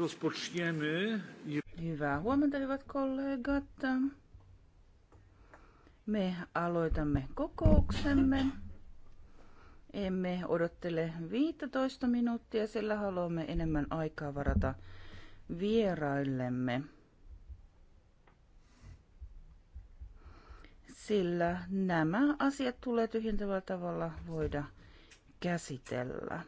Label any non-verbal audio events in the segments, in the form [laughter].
Rozpoczniemy. Hyvää huomenta, hyvät kollegat. Me aloitamme kokouksemme. Emme odottele 15 minuuttia, sillä haluamme enemmän aikaa varata vieraillemme. Sillä nämä asiat tulee tyhjentävällä tavalla voida käsitellä.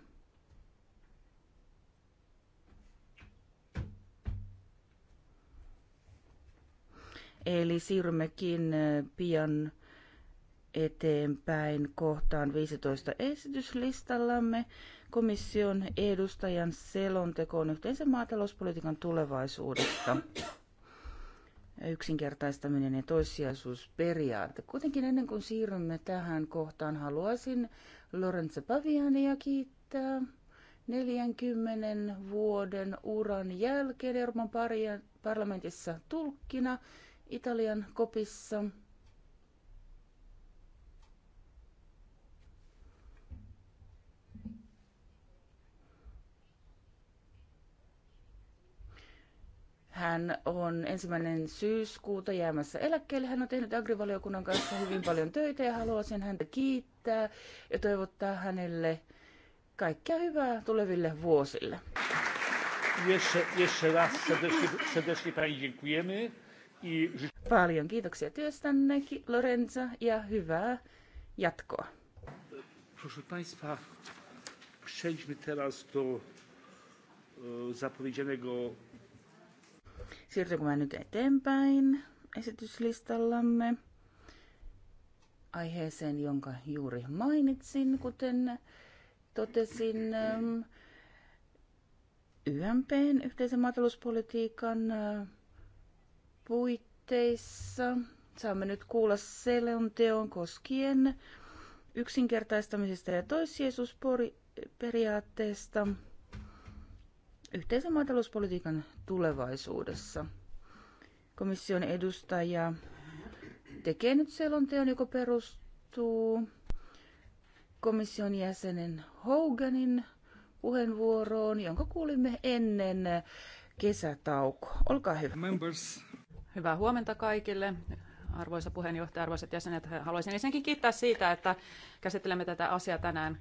Eli siirrymmekin pian eteenpäin kohtaan 15 esityslistallamme komission edustajan selontekoon yhteensä maatalouspolitiikan tulevaisuudesta. Yksinkertaistaminen ja toissijaisuusperiaate. Kuitenkin ennen kuin siirrymme tähän kohtaan, haluaisin Lorenzo Paviania kiittää 40 vuoden uran jälkeen Euroopan parlamentissa tulkkina Italian kopissa. Hän on ensimmäinen syyskuuta jäämässä eläkkeelle. Hän on tehnyt agrivaliokunnan kanssa hyvin paljon töitä ja haluaisin häntä kiittää ja toivottaa hänelle kaikkea hyvää tuleville vuosille. Jeszcze, jeszcze raz serdecznie, serdecznie Pani dziękujemy. Paljon kiitoksia työstänne, Lorenzo, ja hyvää jatkoa. Proszę Państwa, przejdźmy teraz do e, zapowiedzianego... Siirtykö nyt eteenpäin esityslistallamme aiheeseen, jonka juuri mainitsin, kuten totesin YMPn yhteisen maatalouspolitiikan puitteissa saamme nyt kuulla selonteon koskien yksinkertaistamisesta ja toissijaisuusperiaatteesta yhteisen maatalouspolitiikan tulevaisuudessa. Komission edustaja tekee nyt selonteon, joka perustuu komission jäsenen Hoganin puheenvuoroon, jonka kuulimme ennen kesätaukoa. Olkaa hyvä. Members, Hyvää huomenta kaikille. Arvoisa puheenjohtaja, arvoisat jäsenet, haluaisin ensinnäkin kiittää siitä, että käsittelemme tätä asiaa tänään,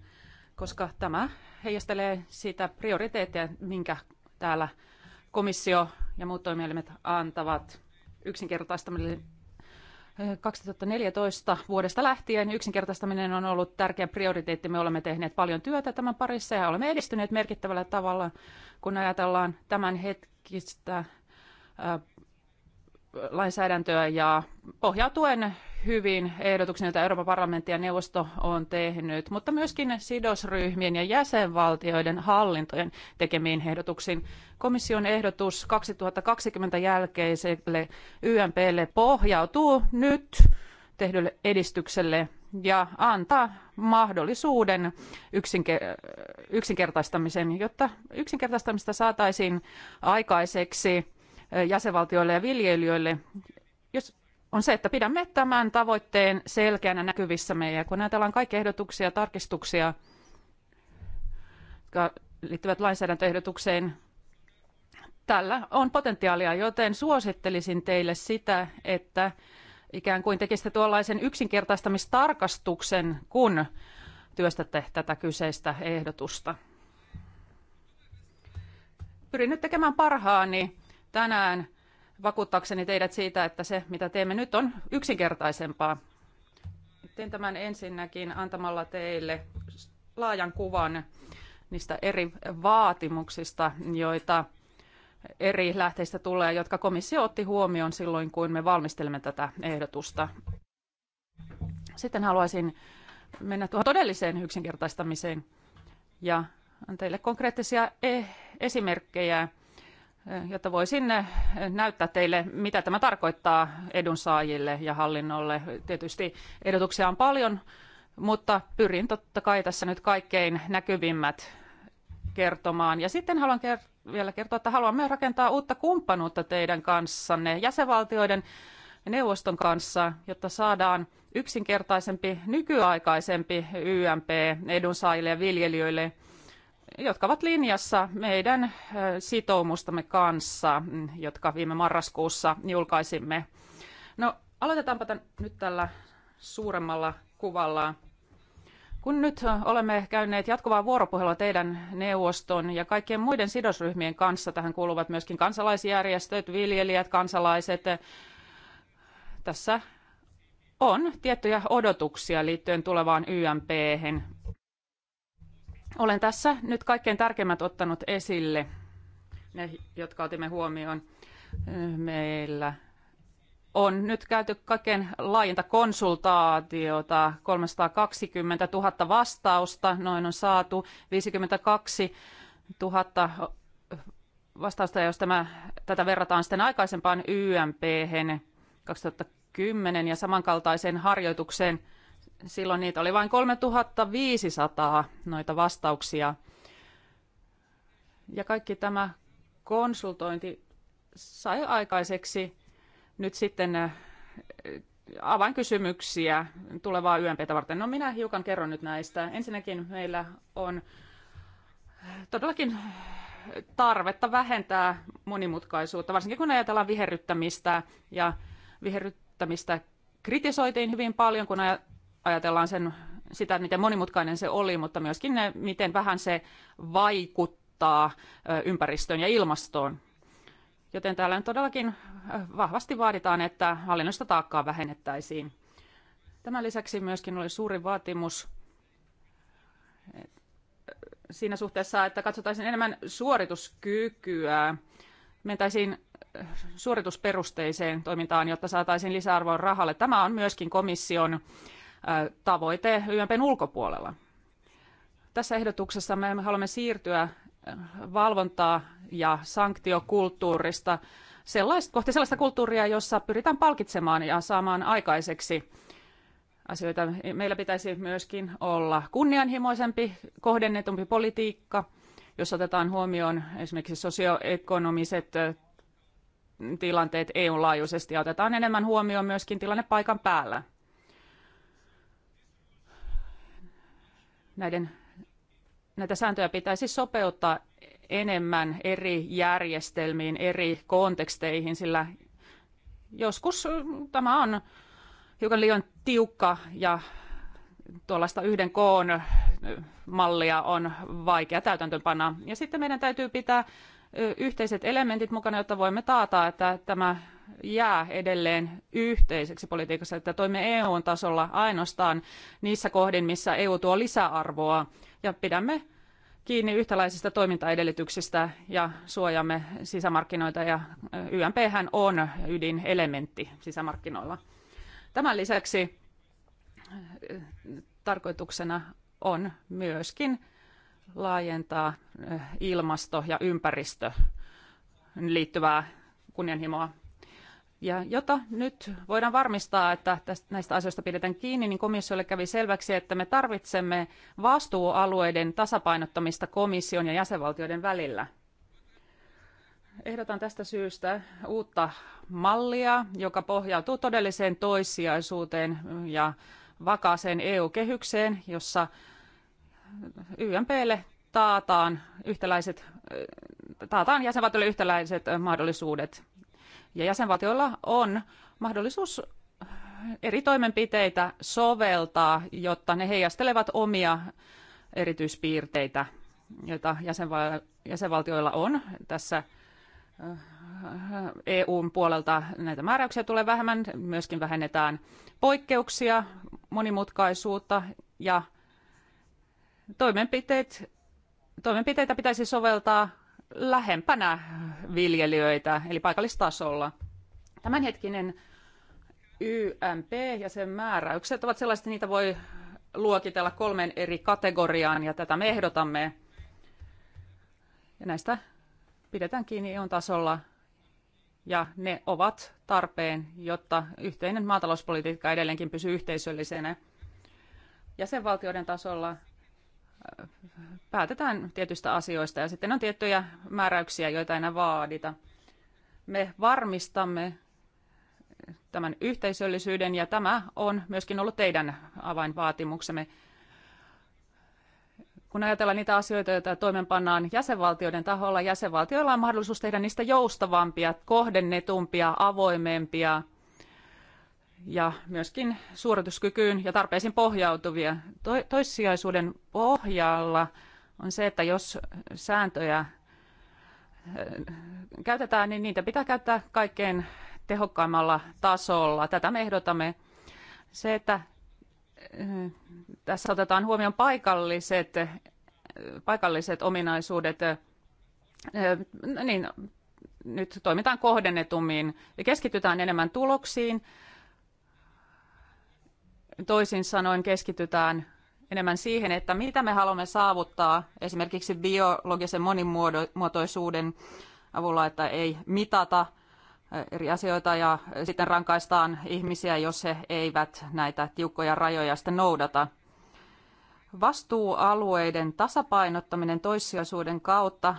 koska tämä heijastelee sitä prioriteettia, minkä täällä komissio ja muut toimielimet antavat yksinkertaistamille 2014 vuodesta lähtien yksinkertaistaminen on ollut tärkeä prioriteetti. Me olemme tehneet paljon työtä tämän parissa ja olemme edistyneet merkittävällä tavalla, kun ajatellaan tämän hetkistä lainsäädäntöä ja pohjautuen hyvin ehdotuksen, joita Euroopan parlamentti ja neuvosto on tehnyt, mutta myöskin sidosryhmien ja jäsenvaltioiden hallintojen tekemiin ehdotuksiin. Komission ehdotus 2020 jälkeiselle YMPlle pohjautuu nyt tehdylle edistykselle ja antaa mahdollisuuden yksinke- yksinkertaistamisen, jotta yksinkertaistamista saataisiin aikaiseksi jäsenvaltioille ja viljelijöille jos on se, että pidämme tämän tavoitteen selkeänä näkyvissä Ja kun ajatellaan kaikki ehdotuksia ja tarkistuksia, jotka liittyvät lainsäädäntöehdotukseen, tällä on potentiaalia, joten suosittelisin teille sitä, että ikään kuin tekisitte tuollaisen yksinkertaistamistarkastuksen, kun työstätte tätä kyseistä ehdotusta. Pyrin nyt tekemään parhaani tänään vakuuttaakseni teidät siitä, että se mitä teemme nyt on yksinkertaisempaa. Teen tämän ensinnäkin antamalla teille laajan kuvan niistä eri vaatimuksista, joita eri lähteistä tulee, jotka komissio otti huomioon silloin, kun me valmistelemme tätä ehdotusta. Sitten haluaisin mennä tuohon todelliseen yksinkertaistamiseen ja on teille konkreettisia e- esimerkkejä jotta voisin eh, näyttää teille, mitä tämä tarkoittaa edunsaajille ja hallinnolle. Tietysti ehdotuksia on paljon, mutta pyrin totta kai tässä nyt kaikkein näkyvimmät kertomaan. Ja sitten haluan ker- vielä kertoa, että haluamme rakentaa uutta kumppanuutta teidän kanssanne, jäsenvaltioiden neuvoston kanssa, jotta saadaan yksinkertaisempi, nykyaikaisempi YMP edunsaajille ja viljelijöille – jotka ovat linjassa meidän sitoumustamme kanssa, jotka viime marraskuussa julkaisimme. No, aloitetaanpa tämän, nyt tällä suuremmalla kuvalla. Kun nyt olemme käyneet jatkuvaa vuoropuhelua teidän neuvoston ja kaikkien muiden sidosryhmien kanssa, tähän kuuluvat myöskin kansalaisjärjestöt, viljelijät, kansalaiset, tässä on tiettyjä odotuksia liittyen tulevaan YMP. -hen. Olen tässä nyt kaikkein tärkeimmät ottanut esille, ne jotka otimme huomioon. Meillä on nyt käyty kaiken laajinta konsultaatiota, 320 000 vastausta, noin on saatu 52 000 vastausta, ja jos tämä, tätä verrataan sitten aikaisempaan YMP 2010 ja samankaltaiseen harjoitukseen silloin niitä oli vain 3500 noita vastauksia. Ja kaikki tämä konsultointi sai aikaiseksi nyt sitten äh, avainkysymyksiä tulevaa yönpeitä varten. No minä hiukan kerron nyt näistä. Ensinnäkin meillä on äh, todellakin äh, tarvetta vähentää monimutkaisuutta, varsinkin kun ajatellaan viherryttämistä ja viherryttämistä kritisoitiin hyvin paljon, kun ajatellaan sen, sitä, miten monimutkainen se oli, mutta myöskin ne, miten vähän se vaikuttaa ympäristöön ja ilmastoon. Joten täällä todellakin vahvasti vaaditaan, että hallinnosta taakkaa vähennettäisiin. Tämän lisäksi myöskin oli suuri vaatimus siinä suhteessa, että katsotaisiin enemmän suorituskykyä. Mentäisiin suoritusperusteiseen toimintaan, jotta saataisiin lisäarvoa rahalle. Tämä on myöskin komission tavoite YMPn ulkopuolella. Tässä ehdotuksessa me haluamme siirtyä valvontaa ja sanktiokulttuurista sellaista, kohti sellaista kulttuuria, jossa pyritään palkitsemaan ja saamaan aikaiseksi asioita. Meillä pitäisi myöskin olla kunnianhimoisempi, kohdennetumpi politiikka, jos otetaan huomioon esimerkiksi sosioekonomiset tilanteet EUn laajuisesti ja otetaan enemmän huomioon myöskin tilanne paikan päällä. näiden, näitä sääntöjä pitäisi sopeuttaa enemmän eri järjestelmiin, eri konteksteihin, sillä joskus tämä on hiukan liian tiukka ja tuollaista yhden koon mallia on vaikea täytäntöönpanna. Ja sitten meidän täytyy pitää yhteiset elementit mukana, jotta voimme taata, että tämä jää edelleen yhteiseksi politiikassa, että toimme EU-tasolla ainoastaan niissä kohdin, missä EU tuo lisäarvoa ja pidämme kiinni yhtäläisistä toimintaedellytyksistä ja suojamme sisämarkkinoita ja YMP on ydinelementti sisämarkkinoilla. Tämän lisäksi tarkoituksena on myöskin laajentaa ilmasto- ja ympäristö liittyvää kunnianhimoa. Ja jotta nyt voidaan varmistaa, että tästä, näistä asioista pidetään kiinni, niin komissiolle kävi selväksi, että me tarvitsemme vastuualueiden tasapainottamista komission ja jäsenvaltioiden välillä. Ehdotan tästä syystä uutta mallia, joka pohjautuu todelliseen toissijaisuuteen ja vakaaseen EU-kehykseen, jossa YMPlle taataan, yhtäläiset, taataan jäsenvaltioille yhtäläiset mahdollisuudet ja jäsenvaltioilla on mahdollisuus eri toimenpiteitä soveltaa, jotta ne heijastelevat omia erityispiirteitä, joita jäsenvaltioilla on. Tässä äh, EUn puolelta näitä määräyksiä tulee vähemmän, myöskin vähennetään poikkeuksia, monimutkaisuutta ja toimenpiteet, toimenpiteitä pitäisi soveltaa lähempänä viljelijöitä, eli paikallistasolla. Tämänhetkinen YMP ja sen määräykset ovat sellaiset, että niitä voi luokitella kolmen eri kategoriaan, ja tätä me ehdotamme. Ja näistä pidetään kiinni EUn tasolla, ja ne ovat tarpeen, jotta yhteinen maatalouspolitiikka edelleenkin pysyy yhteisöllisenä. Jäsenvaltioiden tasolla päätetään tietyistä asioista ja sitten on tiettyjä määräyksiä, joita enää vaadita. Me varmistamme tämän yhteisöllisyyden ja tämä on myöskin ollut teidän avainvaatimuksemme. Kun ajatellaan niitä asioita, joita toimenpannaan jäsenvaltioiden taholla, jäsenvaltioilla on mahdollisuus tehdä niistä joustavampia, kohdennetumpia, avoimempia – ja myöskin suorituskykyyn ja tarpeisiin pohjautuvia. To- toissijaisuuden pohjalla on se, että jos sääntöjä käytetään, niin niitä pitää käyttää kaikkein tehokkaimmalla tasolla. Tätä me ehdotamme. Se, että tässä otetaan huomioon paikalliset, paikalliset ominaisuudet, niin nyt toimitaan kohdennetummin ja keskitytään enemmän tuloksiin Toisin sanoen keskitytään enemmän siihen, että mitä me haluamme saavuttaa esimerkiksi biologisen monimuotoisuuden avulla, että ei mitata eh, eri asioita ja sitten rankaistaan ihmisiä, jos he eivät näitä tiukkoja rajoja sitten noudata. Vastuualueiden tasapainottaminen toissijaisuuden kautta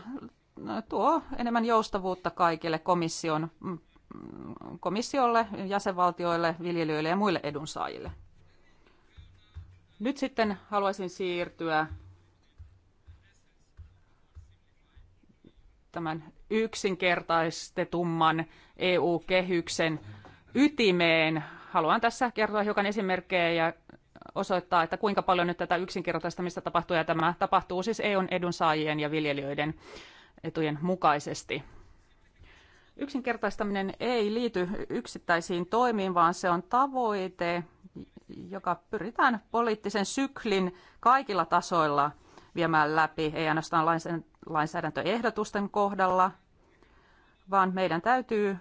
no, tuo enemmän joustavuutta kaikille komission, mm, mm, komissiolle, jäsenvaltioille, viljelijöille ja muille edunsaajille. Nyt sitten haluaisin siirtyä tämän yksinkertaistetumman EU-kehyksen ytimeen. Haluan tässä kertoa hiukan esimerkkejä ja osoittaa, että kuinka paljon nyt tätä yksinkertaistamista tapahtuu, ja tämä tapahtuu siis EUn edunsaajien ja viljelijöiden etujen mukaisesti. Yksinkertaistaminen ei liity yksittäisiin toimiin, vaan se on tavoite, joka pyritään poliittisen syklin kaikilla tasoilla viemään läpi, ei ainoastaan lainsäädäntöehdotusten kohdalla, vaan meidän täytyy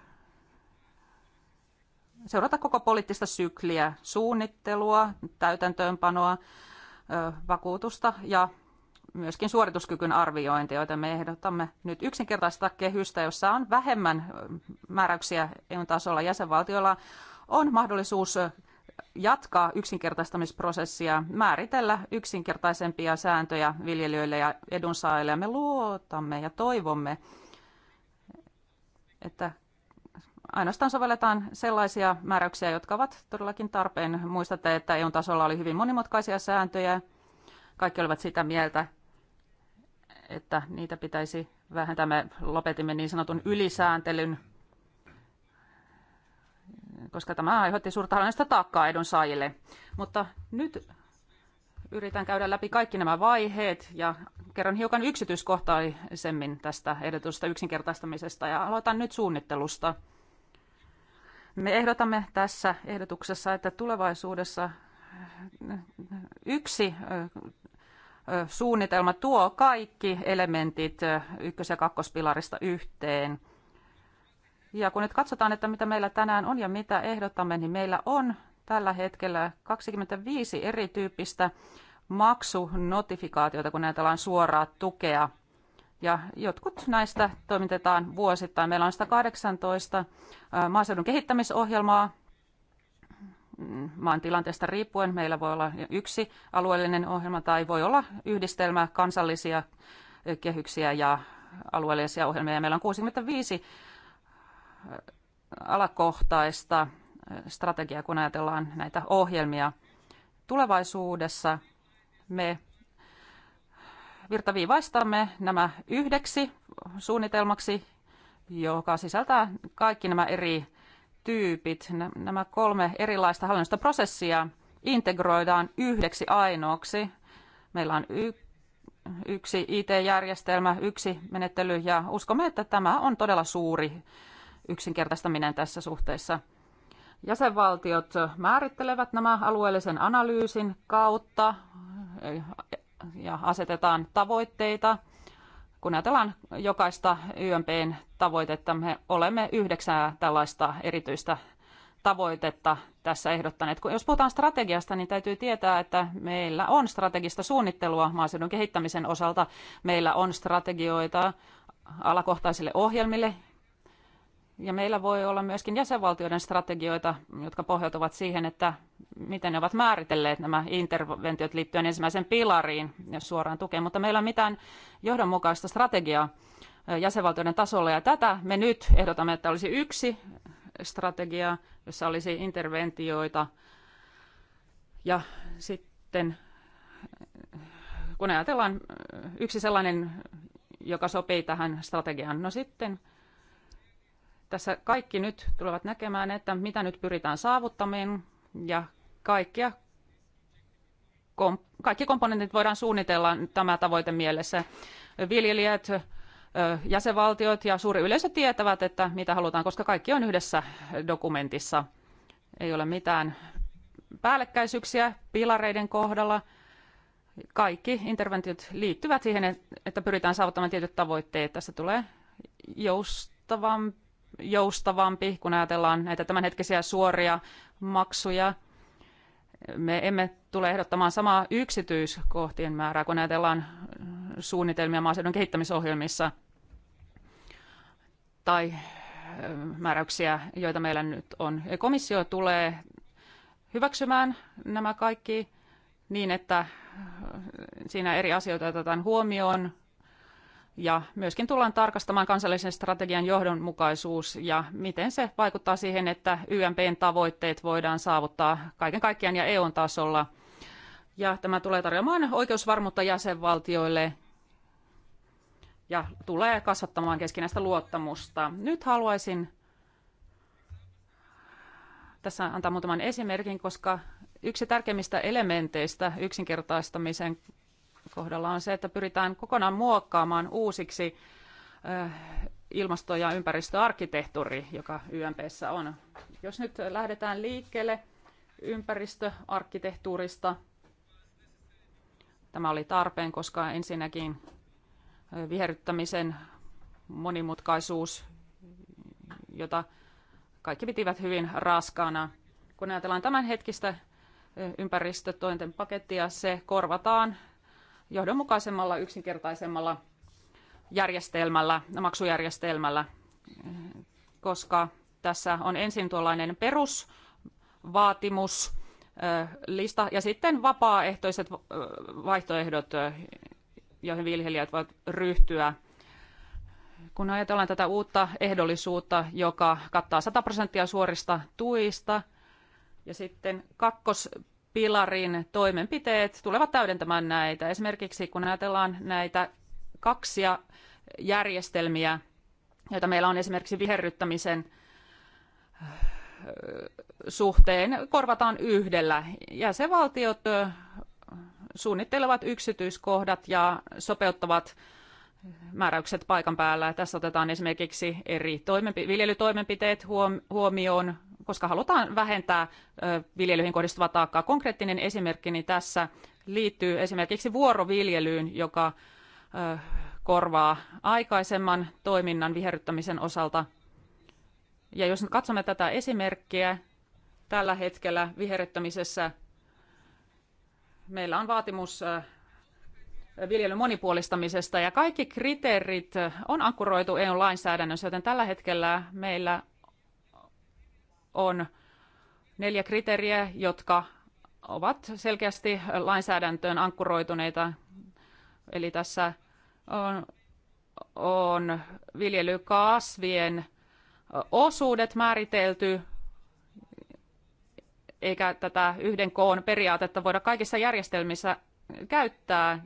seurata koko poliittista sykliä, suunnittelua, täytäntöönpanoa, vakuutusta ja myöskin suorituskykyn arviointi, joita me ehdotamme nyt yksinkertaista kehystä, jossa on vähemmän määräyksiä eu tasolla jäsenvaltioilla, on mahdollisuus jatkaa yksinkertaistamisprosessia, määritellä yksinkertaisempia sääntöjä viljelijöille ja edunsaajille. Me luotamme ja toivomme, että ainoastaan sovelletaan sellaisia määräyksiä, jotka ovat todellakin tarpeen. Muistatte, että eu tasolla oli hyvin monimutkaisia sääntöjä. Kaikki olivat sitä mieltä, että niitä pitäisi vähentää. Me lopetimme niin sanotun ylisääntelyn, koska tämä aiheutti suurta hallinnollista taakkaa edunsaajille. Mutta nyt yritän käydä läpi kaikki nämä vaiheet ja kerron hiukan yksityiskohtaisemmin tästä ehdotusta yksinkertaistamisesta ja aloitan nyt suunnittelusta. Me ehdotamme tässä ehdotuksessa, että tulevaisuudessa yksi suunnitelma tuo kaikki elementit ykkös- ja kakkospilarista yhteen. Ja kun nyt katsotaan, että mitä meillä tänään on ja mitä ehdotamme, niin meillä on tällä hetkellä 25 erityyppistä maksunotifikaatiota, kun näytellään suoraa tukea. Ja jotkut näistä toimitetaan vuosittain. Meillä on 118 maaseudun kehittämisohjelmaa, maan tilanteesta riippuen. Meillä voi olla yksi alueellinen ohjelma tai voi olla yhdistelmä kansallisia eh, kehyksiä ja alueellisia ohjelmia. meillä on 65 eh, alakohtaista eh, strategiaa, kun ajatellaan näitä ohjelmia. Tulevaisuudessa me virtaviivaistamme nämä yhdeksi suunnitelmaksi, joka sisältää kaikki nämä eri tyypit, nämä kolme erilaista hallinnosta prosessia integroidaan yhdeksi ainoaksi. Meillä on y- yksi IT-järjestelmä, yksi menettely ja uskomme, että tämä on todella suuri yksinkertaistaminen tässä suhteessa. Jäsenvaltiot määrittelevät nämä alueellisen analyysin kautta ja asetetaan tavoitteita – kun ajatellaan jokaista YMPn tavoitetta, me olemme yhdeksää tällaista erityistä tavoitetta tässä ehdottaneet. Kun jos puhutaan strategiasta, niin täytyy tietää, että meillä on strategista suunnittelua maaseudun kehittämisen osalta. Meillä on strategioita alakohtaisille ohjelmille, ja meillä voi olla myöskin jäsenvaltioiden strategioita, jotka pohjautuvat siihen, että miten ne ovat määritelleet nämä interventiot liittyen ensimmäisen pilariin ja suoraan tukeen, mutta meillä on mitään johdonmukaista strategiaa jäsenvaltioiden tasolla. Ja tätä me nyt ehdotamme, että olisi yksi strategia, jossa olisi interventioita. Ja sitten kun ajatellaan yksi sellainen, joka sopii tähän strategiaan, no sitten – tässä kaikki nyt tulevat näkemään, että mitä nyt pyritään saavuttamaan ja kaikkia kom- kaikki komponentit voidaan suunnitella tämä tavoite mielessä. Viljelijät, jäsenvaltiot ja suuri yleisö tietävät, että mitä halutaan, koska kaikki on yhdessä dokumentissa. Ei ole mitään päällekkäisyyksiä pilareiden kohdalla. Kaikki interventiot liittyvät siihen, että pyritään saavuttamaan tietyt tavoitteet. tässä tulee joustavampi joustavampi, kun ajatellaan näitä tämänhetkisiä suoria maksuja. Me emme tule ehdottamaan samaa yksityiskohtien määrää, kun ajatellaan suunnitelmia maaseudun kehittämisohjelmissa tai määräyksiä, joita meillä nyt on. Komissio tulee hyväksymään nämä kaikki niin, että siinä eri asioita otetaan huomioon ja myöskin tullaan tarkastamaan kansallisen strategian johdonmukaisuus ja miten se vaikuttaa siihen, että YMPn tavoitteet voidaan saavuttaa kaiken kaikkiaan ja EUn tasolla. Ja tämä tulee tarjoamaan oikeusvarmuutta jäsenvaltioille ja tulee kasvattamaan keskinäistä luottamusta. Nyt haluaisin tässä antaa muutaman esimerkin, koska yksi tärkeimmistä elementeistä yksinkertaistamisen kohdalla on se, että pyritään kokonaan muokkaamaan uusiksi äh, ilmasto- ja ympäristöarkkitehtuuri, joka YMPssä on. Jos nyt lähdetään liikkeelle ympäristöarkkitehtuurista, tämä oli tarpeen, koska ensinnäkin äh, viherryttämisen monimutkaisuus, jota kaikki pitivät hyvin raskaana. Kun ajatellaan tämänhetkistä äh, ympäristötointen pakettia, se korvataan johdonmukaisemmalla, yksinkertaisemmalla järjestelmällä, maksujärjestelmällä, koska tässä on ensin tuollainen perusvaatimus, lista ja sitten vapaaehtoiset vaihtoehdot, joihin viljelijät voivat ryhtyä. Kun ajatellaan tätä uutta ehdollisuutta, joka kattaa 100 prosenttia suorista tuista, ja sitten kakkos pilarin toimenpiteet tulevat täydentämään näitä. Esimerkiksi kun ajatellaan näitä kaksia järjestelmiä, joita meillä on esimerkiksi viherryttämisen äh, suhteen, korvataan yhdellä. Jäsenvaltiot äh, suunnittelevat yksityiskohdat ja sopeuttavat määräykset paikan päällä. Tässä otetaan esimerkiksi eri toimenpi- viljelytoimenpiteet huomioon, koska halutaan vähentää viljelyihin kohdistuvaa taakkaa. Konkreettinen esimerkkini tässä liittyy esimerkiksi vuoroviljelyyn, joka korvaa aikaisemman toiminnan viherryttämisen osalta. Ja jos katsomme tätä esimerkkiä, tällä hetkellä viherryttämisessä meillä on vaatimus viljelyn monipuolistamisesta ja kaikki kriteerit on ankkuroitu EU-lainsäädännössä, joten tällä hetkellä meillä on neljä kriteeriä, jotka ovat selkeästi lainsäädäntöön ankkuroituneita. Eli tässä on, on viljelykasvien osuudet määritelty, eikä tätä yhden koon periaatetta voida kaikissa järjestelmissä käyttää.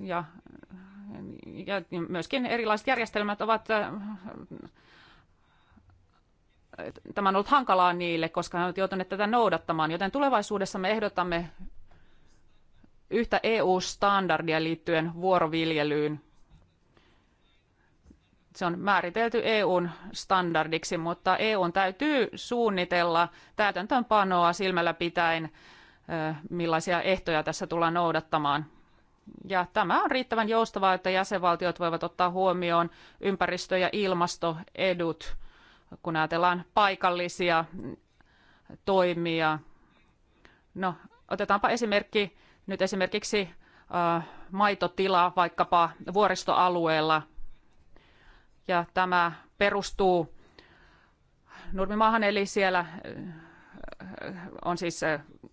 Ja, ja myöskin erilaiset järjestelmät ovat tämä on ollut hankalaa niille, koska he ovat joutuneet tätä noudattamaan, joten tulevaisuudessa me ehdotamme yhtä EU-standardia liittyen vuoroviljelyyn. Se on määritelty EUn standardiksi, mutta EUn täytyy suunnitella täytäntöönpanoa silmällä pitäen, millaisia ehtoja tässä tullaan noudattamaan. Ja tämä on riittävän joustavaa, että jäsenvaltiot voivat ottaa huomioon ympäristö- ja ilmastoedut kun ajatellaan paikallisia toimia. No, otetaanpa esimerkki nyt esimerkiksi maitotila vaikkapa vuoristoalueella. Ja tämä perustuu nurmimaahan, eli siellä on siis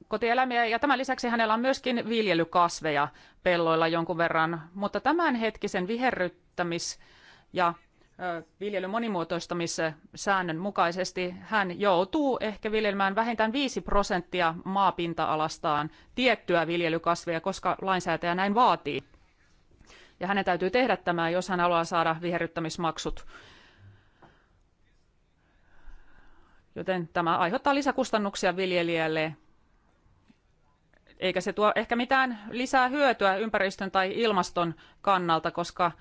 kotieläimiä ja tämän lisäksi hänellä on myöskin viljelykasveja pelloilla jonkun verran, mutta tämänhetkisen viherryttämis- ja viljelyn monimuotoistamissäännön mukaisesti hän joutuu ehkä viljelmään vähintään 5 prosenttia maapinta-alastaan tiettyä viljelykasvia, koska lainsäätäjä näin vaatii. Ja hänen täytyy tehdä tämä, jos hän haluaa saada viherryttämismaksut. Joten tämä aiheuttaa lisäkustannuksia viljelijälle, eikä se tuo ehkä mitään lisää hyötyä ympäristön tai ilmaston kannalta, koska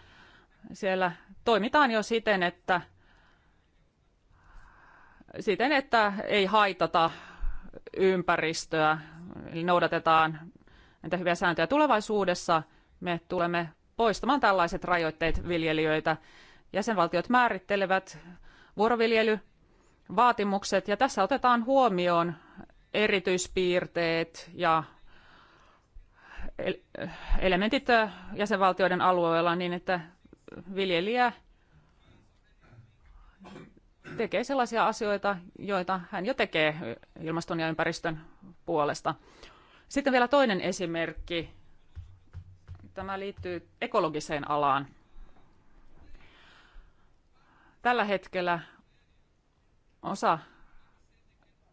siellä toimitaan jo siten, että, siten, että ei haitata ympäristöä, eli noudatetaan näitä hyviä sääntöjä. Tulevaisuudessa me tulemme poistamaan tällaiset rajoitteet viljelijöitä. Jäsenvaltiot määrittelevät vuoroviljelyvaatimukset ja tässä otetaan huomioon erityispiirteet ja elementit jäsenvaltioiden alueella niin, että viljelijä tekee sellaisia asioita, joita hän jo tekee ilmaston ja ympäristön puolesta. Sitten vielä toinen esimerkki. Tämä liittyy ekologiseen alaan. Tällä hetkellä osa,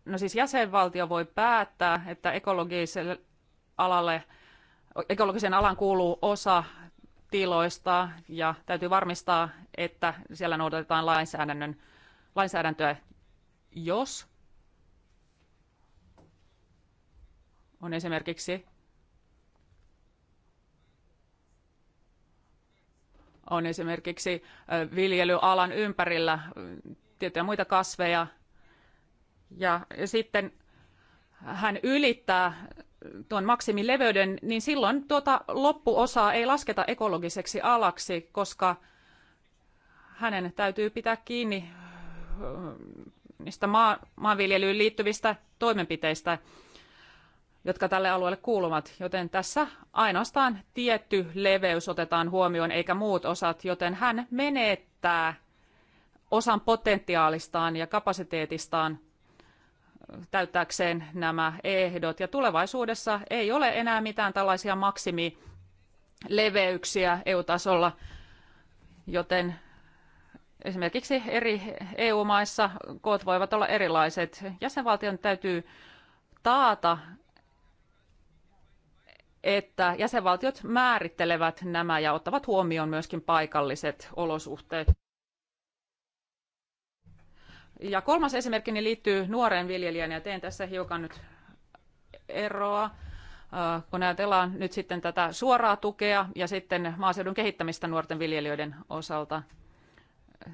no siis jäsenvaltio voi päättää, että ekologiselle alalle, ekologisen alan kuuluu osa tiloista ja täytyy varmistaa, että siellä noudatetaan lainsäädännön, lainsäädäntöä, jos on esimerkiksi on esimerkiksi viljelyalan ympärillä tiettyjä muita kasveja. Ja sitten hän ylittää tuon maksimileveyden, niin silloin tuota loppuosaa ei lasketa ekologiseksi alaksi, koska hänen täytyy pitää kiinni äh, niistä maa, maanviljelyyn liittyvistä toimenpiteistä, jotka tälle alueelle kuuluvat. Joten tässä ainoastaan tietty leveys otetaan huomioon eikä muut osat, joten hän menettää osan potentiaalistaan ja kapasiteetistaan täyttääkseen nämä ehdot. Ja tulevaisuudessa ei ole enää mitään tällaisia maksimileveyksiä EU-tasolla, joten esimerkiksi eri EU-maissa koot voivat olla erilaiset. Jäsenvaltion täytyy taata, että jäsenvaltiot määrittelevät nämä ja ottavat huomioon myöskin paikalliset olosuhteet. Ja kolmas esimerkkini liittyy nuoreen viljelijään, ja teen tässä hiukan nyt eroa, äh, kun ajatellaan nyt sitten tätä suoraa tukea ja sitten maaseudun kehittämistä nuorten viljelijöiden osalta.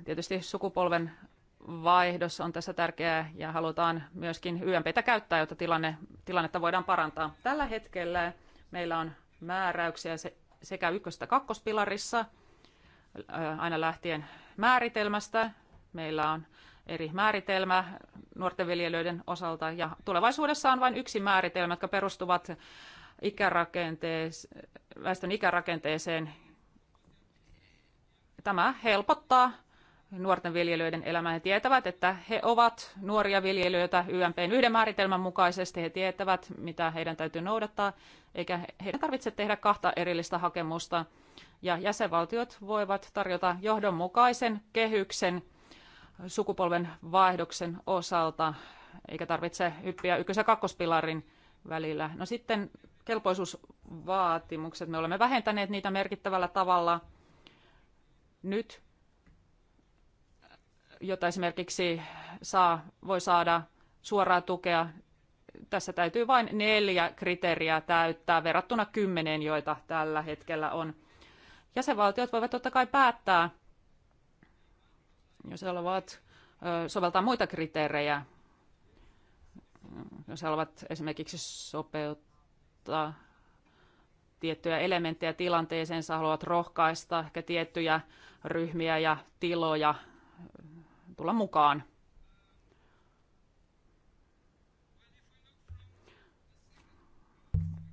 Tietysti sukupolven vaihdos on tässä tärkeää ja halutaan myöskin YMPtä käyttää, jotta tilanne, tilannetta voidaan parantaa. Tällä hetkellä meillä on määräyksiä sekä ykkös- että kakkospilarissa, äh, aina lähtien määritelmästä. Meillä on eri määritelmä nuorten viljelijöiden osalta. Ja tulevaisuudessa on vain yksi määritelmä, jotka perustuvat ikärakenteeseen, väestön ikärakenteeseen. Tämä helpottaa nuorten viljelijöiden elämää. He tietävät, että he ovat nuoria viljelijöitä YMPn yhden määritelmän mukaisesti. He tietävät, mitä heidän täytyy noudattaa, eikä heidän tarvitse tehdä kahta erillistä hakemusta. Ja jäsenvaltiot voivat tarjota johdonmukaisen kehyksen sukupolven vaihdoksen osalta, eikä tarvitse hyppiä ykkös- ja kakkospilarin välillä. No sitten kelpoisuusvaatimukset. Me olemme vähentäneet niitä merkittävällä tavalla nyt, jota esimerkiksi saa, voi saada suoraa tukea. Tässä täytyy vain neljä kriteeriä täyttää verrattuna kymmeneen, joita tällä hetkellä on. Jäsenvaltiot voivat totta kai päättää, jos he haluavat soveltaa muita kriteerejä, jos he haluavat esimerkiksi sopeuttaa tiettyjä elementtejä sä haluat rohkaista ehkä tiettyjä ryhmiä ja tiloja tulla mukaan.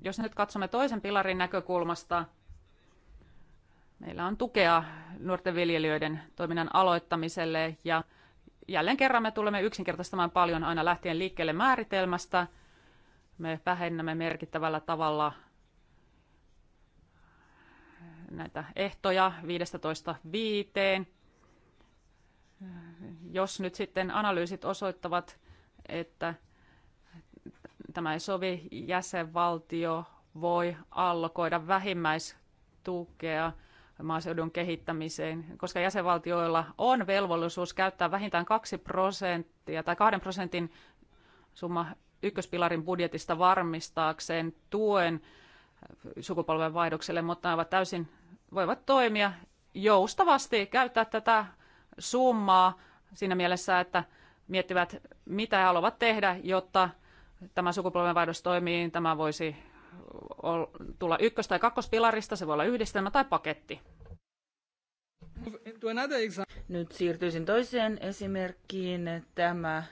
Jos nyt katsomme toisen pilarin näkökulmasta, Meillä on tukea nuorten viljelijöiden toiminnan aloittamiselle ja jälleen kerran me tulemme yksinkertaistamaan paljon aina lähtien liikkeelle määritelmästä. Me vähennämme merkittävällä tavalla näitä ehtoja 15 viiteen. Jos nyt sitten analyysit osoittavat, että tämä ei sovi, jäsenvaltio voi allokoida vähimmäistukea maaseudun kehittämiseen, koska jäsenvaltioilla on velvollisuus käyttää vähintään 2 prosenttia tai 2 prosentin summa ykköspilarin budjetista varmistaakseen tuen sukupolven vaihdokselle, mutta ne ovat täysin, voivat toimia joustavasti, käyttää tätä summaa siinä mielessä, että miettivät, mitä he haluavat tehdä, jotta tämä sukupolven vaihdos toimii. Tämä voisi tulla ykkös- tai kakkospilarista, se voi olla yhdistelmä tai paketti. Nyt siirtyisin toiseen esimerkkiin. Tämä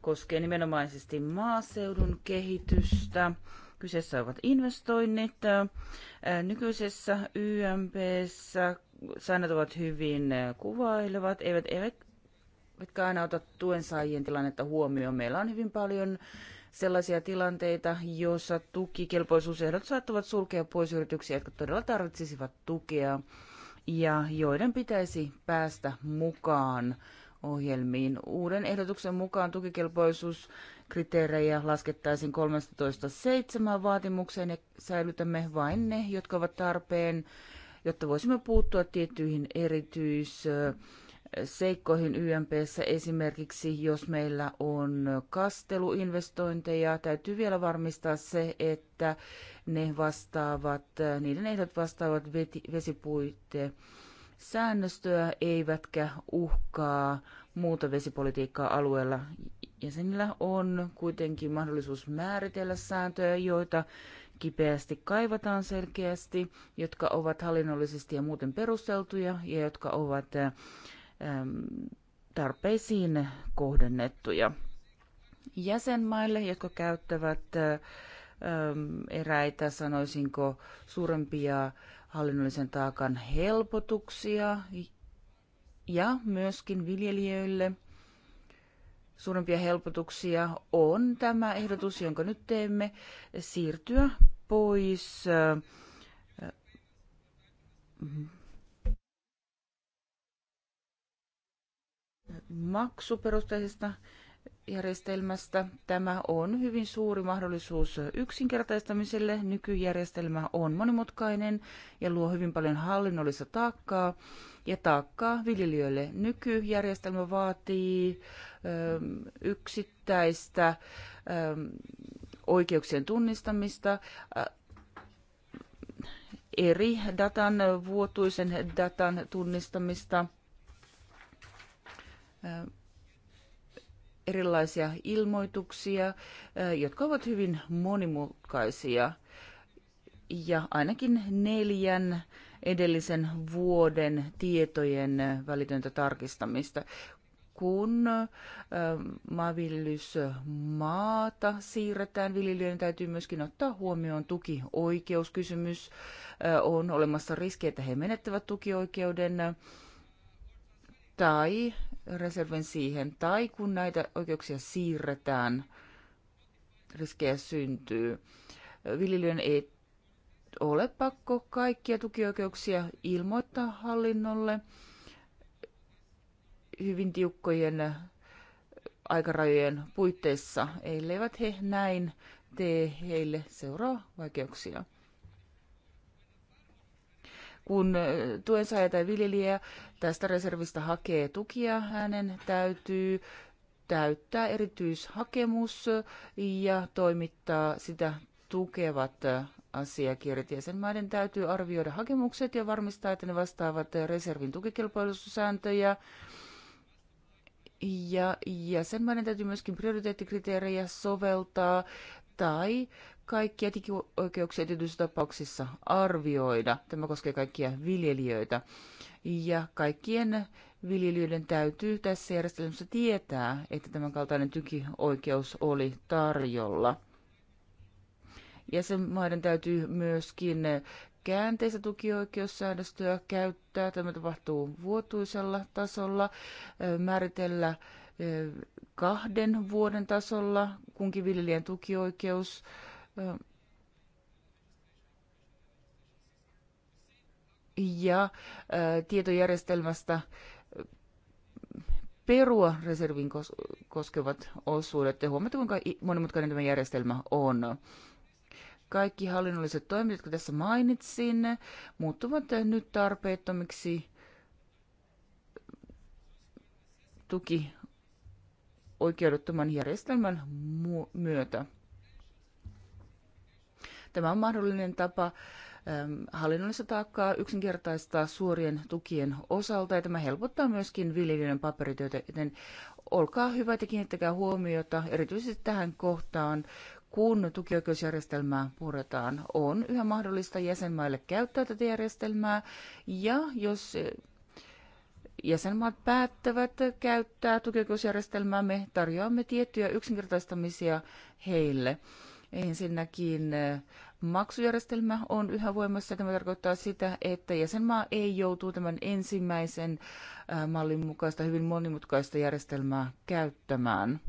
koskee nimenomaisesti maaseudun kehitystä. Kyseessä ovat investoinnit. Nykyisessä YMPssä säännöt ovat hyvin kuvailevat, eivät, eivät eivätkä aina ota tuen saajien tilannetta huomioon. Meillä on hyvin paljon sellaisia tilanteita, joissa tukikelpoisuusehdot saattavat sulkea pois yrityksiä, jotka todella tarvitsisivat tukea ja joiden pitäisi päästä mukaan ohjelmiin. Uuden ehdotuksen mukaan tukikelpoisuuskriteerejä laskettaisiin 13.7 vaatimukseen ja säilytämme vain ne, jotka ovat tarpeen, jotta voisimme puuttua tiettyihin erityis- seikkoihin YMPssä. Esimerkiksi jos meillä on kasteluinvestointeja, täytyy vielä varmistaa se, että ne vastaavat, niiden ehdot vastaavat vesipuitteen säännöstöä eivätkä uhkaa muuta vesipolitiikkaa alueella. Jäsenillä on kuitenkin mahdollisuus määritellä sääntöjä, joita kipeästi kaivataan selkeästi, jotka ovat hallinnollisesti ja muuten perusteltuja ja jotka ovat tarpeisiin kohdennettuja. Jäsenmaille, jotka käyttävät eräitä, sanoisinko, suurempia hallinnollisen taakan helpotuksia ja myöskin viljelijöille suurempia helpotuksia on tämä ehdotus, jonka nyt teemme, siirtyä pois maksuperusteisesta järjestelmästä. Tämä on hyvin suuri mahdollisuus yksinkertaistamiselle. Nykyjärjestelmä on monimutkainen ja luo hyvin paljon hallinnollista taakkaa ja taakkaa viljelijöille. Nykyjärjestelmä vaatii ö, ähm, yksittäistä ö, ähm, oikeuksien tunnistamista, äh, eri datan, vuotuisen datan tunnistamista – erilaisia ilmoituksia, jotka ovat hyvin monimutkaisia. Ja ainakin neljän edellisen vuoden tietojen välitöntä tarkistamista kun maanviljelysmaata siirretään viljelijöiden, täytyy myöskin ottaa huomioon tukioikeuskysymys. On olemassa riski, että he menettävät tukioikeuden tai reservin siihen, tai kun näitä oikeuksia siirretään, riskejä syntyy. Viljelijän ei ole pakko kaikkia tukioikeuksia ilmoittaa hallinnolle hyvin tiukkojen aikarajojen puitteissa, elleivät he näin tee, heille seuraa vaikeuksia kun tuensaaja tai viljelijä tästä reservistä hakee tukia, hänen täytyy täyttää erityishakemus ja toimittaa sitä tukevat asiakirjat. Jäsenmaiden täytyy arvioida hakemukset ja varmistaa, että ne vastaavat reservin tukikelpoisuussääntöjä. Ja jäsenmaiden täytyy myöskin prioriteettikriteerejä soveltaa tai kaikkia digioikeuksia tietyissä tapauksissa arvioida. Tämä koskee kaikkia viljelijöitä. Ja kaikkien viljelijöiden täytyy tässä järjestelmässä tietää, että tämän kaltainen tykioikeus oli tarjolla. Jäsenmaiden täytyy myöskin käänteistä tukioikeussäädöstöä käyttää. Tämä tapahtuu vuotuisella tasolla, määritellä kahden vuoden tasolla kunkin viljelijän tukioikeus ja tietojärjestelmästä perua reservin koskevat osuudet. Ja huomaatte, kuinka monimutkainen tämä järjestelmä on. Kaikki hallinnolliset toimet, jotka tässä mainitsin, muuttuvat nyt tarpeettomiksi tuki oikeudettoman järjestelmän myötä. Tämä on mahdollinen tapa ähm, hallinnollista taakkaa yksinkertaistaa suorien tukien osalta ja tämä helpottaa myöskin viljelijöiden paperityötä, joten olkaa hyvä ja kiinnittäkää huomiota erityisesti tähän kohtaan, kun tukioikeusjärjestelmää puretaan, on yhä mahdollista jäsenmaille käyttää tätä järjestelmää, ja jos äh, jäsenmaat päättävät käyttää tukioikeusjärjestelmää, me tarjoamme tiettyjä yksinkertaistamisia heille. Ensinnäkin maksujärjestelmä on yhä voimassa. Tämä tarkoittaa sitä, että jäsenmaa ei joutuu tämän ensimmäisen mallin mukaista hyvin monimutkaista järjestelmää käyttämään.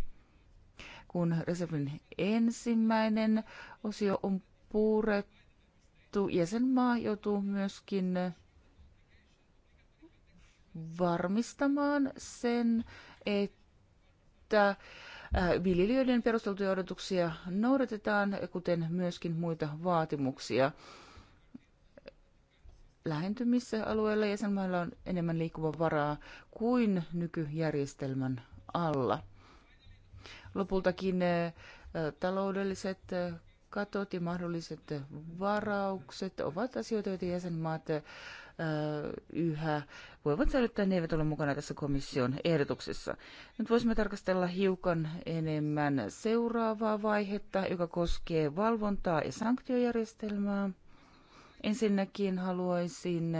Kun reservin ensimmäinen osio on purettu, jäsenmaa joutuu myöskin varmistamaan sen, että että Äh, viljelijöiden perusteltuja odotuksia noudatetaan, kuten myöskin muita vaatimuksia. Lähentymissä alueella jäsenmailla on enemmän varaa kuin nykyjärjestelmän alla. Lopultakin äh, taloudelliset äh, katot ja mahdolliset varaukset ovat asioita, joita jäsenmaat yhä voivat säilyttää, ne eivät ole mukana tässä komission ehdotuksessa. Nyt voisimme tarkastella hiukan enemmän seuraavaa vaihetta, joka koskee valvontaa ja sanktiojärjestelmää. Ensinnäkin haluaisin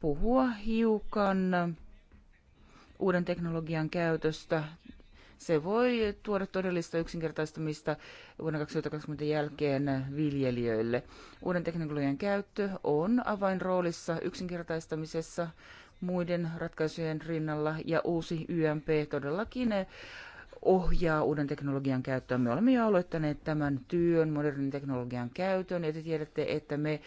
puhua hiukan uuden teknologian käytöstä se voi tuoda todellista yksinkertaistamista vuonna 2020 jälkeen viljelijöille. Uuden teknologian käyttö on avainroolissa yksinkertaistamisessa muiden ratkaisujen rinnalla ja uusi YMP todellakin ohjaa uuden teknologian käyttöä. Me olemme jo aloittaneet tämän työn, modernin teknologian käytön, ja te tiedätte, että me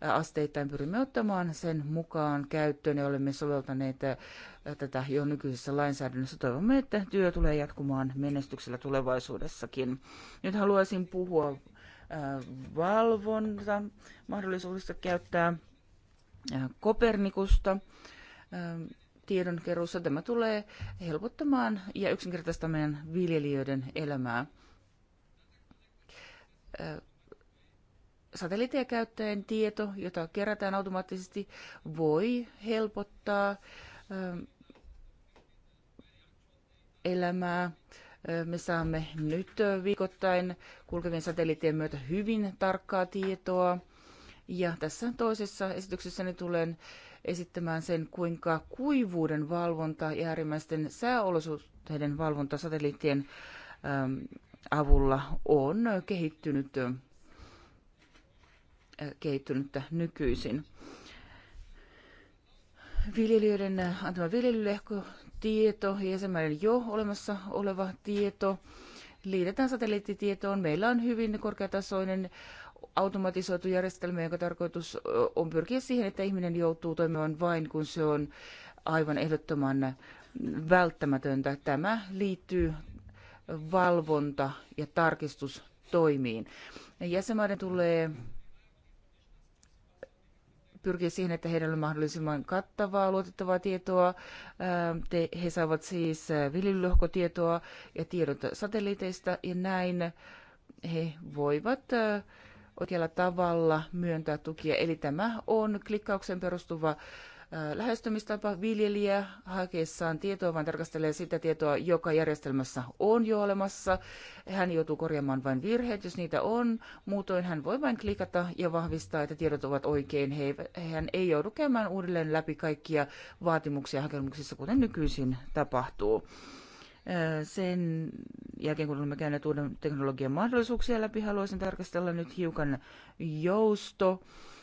asteittain pyrimme ottamaan sen mukaan käyttöön ja olemme soveltaneet tätä jo nykyisessä lainsäädännössä. Toivomme, että työ tulee jatkumaan menestyksellä tulevaisuudessakin. Nyt haluaisin puhua valvonta mahdollisuudesta käyttää Kopernikusta tiedonkeruussa. Tämä tulee helpottamaan ja yksinkertaistamaan viljelijöiden elämää satelliittien käyttäen tieto, jota kerätään automaattisesti, voi helpottaa ähm, elämää. Äh, me saamme nyt viikoittain kulkevien satelliittien myötä hyvin tarkkaa tietoa. Ja tässä toisessa esityksessäni tulen esittämään sen, kuinka kuivuuden valvonta ja äärimmäisten sääolosuhteiden valvonta satelliittien äm, avulla on kehittynyt kehittynyttä nykyisin. Viljelijöiden antama viljelylehkotieto ja jäsenmaiden jo olemassa oleva tieto liitetään satelliittitietoon. Meillä on hyvin korkeatasoinen automatisoitu järjestelmä, jonka tarkoitus on pyrkiä siihen, että ihminen joutuu toimimaan vain, kun se on aivan ehdottoman välttämätöntä. Tämä liittyy valvonta- ja tarkistustoimiin. Jäsenmaiden tulee pyrkiä siihen, että heillä on mahdollisimman kattavaa, luotettavaa tietoa. Ähm, he saavat siis äh, viljelylohkotietoa ja tiedot satelliiteista ja näin he voivat äh, oikealla tavalla myöntää tukia. Eli tämä on klikkauksen perustuva lähestymistapa. Viljelijä hakeessaan tietoa vaan tarkastelee sitä tietoa, joka järjestelmässä on jo olemassa. Hän joutuu korjaamaan vain virheet, jos niitä on. Muutoin hän voi vain klikata ja vahvistaa, että tiedot ovat oikein. He, hän ei joudu käymään uudelleen läpi kaikkia vaatimuksia hakemuksissa, kuten nykyisin tapahtuu. Sen jälkeen, kun olemme käyneet uuden teknologian mahdollisuuksia läpi, haluaisin tarkastella nyt hiukan jousto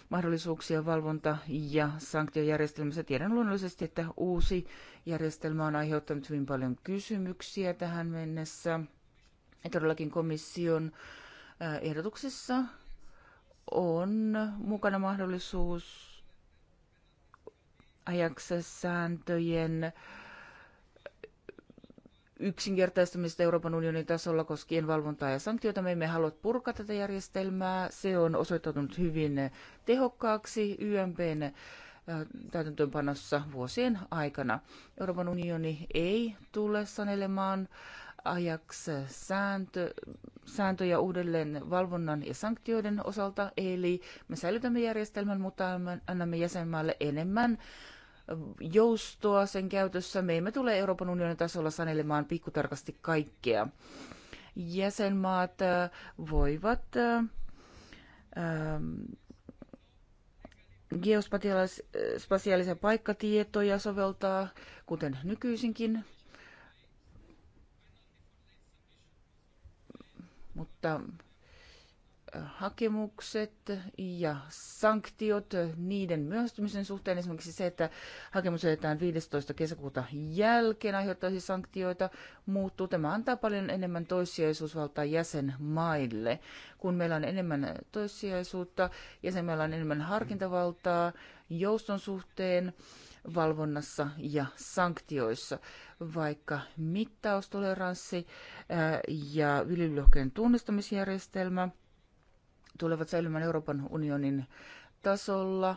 mahdollisuuksia valvonta- ja sanktiojärjestelmässä. Tiedän luonnollisesti, että uusi järjestelmä on aiheuttanut hyvin paljon kysymyksiä tähän mennessä. Ja todellakin komission äh, ehdotuksessa on mukana mahdollisuus ajaksessa sääntöjen yksinkertaistamista Euroopan unionin tasolla koskien valvontaa ja sanktioita. Me emme halua purkaa tätä järjestelmää. Se on osoittautunut hyvin tehokkaaksi YMPn äh, täytäntöönpanossa vuosien aikana. Euroopan unioni ei tule sanelemaan ajaksi sääntö, sääntöjä uudelleen valvonnan ja sanktioiden osalta, eli me säilytämme järjestelmän, mutta annamme jäsenmaalle enemmän joustoa sen käytössä. Me emme tule Euroopan unionin tasolla sanelemaan pikkutarkasti kaikkea. Jäsenmaat voivat geospatiaalisia paikkatietoja soveltaa, kuten nykyisinkin. Mutta hakemukset ja sanktiot niiden myöhästymisen suhteen. Esimerkiksi se, että hakemus jätetään 15. kesäkuuta jälkeen aiheuttaisi sanktioita, muuttuu. Tämä antaa paljon enemmän toissijaisuusvaltaa jäsenmaille. Kun meillä on enemmän toissijaisuutta, jäsenmailla on enemmän harkintavaltaa jouston suhteen, valvonnassa ja sanktioissa, vaikka mittaustoleranssi ja viljelylohkeen tunnistamisjärjestelmä – tulevat säilymään Euroopan unionin tasolla.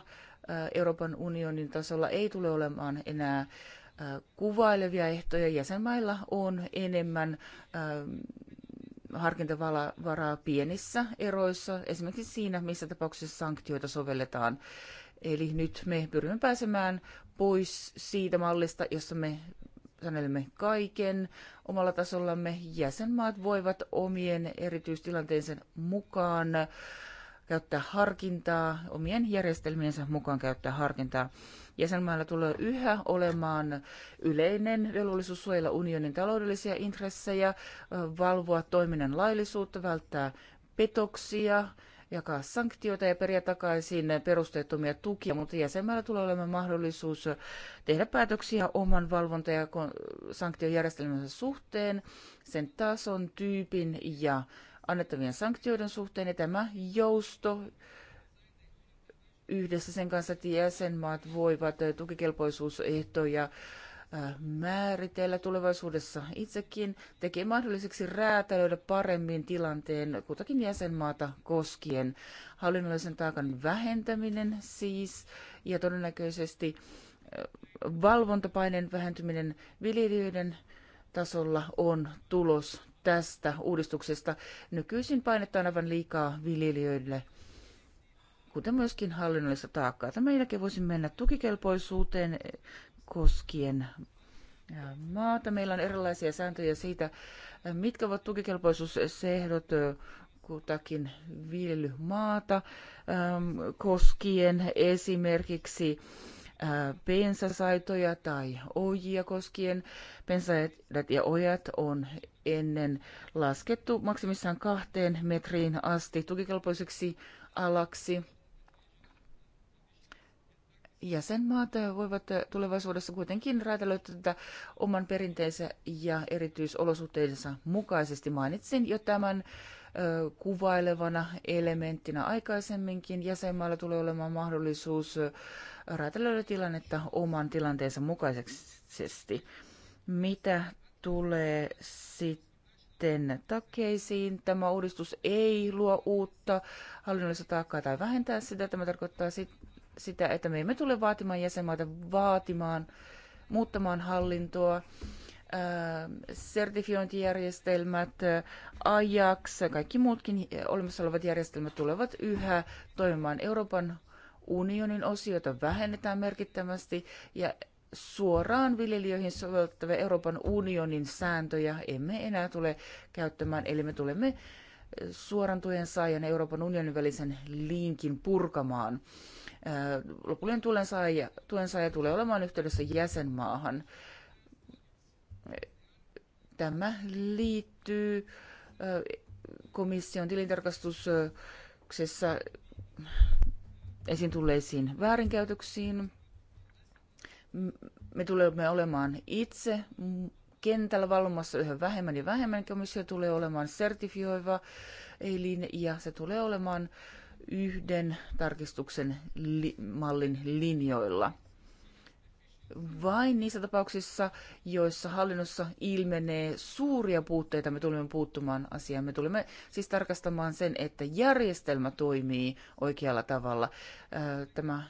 Äh, Euroopan unionin tasolla ei tule olemaan enää äh, kuvailevia ehtoja. Jäsenmailla on enemmän äh, harkintavaraa pienissä eroissa, esimerkiksi siinä, missä tapauksessa sanktioita sovelletaan. Eli nyt me pyrimme pääsemään pois siitä mallista, jossa me sanelemme kaiken omalla tasollamme. Jäsenmaat voivat omien erityistilanteensa mukaan käyttää harkintaa, omien järjestelmiensä mukaan käyttää harkintaa. Jäsenmailla tulee yhä olemaan yleinen velvollisuus suojella unionin taloudellisia intressejä, valvoa toiminnan laillisuutta, välttää petoksia, jakaa sanktioita ja periä takaisin perusteettomia tukia, mutta jäsenmäärä tulee olemaan mahdollisuus tehdä päätöksiä oman valvonta- ja sanktiojärjestelmänsä suhteen, sen tason, tyypin ja annettavien sanktioiden suhteen, ja tämä jousto yhdessä sen kanssa, että jäsenmaat voivat tukikelpoisuusehtoja määritellä tulevaisuudessa itsekin, tekee mahdolliseksi räätälöidä paremmin tilanteen kutakin jäsenmaata koskien. Hallinnollisen taakan vähentäminen siis ja todennäköisesti valvontapaineen vähentyminen viljelijöiden tasolla on tulos tästä uudistuksesta. Nykyisin painetta on aivan liikaa viljelijöille kuten myöskin hallinnollista taakkaa. Tämän jälkeen voisi mennä tukikelpoisuuteen koskien maata. Meillä on erilaisia sääntöjä siitä, mitkä ovat tukikelpoisuusehdot kutakin viljelymaata koskien esimerkiksi pensasaitoja tai ojia koskien. Pensaidat ja ojat on ennen laskettu maksimissaan kahteen metriin asti tukikelpoiseksi alaksi jäsenmaat voivat tulevaisuudessa kuitenkin räätälöidä tätä oman perinteensä ja erityisolosuhteidensa mukaisesti. Mainitsin jo tämän kuvailevana elementtinä aikaisemminkin. Jäsenmailla tulee olemaan mahdollisuus räätälöidä tilannetta oman tilanteensa mukaisesti. Mitä tulee sitten takeisiin. Tämä uudistus ei luo uutta hallinnollista taakkaa tai vähentää sitä. Tämä tarkoittaa sit, sitä, että me emme tule vaatimaan jäsenmaita vaatimaan, muuttamaan hallintoa, ähm, sertifiointijärjestelmät, Ajax, kaikki muutkin olemassa olevat järjestelmät tulevat yhä toimimaan Euroopan unionin osiota vähennetään merkittävästi ja suoraan viljelijöihin sovellettavia Euroopan unionin sääntöjä emme enää tule käyttämään, eli me tulemme suoran tuen saajan Euroopan unionin välisen linkin purkamaan lopullinen tulensaaja, tulensaaja tulee olemaan yhteydessä jäsenmaahan. Tämä liittyy komission tilintarkastuksessa esiin tulleisiin väärinkäytöksiin. Me tulemme olemaan itse kentällä valvomassa yhä vähemmän ja vähemmän. Komissio tulee olemaan sertifioiva elin ja se tulee olemaan äh, yhden tarkistuksen li- mallin linjoilla. Vain niissä tapauksissa, joissa hallinnossa ilmenee suuria puutteita, me tulemme puuttumaan asiaan. Me tulemme siis tarkastamaan sen, että järjestelmä toimii oikealla tavalla. Tämä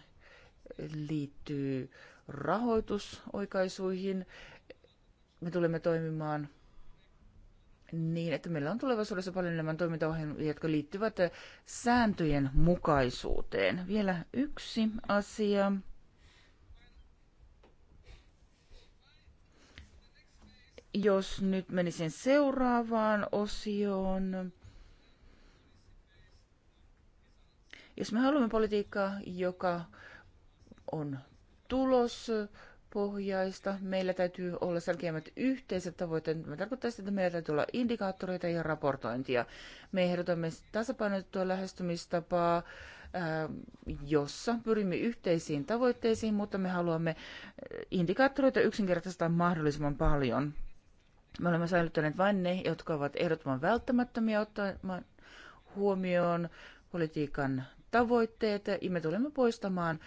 liittyy rahoitusoikaisuihin. Me tulemme toimimaan niin, että meillä on tulevaisuudessa paljon enemmän toimintaohjelmia, jotka liittyvät sääntöjen mukaisuuteen. Vielä yksi asia. Jos nyt menisin seuraavaan osioon. Jos me haluamme politiikkaa, joka on tulos pohjaista. Meillä täytyy olla selkeämmät yhteiset tavoitteet. Tämä tarkoittaa sitä, että meillä täytyy olla indikaattoreita ja raportointia. Me ehdotamme tasapainotettua lähestymistapaa, äh, jossa pyrimme yhteisiin tavoitteisiin, mutta me haluamme äh, indikaattoreita yksinkertaistaa mahdollisimman paljon. Me olemme säilyttäneet vain ne, jotka ovat ehdottoman välttämättömiä ottamaan huomioon politiikan tavoitteet, ja me tulemme poistamaan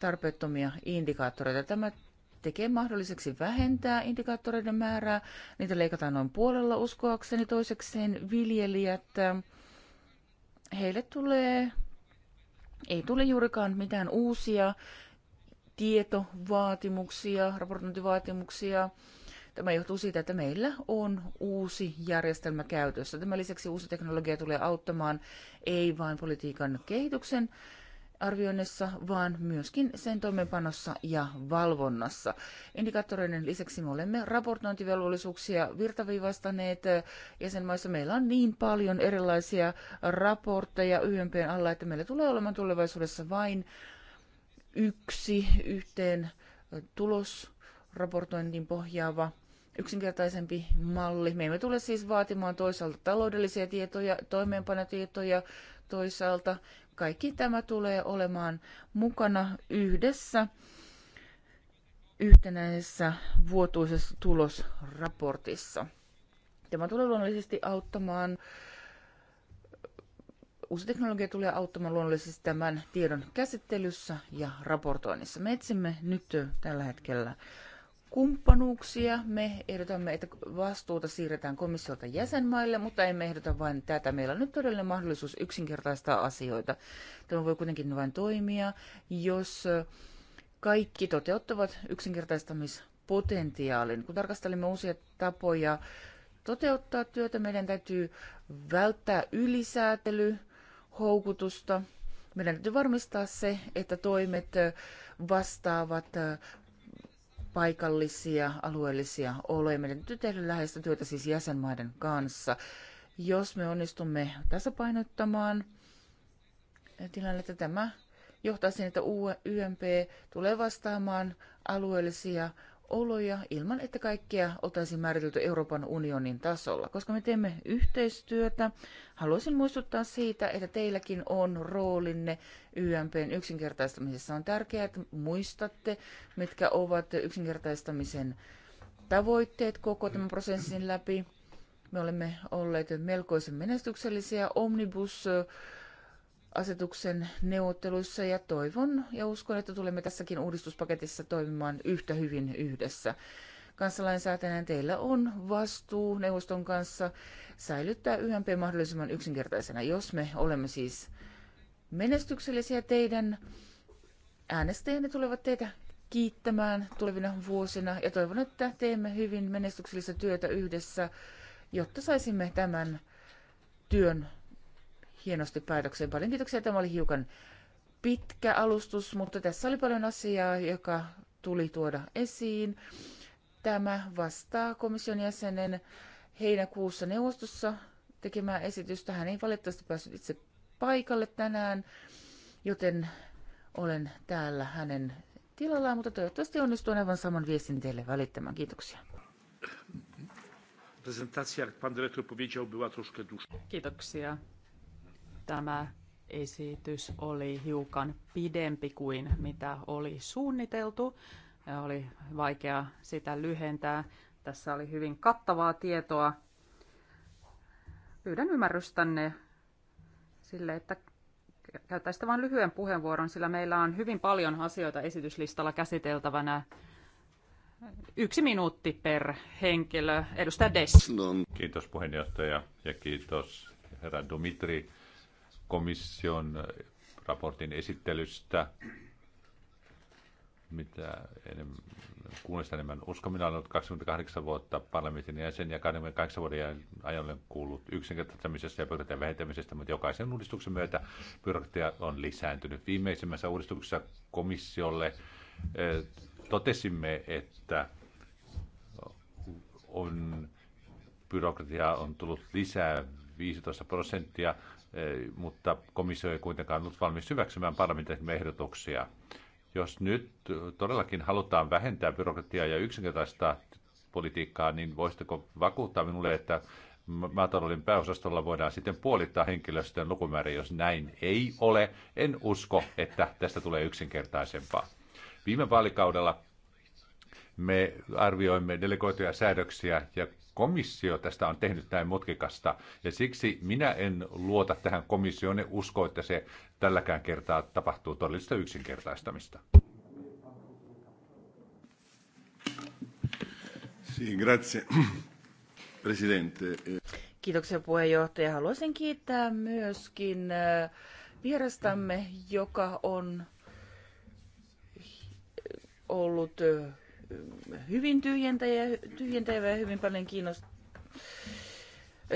tarpeettomia indikaattoreita. Tämä tekee mahdolliseksi vähentää indikaattoreiden määrää. Niitä leikataan noin puolella uskoakseni. Toisekseen viljelijät, heille tulee, ei tule juurikaan mitään uusia tietovaatimuksia, raportointivaatimuksia. Tämä johtuu siitä, että meillä on uusi järjestelmä käytössä. Tämän lisäksi uusi teknologia tulee auttamaan ei vain politiikan kehityksen arvioinnissa, vaan myöskin sen toimeenpanossa ja valvonnassa. Indikaattoreiden lisäksi me olemme raportointivelvollisuuksia virtaviivastaneet jäsenmaissa. Meillä on niin paljon erilaisia raportteja YMPn alla, että meillä tulee olemaan tulevaisuudessa vain yksi yhteen tulosraportointiin pohjaava yksinkertaisempi malli. Me emme tule siis vaatimaan toisaalta taloudellisia tietoja, toimeenpanotietoja, toisaalta kaikki tämä tulee olemaan mukana yhdessä yhtenäisessä vuotuisessa tulosraportissa. Tämä tulee luonnollisesti auttamaan, uusi teknologia tulee auttamaan luonnollisesti tämän tiedon käsittelyssä ja raportoinnissa. Me etsimme nyt tällä hetkellä kumppanuuksia. Me ehdotamme, että vastuuta siirretään komissiolta jäsenmaille, mutta emme ehdota vain tätä. Meillä on nyt todellinen mahdollisuus yksinkertaistaa asioita. Tämä voi kuitenkin vain toimia, jos kaikki toteuttavat yksinkertaistamispotentiaalin. Kun tarkastelimme uusia tapoja toteuttaa työtä, meidän täytyy välttää ylisäätely, houkutusta. Meidän täytyy varmistaa se, että toimet vastaavat paikallisia, alueellisia oloja. Meidän täytyy tehdä läheistä työtä siis jäsenmaiden kanssa. Jos me onnistumme tässä painottamaan tilannetta, tämä johtaa siihen, että UMP tulee vastaamaan alueellisia oloja ilman, että kaikkia oltaisiin määritelty Euroopan unionin tasolla. Koska me teemme yhteistyötä, haluaisin muistuttaa siitä, että teilläkin on roolinne YMPn yksinkertaistamisessa. On tärkeää, että muistatte, mitkä ovat yksinkertaistamisen tavoitteet koko tämän prosessin läpi. Me olemme olleet melkoisen menestyksellisiä omnibus asetuksen neuvotteluissa ja toivon ja uskon, että tulemme tässäkin uudistuspaketissa toimimaan yhtä hyvin yhdessä. Kansalainsäätäjän teillä on vastuu neuvoston kanssa säilyttää YMP mahdollisimman yksinkertaisena, jos me olemme siis menestyksellisiä teidän äänestäjänne tulevat teitä kiittämään tulevina vuosina ja toivon, että teemme hyvin menestyksellistä työtä yhdessä, jotta saisimme tämän työn hienosti päätökseen. Paljon kiitoksia. Tämä oli hiukan pitkä alustus, mutta tässä oli paljon asiaa, joka tuli tuoda esiin. Tämä vastaa komission jäsenen heinäkuussa neuvostossa tekemää esitystä. Hän ei valitettavasti päässyt itse paikalle tänään, joten olen täällä hänen tilallaan, mutta toivottavasti onnistun aivan saman viestin teille välittämään. Kiitoksia. Kiitoksia tämä esitys oli hiukan pidempi kuin mitä oli suunniteltu. Oli vaikea sitä lyhentää. Tässä oli hyvin kattavaa tietoa. Pyydän ymmärrystänne sille, että käyttäisitte vain lyhyen puheenvuoron, sillä meillä on hyvin paljon asioita esityslistalla käsiteltävänä. Yksi minuutti per henkilö. Edustaja Dess. Kiitos puheenjohtaja ja kiitos herra Dumitri komission raportin esittelystä. Mitä enemmän, kuunnellista enemmän uskon. Minä olen ollut 28 vuotta parlamentin jäsen ja 28 vuoden ajan olen kuullut yksinkertaisemisesta ja byrokratian vähentämisestä, mutta jokaisen uudistuksen myötä byrokratia on lisääntynyt. Viimeisimmässä uudistuksessa komissiolle eh, totesimme, että on, byrokratiaa on tullut lisää 15 prosenttia mutta komissio ei kuitenkaan ollut valmis hyväksymään parlamentin ehdotuksia. Jos nyt todellakin halutaan vähentää byrokratiaa ja yksinkertaistaa politiikkaa, niin voisitteko vakuuttaa minulle, että maatalouden pääosastolla voidaan sitten puolittaa henkilöstön lukumäärä, jos näin ei ole. En usko, että tästä tulee yksinkertaisempaa. Viime vaalikaudella me arvioimme delegoituja säädöksiä ja komissio tästä on tehnyt näin mutkikasta. Ja siksi minä en luota tähän komissioon ja usko, että se tälläkään kertaa tapahtuu todellista yksinkertaistamista. [clears throat] Kiitoksia puheenjohtaja. Haluaisin kiittää myöskin äh, vierastamme, joka on ollut äh, hyvin tyhjentäjä, tyhjentävä ja hyvin paljon kiinnost...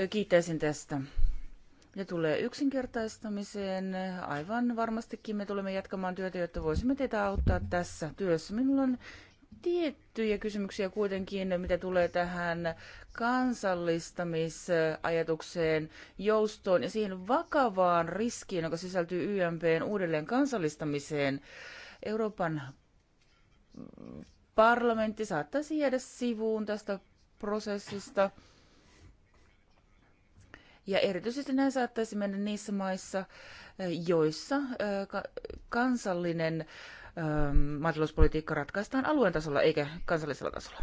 kiittäisin tästä. Ne tulee yksinkertaistamiseen. Aivan varmastikin me tulemme jatkamaan työtä, jotta voisimme teitä auttaa tässä työssä. Minulla on tiettyjä kysymyksiä kuitenkin, mitä tulee tähän kansallistamisajatukseen, joustoon ja siihen vakavaan riskiin, joka sisältyy YMPn uudelleen kansallistamiseen. Euroopan parlamentti saattaisi jäädä sivuun tästä prosessista. Ja erityisesti näin saattaisi mennä niissä maissa, joissa kansallinen maatalouspolitiikka ratkaistaan alueen tasolla eikä kansallisella tasolla.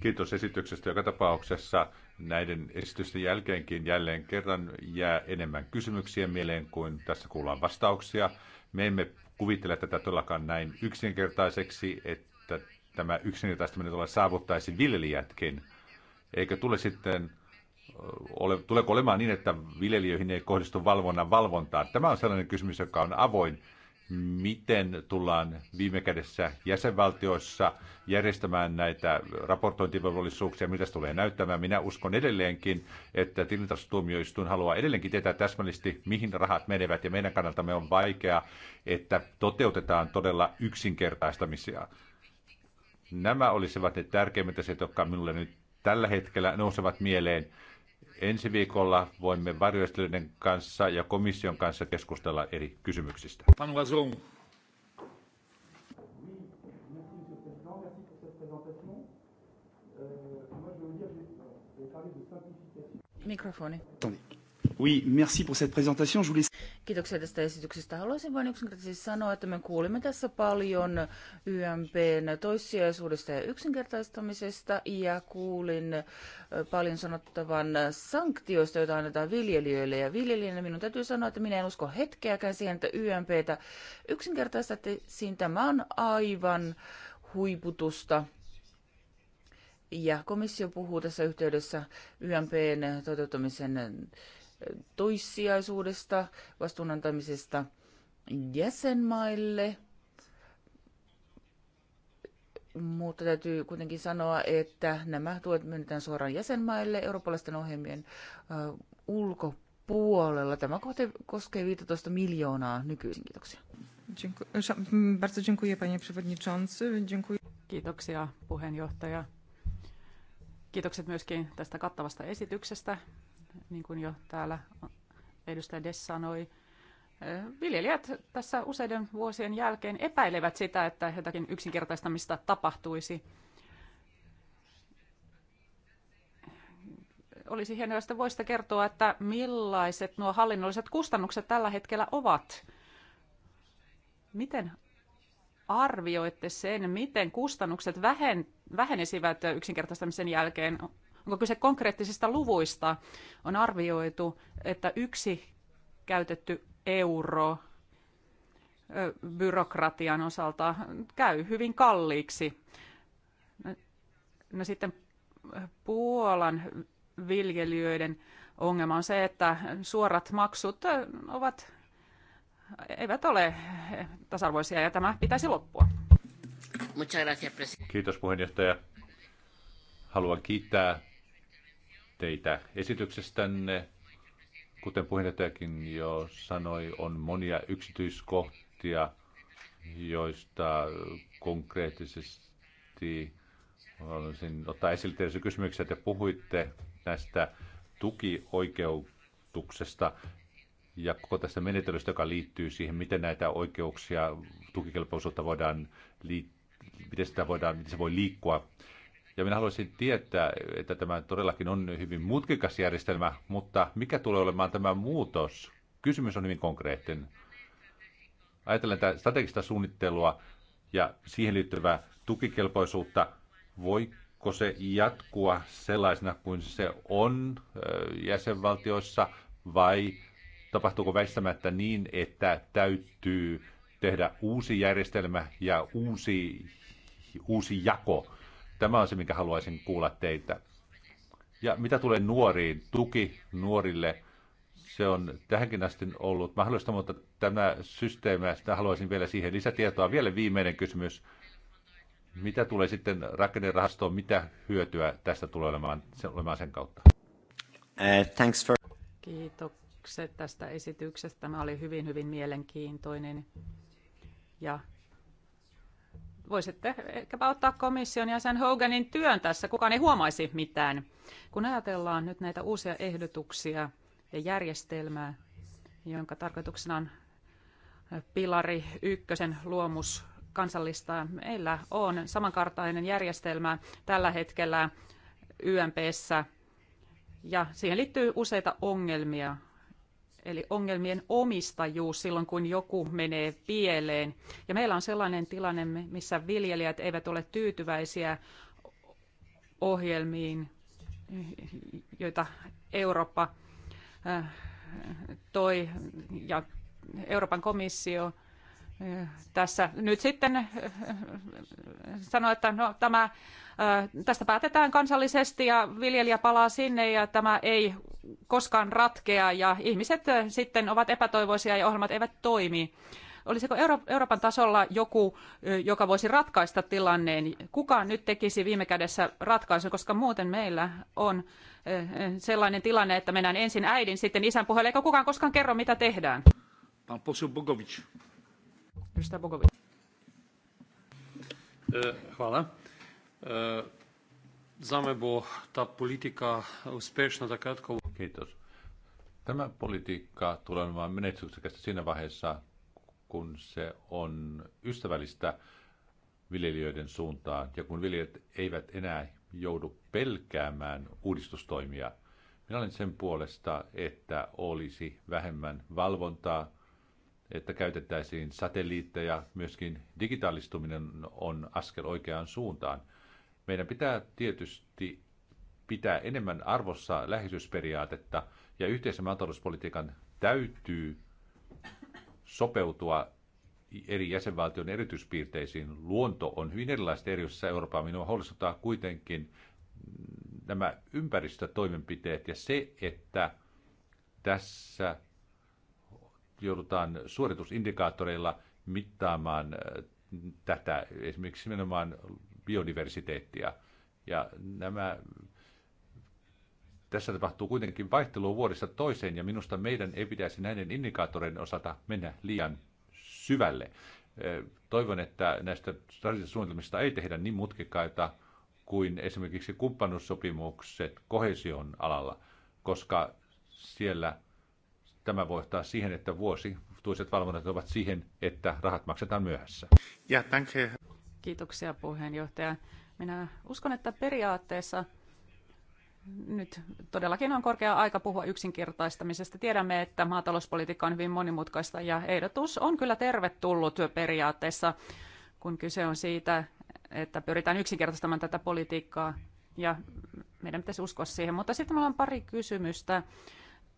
Kiitos esityksestä. Joka tapauksessa näiden esitysten jälkeenkin jälleen kerran jää enemmän kysymyksiä mieleen kuin tässä kuullaan vastauksia. Me emme kuvittele tätä todellakaan näin yksinkertaiseksi, että että tämä yksinkertaistaminen tulee saavuttaisi viljelijätkin? Eikö tule sitten ole, tuleeko olemaan niin, että viljelijöihin ei kohdistu valvonnan valvontaa? Tämä on sellainen kysymys, joka on avoin. Miten tullaan viime kädessä jäsenvaltioissa järjestämään näitä raportointivelvollisuuksia, mitä se tulee näyttämään? Minä uskon edelleenkin, että tilintarkastustuomioistuin haluaa edelleenkin tietää täsmällisesti, mihin rahat menevät, ja meidän kannaltamme on vaikeaa, että toteutetaan todella yksinkertaistamisia. Nämä olisivat ne tärkeimmät asiat, jotka minulle nyt tällä hetkellä nousevat mieleen. Ensi viikolla voimme varjoistelijoiden kanssa ja komission kanssa keskustella eri kysymyksistä. Euh, euh, Mikrofoni. Oui, merci pour cette présentation. Je voulais... Kiitoksia tästä esityksestä. Haluaisin vain yksinkertaisesti sanoa, että me kuulimme tässä paljon YMPn toissijaisuudesta ja yksinkertaistamisesta ja kuulin paljon sanottavan sanktioista, joita annetaan viljelijöille. Ja viljelijänä minun täytyy sanoa, että minä en usko hetkeäkään siihen, että YMPtä yksinkertaistettiin. Tämä on aivan huiputusta. Ja komissio puhuu tässä yhteydessä YMPn toteuttamisen toissijaisuudesta, vastuunantamisesta jäsenmaille. Mutta täytyy kuitenkin sanoa, että nämä tuet myönnetään suoraan jäsenmaille eurooppalaisten ohjelmien ulkopuolella. Tämä kohte koskee 15 miljoonaa nykyisin. Kiitoksia. Kiitoksia, puheenjohtaja. Kiitokset myöskin tästä kattavasta esityksestä niin kuin jo täällä edustaja Dess sanoi, viljelijät tässä useiden vuosien jälkeen epäilevät sitä, että jotakin yksinkertaistamista tapahtuisi. Olisi hienoa, jos voisitte kertoa, että millaiset nuo hallinnolliset kustannukset tällä hetkellä ovat. Miten arvioitte sen, miten kustannukset vähen, vähenisivät yksinkertaistamisen jälkeen? Onko kyse konkreettisista luvuista? On arvioitu, että yksi käytetty euro byrokratian osalta käy hyvin kalliiksi. No, no sitten Puolan viljelijöiden ongelma on se, että suorat maksut ovat, eivät ole tasa-arvoisia ja tämä pitäisi loppua. Kiitos puheenjohtaja. Haluan kiittää teitä esityksestänne. Kuten puheenjohtajakin jo sanoi, on monia yksityiskohtia, joista konkreettisesti haluaisin ottaa esille teidän kysymyksiä. Te puhuitte näistä tukioikeutuksesta ja koko tästä menetelystä, joka liittyy siihen, miten näitä oikeuksia, tukikelpoisuutta voidaan liittää miten, sitä voidaan, miten se voi liikkua ja minä haluaisin tietää, että tämä todellakin on hyvin mutkikas järjestelmä, mutta mikä tulee olemaan tämä muutos? Kysymys on hyvin konkreettinen. Ajatellen tätä strategista suunnittelua ja siihen liittyvää tukikelpoisuutta, voiko se jatkua sellaisena kuin se on jäsenvaltioissa vai tapahtuuko väistämättä niin, että täytyy tehdä uusi järjestelmä ja uusi, uusi jako? Tämä on se, minkä haluaisin kuulla teiltä. Ja mitä tulee nuoriin, tuki nuorille, se on tähänkin asti ollut mahdollista, mutta tämä systeemi, sitä haluaisin vielä siihen lisätietoa. Vielä viimeinen kysymys. Mitä tulee sitten rakennerahastoon, mitä hyötyä tästä tulee olemaan, olemaan sen kautta? Uh, thanks for... Kiitokset tästä esityksestä. Tämä oli hyvin, hyvin mielenkiintoinen. Ja voisitte ehkäpä ottaa komission ja sen Hoganin työn tässä, kukaan ei huomaisi mitään. Kun ajatellaan nyt näitä uusia ehdotuksia ja järjestelmää, jonka tarkoituksena on pilari ykkösen luomus kansallista. Meillä on samankartainen järjestelmä tällä hetkellä YMPssä ja siihen liittyy useita ongelmia eli ongelmien omistajuus silloin, kun joku menee pieleen. Ja meillä on sellainen tilanne, missä viljelijät eivät ole tyytyväisiä ohjelmiin, joita Eurooppa äh, toi ja Euroopan komissio – tässä nyt sitten äh, sanoa, että no, tämä, äh, tästä päätetään kansallisesti ja viljelijä palaa sinne ja tämä ei koskaan ratkea ja ihmiset äh, sitten ovat epätoivoisia ja ohjelmat eivät toimi. Olisiko Euro- Euroopan tasolla joku, joka voisi ratkaista tilanneen? Kuka nyt tekisi viime kädessä ratkaisun, koska muuten meillä on sellainen tilanne, että mennään ensin äidin, sitten isän puheelle, eikä kukaan koskaan kerro, mitä tehdään. Pan poseł Bogovic. E, hvala. E, Zame bo ta politika uspešna takrat, ko... Kiitos. Tämä politiikka tulee olemaan menestyksekästä siinä vaiheessa, kun se on ystävällistä viljelijöiden suuntaan ja kun viljelijät eivät enää joudu pelkäämään uudistustoimia. Minä olen sen puolesta, että olisi vähemmän valvontaa, että käytettäisiin satelliitteja, myöskin digitaalistuminen on askel oikeaan suuntaan. Meidän pitää tietysti pitää enemmän arvossa läheisyysperiaatetta ja yhteisen maatalouspolitiikan täytyy sopeutua eri jäsenvaltion erityispiirteisiin. Luonto on hyvin erilaista eri osissa Eurooppaa. Minua huolestuttaa kuitenkin nämä ympäristötoimenpiteet ja se, että tässä joudutaan suoritusindikaattoreilla mittaamaan äh, tätä, esimerkiksi nimenomaan biodiversiteettia. Ja nämä, tässä tapahtuu kuitenkin vaihtelua vuodesta toiseen, ja minusta meidän ei pitäisi näiden indikaattoreiden osalta mennä liian syvälle. Äh, toivon, että näistä strategisista suunnitelmista ei tehdä niin mutkikkaita kuin esimerkiksi kumppanuussopimukset kohesion alalla, koska siellä – Tämä voi johtaa siihen, että vuosi tuiset valvonnat ovat siihen, että rahat maksetaan myöhässä. Ja, you. Kiitoksia puheenjohtaja. Minä uskon, että periaatteessa nyt todellakin on korkea aika puhua yksinkertaistamisesta. Tiedämme, että maatalouspolitiikka on hyvin monimutkaista ja ehdotus on kyllä tervetullut periaatteessa, kun kyse on siitä, että pyritään yksinkertaistamaan tätä politiikkaa ja meidän pitäisi uskoa siihen. Mutta sitten meillä on pari kysymystä.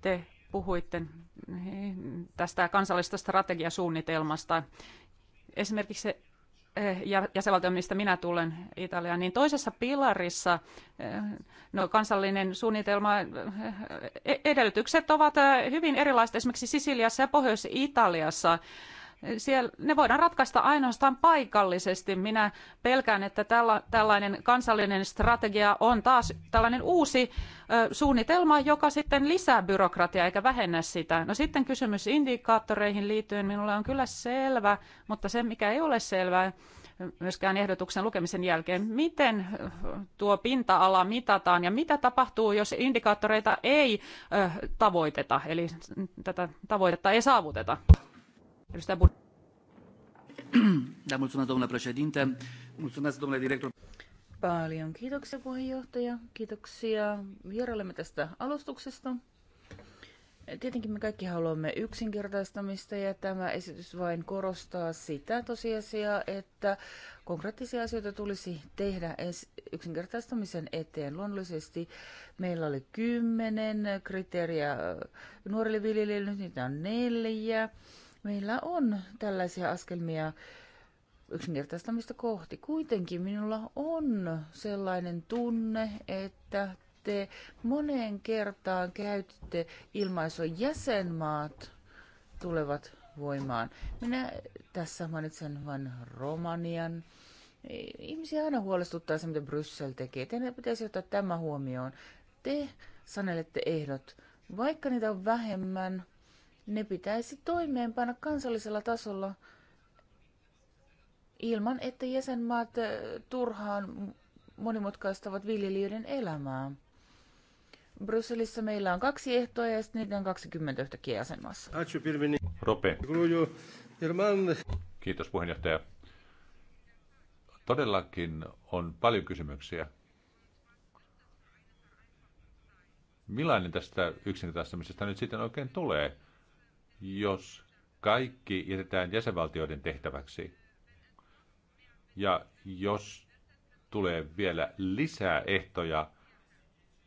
Te puhuitte tästä kansallisesta strategiasuunnitelmasta. Esimerkiksi se eh, jäsenvaltio, mistä minä tulen, Italia, niin toisessa pilarissa eh, no, kansallinen suunnitelma, eh, e-, edellytykset ovat hyvin erilaiset esimerkiksi Sisiliassa ja Pohjois-Italiassa siellä, ne voidaan ratkaista ainoastaan paikallisesti. Minä pelkään, että tälla, tällainen kansallinen strategia on taas tällainen uusi ö, suunnitelma, joka sitten lisää byrokratiaa eikä vähennä sitä. No sitten kysymys indikaattoreihin liittyen minulle on kyllä selvä, mutta se mikä ei ole selvää, myöskään ehdotuksen lukemisen jälkeen, miten tuo pinta-ala mitataan ja mitä tapahtuu, jos indikaattoreita ei ö, tavoiteta, eli tätä tavoitetta ei saavuteta. Edustaja Bun. [clears throat] Da, mulțumesc, domnule președinte. Mulțumesc, domnule director. Paljon kiitoksia puheenjohtaja. Kiitoksia vierailemme tästä alustuksesta. Tietenkin me kaikki haluamme yksinkertaistamista ja tämä esitys vain korostaa sitä tosiasiaa, että konkreettisia asioita tulisi tehdä yksinkertaistamisen eteen. Luonnollisesti meillä oli kymmenen kriteeriä nuorille viljelijöille, nyt niitä on neljä meillä on tällaisia askelmia yksinkertaistamista kohti. Kuitenkin minulla on sellainen tunne, että te moneen kertaan käytitte ilmaisua jäsenmaat tulevat voimaan. Minä tässä mainitsen vain Romanian. Ihmisiä aina huolestuttaa se, mitä Bryssel tekee. Teidän pitäisi ottaa tämä huomioon. Te sanelette ehdot. Vaikka niitä on vähemmän, ne pitäisi toimeenpana kansallisella tasolla ilman, että jäsenmaat turhaan monimutkaistavat viljelijöiden elämää. Brysselissä meillä on kaksi ehtoa ja sitten niitä on 20 yhtäkkiä jäsenmaassa. Rope. Kiitos puheenjohtaja. Todellakin on paljon kysymyksiä. Millainen tästä yksinkertaistamisesta nyt sitten oikein tulee? jos kaikki jätetään jäsenvaltioiden tehtäväksi ja jos tulee vielä lisää ehtoja,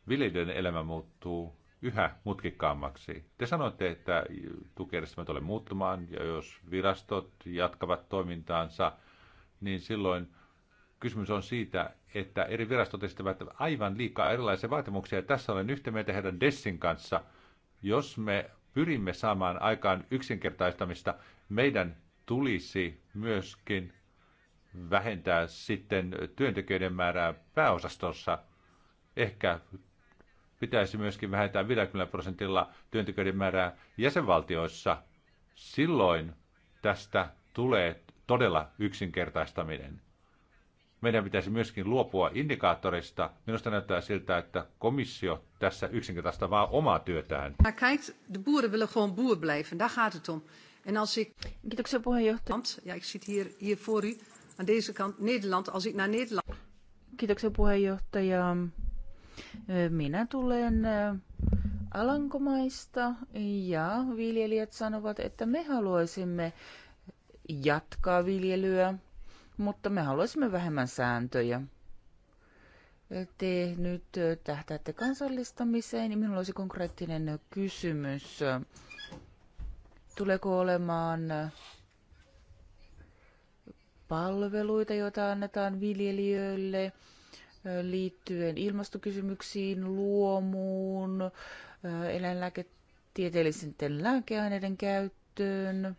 viljelijöiden elämä muuttuu yhä mutkikkaammaksi. Te sanoitte, että tukijärjestelmä tulee muuttumaan ja jos virastot jatkavat toimintaansa, niin silloin kysymys on siitä, että eri virastot esittävät aivan liikaa erilaisia vaatimuksia. tässä olen yhtä mieltä heidän Dessin kanssa. Jos me pyrimme saamaan aikaan yksinkertaistamista, meidän tulisi myöskin vähentää sitten työntekijöiden määrää pääosastossa. Ehkä pitäisi myöskin vähentää 50 prosentilla työntekijöiden määrää jäsenvaltioissa. Silloin tästä tulee todella yksinkertaistaminen. Meidän pitäisi myöskin luopua indikaattorista. Minusta näyttää siltä, että komissio tässä yksinkertaista vaan omaa työtään. Kijkt, de boeren willen gewoon boer blijven, daar gaat het om. En als ik... Kiitoksia puheenjohtaja. Ja, ik zit hier, hier voor u, aan deze kant Nederland, als ik naar Nederland... Kiitoksia puheenjohtaja. Minä tulen Alankomaista ja viljelijät sanovat, että me haluaisimme jatkaa viljelyä, mutta me haluaisimme vähemmän sääntöjä tehnyt, nyt tähtäätte kansallistamiseen, niin minulla olisi konkreettinen kysymys. Tuleeko olemaan palveluita, joita annetaan viljelijöille liittyen ilmastokysymyksiin, luomuun, eläinlääketieteellisten lääkeaineiden käyttöön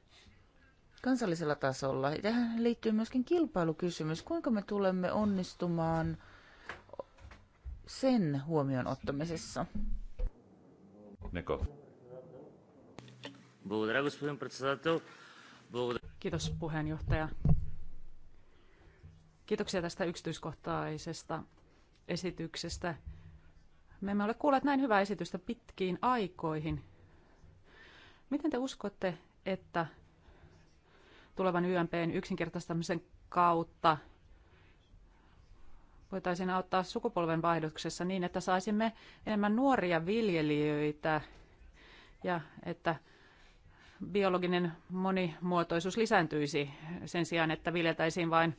kansallisella tasolla. Tähän liittyy myöskin kilpailukysymys. Kuinka me tulemme onnistumaan – sen huomioon ottamisessa? Neko. Kiitos puheenjohtaja. Kiitoksia tästä yksityiskohtaisesta esityksestä. Me emme ole kuulleet näin hyvää esitystä pitkiin aikoihin. Miten te uskotte, että tulevan YMPn yksinkertaistamisen kautta – voitaisiin auttaa sukupolven vaihdoksessa niin, että saisimme enemmän nuoria viljelijöitä ja että biologinen monimuotoisuus lisääntyisi sen sijaan, että viljeltäisiin vain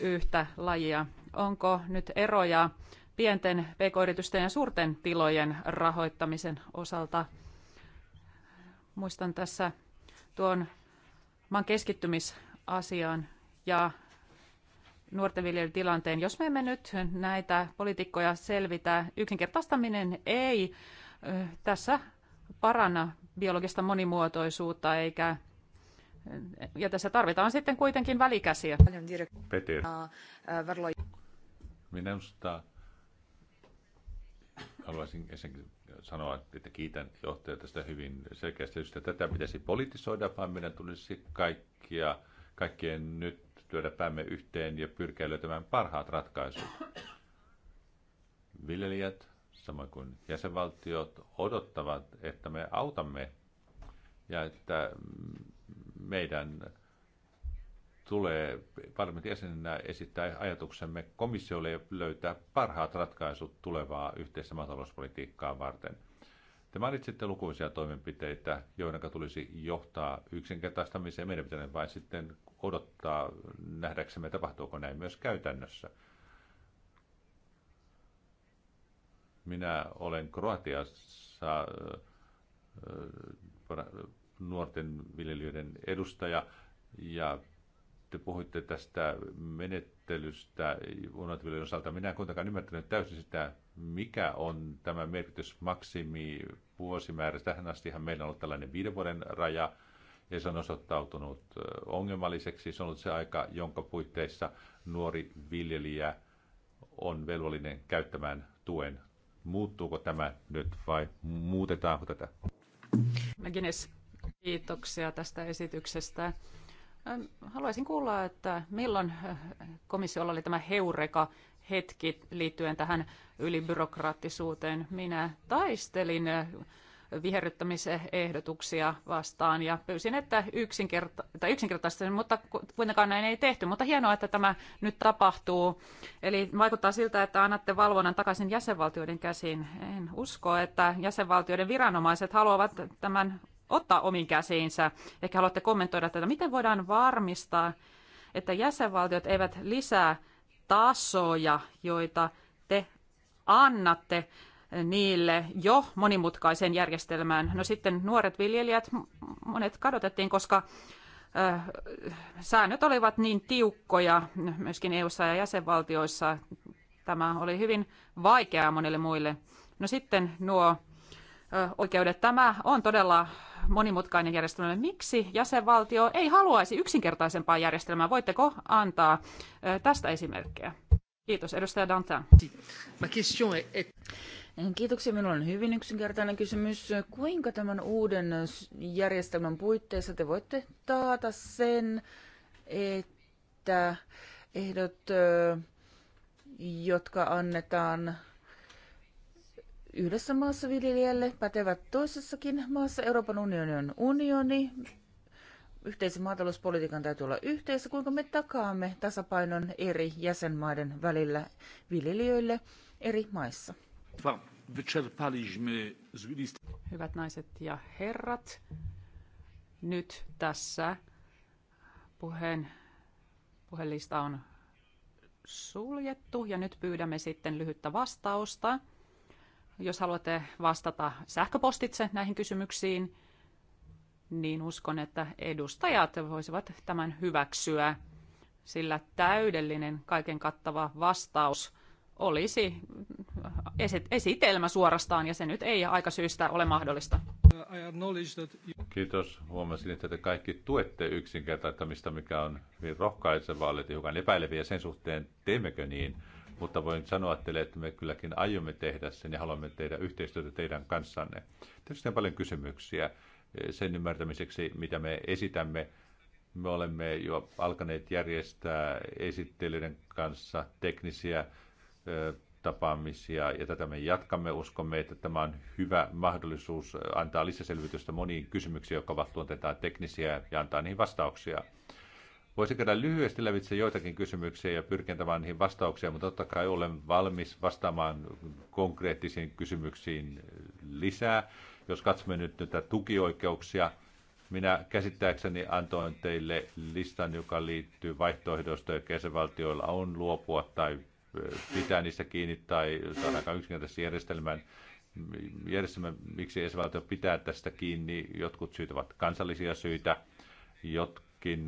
yhtä lajia. Onko nyt eroja pienten pk-yritysten ja suurten tilojen rahoittamisen osalta? Muistan tässä tuon maan keskittymisasian ja nuorten viljelijöiden tilanteen. Jos me emme nyt näitä poliitikkoja selvitä, yksinkertaistaminen ei tässä paranna biologista monimuotoisuutta eikä ja tässä tarvitaan sitten kuitenkin välikäsiä. Peter. Minusta haluaisin ensinnäkin sanoa, että kiitän johtajaa tästä hyvin selkeästä että Tätä pitäisi politisoida, vaan meidän tulisi kaikkia, kaikkien nyt lyödä päämme yhteen ja pyrkiä löytämään parhaat ratkaisut. Viljelijät, samoin kuin jäsenvaltiot, odottavat, että me autamme ja että meidän tulee parlamentin jäsenenä esittää ajatuksemme komissiolle löytää parhaat ratkaisut tulevaa yhteistä maatalouspolitiikkaa varten – te mainitsitte lukuisia toimenpiteitä, joiden tulisi johtaa yksinkertaistamiseen. Meidän pitää vain sitten odottaa nähdäksemme, tapahtuuko näin myös käytännössä. Minä olen Kroatiassa äh, äh, nuorten viljelijöiden edustaja ja te puhuitte tästä menettelystä unohtavien osalta. Minä en kuitenkaan ymmärtänyt täysin sitä, mikä on tämä merkitys maksimi vuosimäärä. Tähän astihan meillä on ollut tällainen viiden vuoden raja, ja se on osoittautunut ongelmalliseksi. Se on ollut se aika, jonka puitteissa nuori viljelijä on velvollinen käyttämään tuen. Muuttuuko tämä nyt vai muutetaanko tätä? Mäkin kiitoksia tästä esityksestä Haluaisin kuulla, että milloin komissiolla oli tämä heureka hetki liittyen tähän ylibyrokraattisuuteen. Minä taistelin viherryttämisehdotuksia vastaan ja pyysin, että yksinkerta- yksinkertaisesti, mutta kuitenkaan näin ei tehty. Mutta hienoa, että tämä nyt tapahtuu. Eli vaikuttaa siltä, että annatte valvonnan takaisin jäsenvaltioiden käsiin. En usko, että jäsenvaltioiden viranomaiset haluavat tämän ottaa omiin käsiinsä. Ehkä haluatte kommentoida tätä, miten voidaan varmistaa, että jäsenvaltiot eivät lisää tasoja, joita te annatte niille jo monimutkaiseen järjestelmään. No sitten nuoret viljelijät, monet kadotettiin, koska säännöt olivat niin tiukkoja myöskin eu ja jäsenvaltioissa. Tämä oli hyvin vaikeaa monille muille. No sitten nuo oikeudet. Tämä on todella monimutkainen järjestelmä. Miksi jäsenvaltio ei haluaisi yksinkertaisempaa järjestelmää? Voitteko antaa tästä esimerkkejä? Kiitos, edustaja Dantin. Kiitoksia. Minulla on hyvin yksinkertainen kysymys. Kuinka tämän uuden järjestelmän puitteissa te voitte taata sen, että ehdot, jotka annetaan yhdessä maassa viljelijälle, pätevät toisessakin maassa. Euroopan unioni on unioni. Yhteisen maatalouspolitiikan täytyy olla yhteisö, kuinka me takaamme tasapainon eri jäsenmaiden välillä viljelijöille eri maissa. Hyvät naiset ja herrat, nyt tässä puheen, puhelista on suljettu ja nyt pyydämme sitten lyhyttä vastausta jos haluatte vastata sähköpostitse näihin kysymyksiin, niin uskon, että edustajat voisivat tämän hyväksyä, sillä täydellinen, kaiken kattava vastaus olisi esitelmä suorastaan, ja se nyt ei syystä ole mahdollista. Kiitos. Huomasin, että te kaikki tuette yksinkertaistamista, mikä on hyvin rohkaisevaa. Olette hiukan epäileviä sen suhteen, teemmekö niin mutta voin sanoa teille, että me kylläkin aiomme tehdä sen ja haluamme tehdä yhteistyötä teidän kanssanne. Tietysti on paljon kysymyksiä eh, sen ymmärtämiseksi, mitä me esitämme. Me olemme jo alkaneet järjestää esittelyiden kanssa teknisiä eh, tapaamisia ja tätä me jatkamme. Uskomme, että tämä on hyvä mahdollisuus eh, antaa lisäselvitystä moniin kysymyksiin, jotka ovat luonteeltaan teknisiä ja antaa niihin vastauksia. Voisin käydä lyhyesti lävitse joitakin kysymyksiä ja pyrkentämään niihin vastauksia, mutta totta kai olen valmis vastaamaan konkreettisiin kysymyksiin lisää. Jos katsomme nyt näitä tukioikeuksia, minä käsittääkseni antoin teille listan, joka liittyy vaihtoehdoista, jotka jäsenvaltioilla on luopua tai pitää niistä kiinni tai saada aika yksinkertaisesti järjestelmään. järjestelmä, miksi jäsenvaltio pitää tästä kiinni. Jotkut syyt ovat kansallisia syitä, jotkin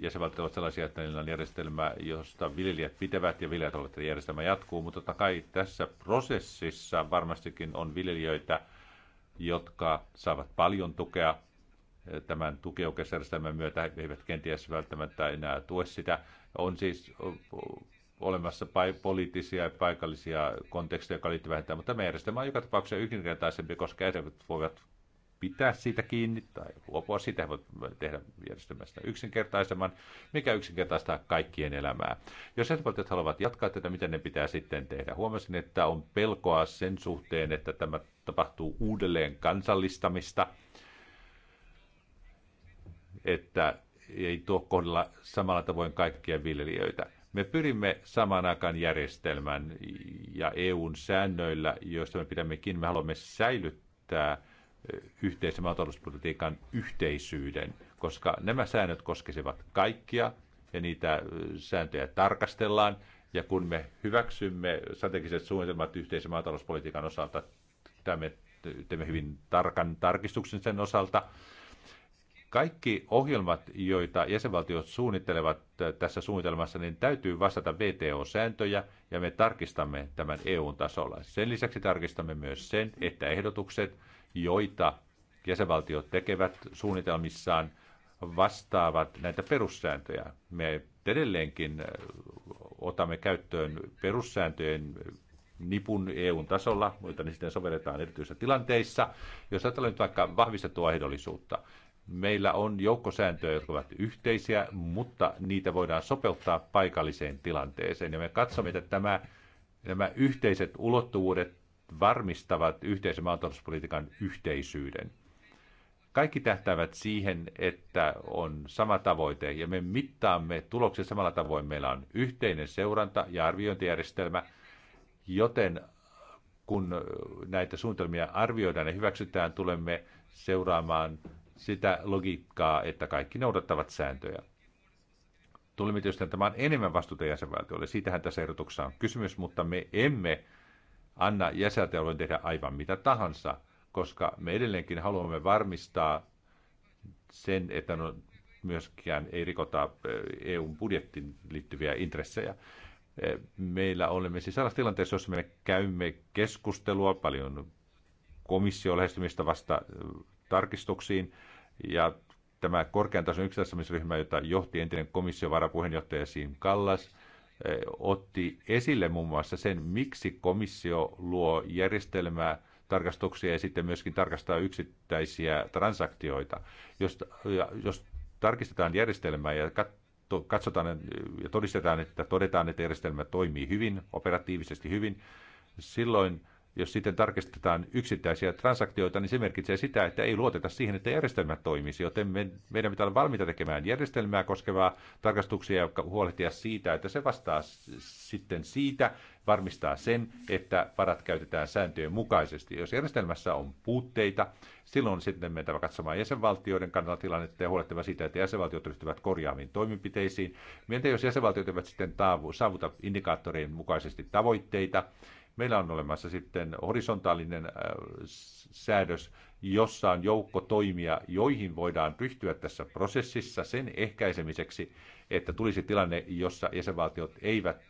jäsenvaltiot ovat sellaisia, että niillä on järjestelmä, josta viljelijät pitävät ja viljelijät ovat, että järjestelmä jatkuu. Mutta totta kai tässä prosessissa varmastikin on viljelijöitä, jotka saavat paljon tukea tämän tukeukesjärjestelmän myötä, eivät kenties välttämättä enää tue sitä. On siis olemassa poliittisia ja paikallisia konteksteja, jotka liittyvät tähän, mutta tämä järjestelmä on joka tapauksessa yksinkertaisempi, koska ehdokkaat voivat pitää siitä kiinni tai luopua siitä, voi tehdä järjestelmästä yksinkertaisemman, mikä yksinkertaistaa kaikkien elämää. Jos jäsenvaltiot haluavat jatkaa tätä, miten ne pitää sitten tehdä? Huomasin, että on pelkoa sen suhteen, että tämä tapahtuu uudelleen kansallistamista, että ei tuo kohdella samalla tavoin kaikkia viljelijöitä. Me pyrimme samaan aikaan järjestelmän ja EUn säännöillä, joista me pidämme kiinni. Me haluamme säilyttää yhteisen maatalouspolitiikan yhteisyyden, koska nämä säännöt koskisivat kaikkia ja niitä sääntöjä tarkastellaan. Ja kun me hyväksymme strategiset suunnitelmat yhteisen maatalouspolitiikan osalta, me teemme hyvin tarkan tarkistuksen sen osalta. Kaikki ohjelmat, joita jäsenvaltiot suunnittelevat tässä suunnitelmassa, niin täytyy vastata VTO-sääntöjä ja me tarkistamme tämän EU-tasolla. Sen lisäksi tarkistamme myös sen, että ehdotukset, joita jäsenvaltiot tekevät suunnitelmissaan, vastaavat näitä perussääntöjä. Me edelleenkin otamme käyttöön perussääntöjen nipun eu tasolla, mutta ne sitten sovelletaan erityisissä tilanteissa. Jos ajatellaan nyt vaikka vahvistettua ehdollisuutta, meillä on joukkosääntöjä, jotka ovat yhteisiä, mutta niitä voidaan sopeuttaa paikalliseen tilanteeseen. Ja me katsomme, että tämä, nämä yhteiset ulottuvuudet varmistavat yhteisen maatalouspolitiikan yhteisyyden. Kaikki tähtäävät siihen, että on sama tavoite ja me mittaamme tuloksen samalla tavoin. Meillä on yhteinen seuranta- ja arviointijärjestelmä, joten kun näitä suunnitelmia arvioidaan ja hyväksytään, tulemme seuraamaan sitä logiikkaa, että kaikki noudattavat sääntöjä. Tulemme tietysti antamaan enemmän vastuuta jäsenvaltiolle. Siitähän tässä ehdotuksessa on kysymys, mutta me emme anna jäsenvaltioiden tehdä aivan mitä tahansa, koska me edelleenkin haluamme varmistaa sen, että no, myöskään ei rikota eh, EUn budjettiin liittyviä intressejä. Eh, meillä olemme siis sellaisessa tilanteessa, jossa me käymme keskustelua paljon komission lähestymistä vasta eh, tarkistuksiin. Ja tämä korkean tason yksilössämisryhmä, jota johti entinen komission varapuheenjohtaja Siim Kallas, Eh, otti esille muun muassa sen, miksi komissio luo järjestelmää tarkastuksia ja sitten myöskin tarkastaa yksittäisiä transaktioita. Jos, jos tarkistetaan järjestelmää ja katsotaan ja todistetaan, että todetaan, että järjestelmä toimii hyvin, operatiivisesti hyvin, silloin jos sitten tarkistetaan yksittäisiä transaktioita, niin se merkitsee sitä, että ei luoteta siihen, että järjestelmä toimisi, joten me, meidän pitää olla valmiita tekemään järjestelmää koskevaa tarkastuksia, ja huolehtia siitä, että se vastaa sitten siitä, varmistaa sen, että varat käytetään sääntöjen mukaisesti. Jos järjestelmässä on puutteita, silloin sitten mentävä katsomaan jäsenvaltioiden kannalta tilannetta ja huolehtiva siitä, että jäsenvaltiot ryhtyvät korjaaviin toimenpiteisiin. Mietin, jos jäsenvaltiot eivät sitten taavu, saavuta indikaattorien mukaisesti tavoitteita, Meillä on olemassa sitten horisontaalinen äh, säädös, jossa on joukko toimia, joihin voidaan ryhtyä tässä prosessissa sen ehkäisemiseksi, että tulisi tilanne, jossa jäsenvaltiot eivät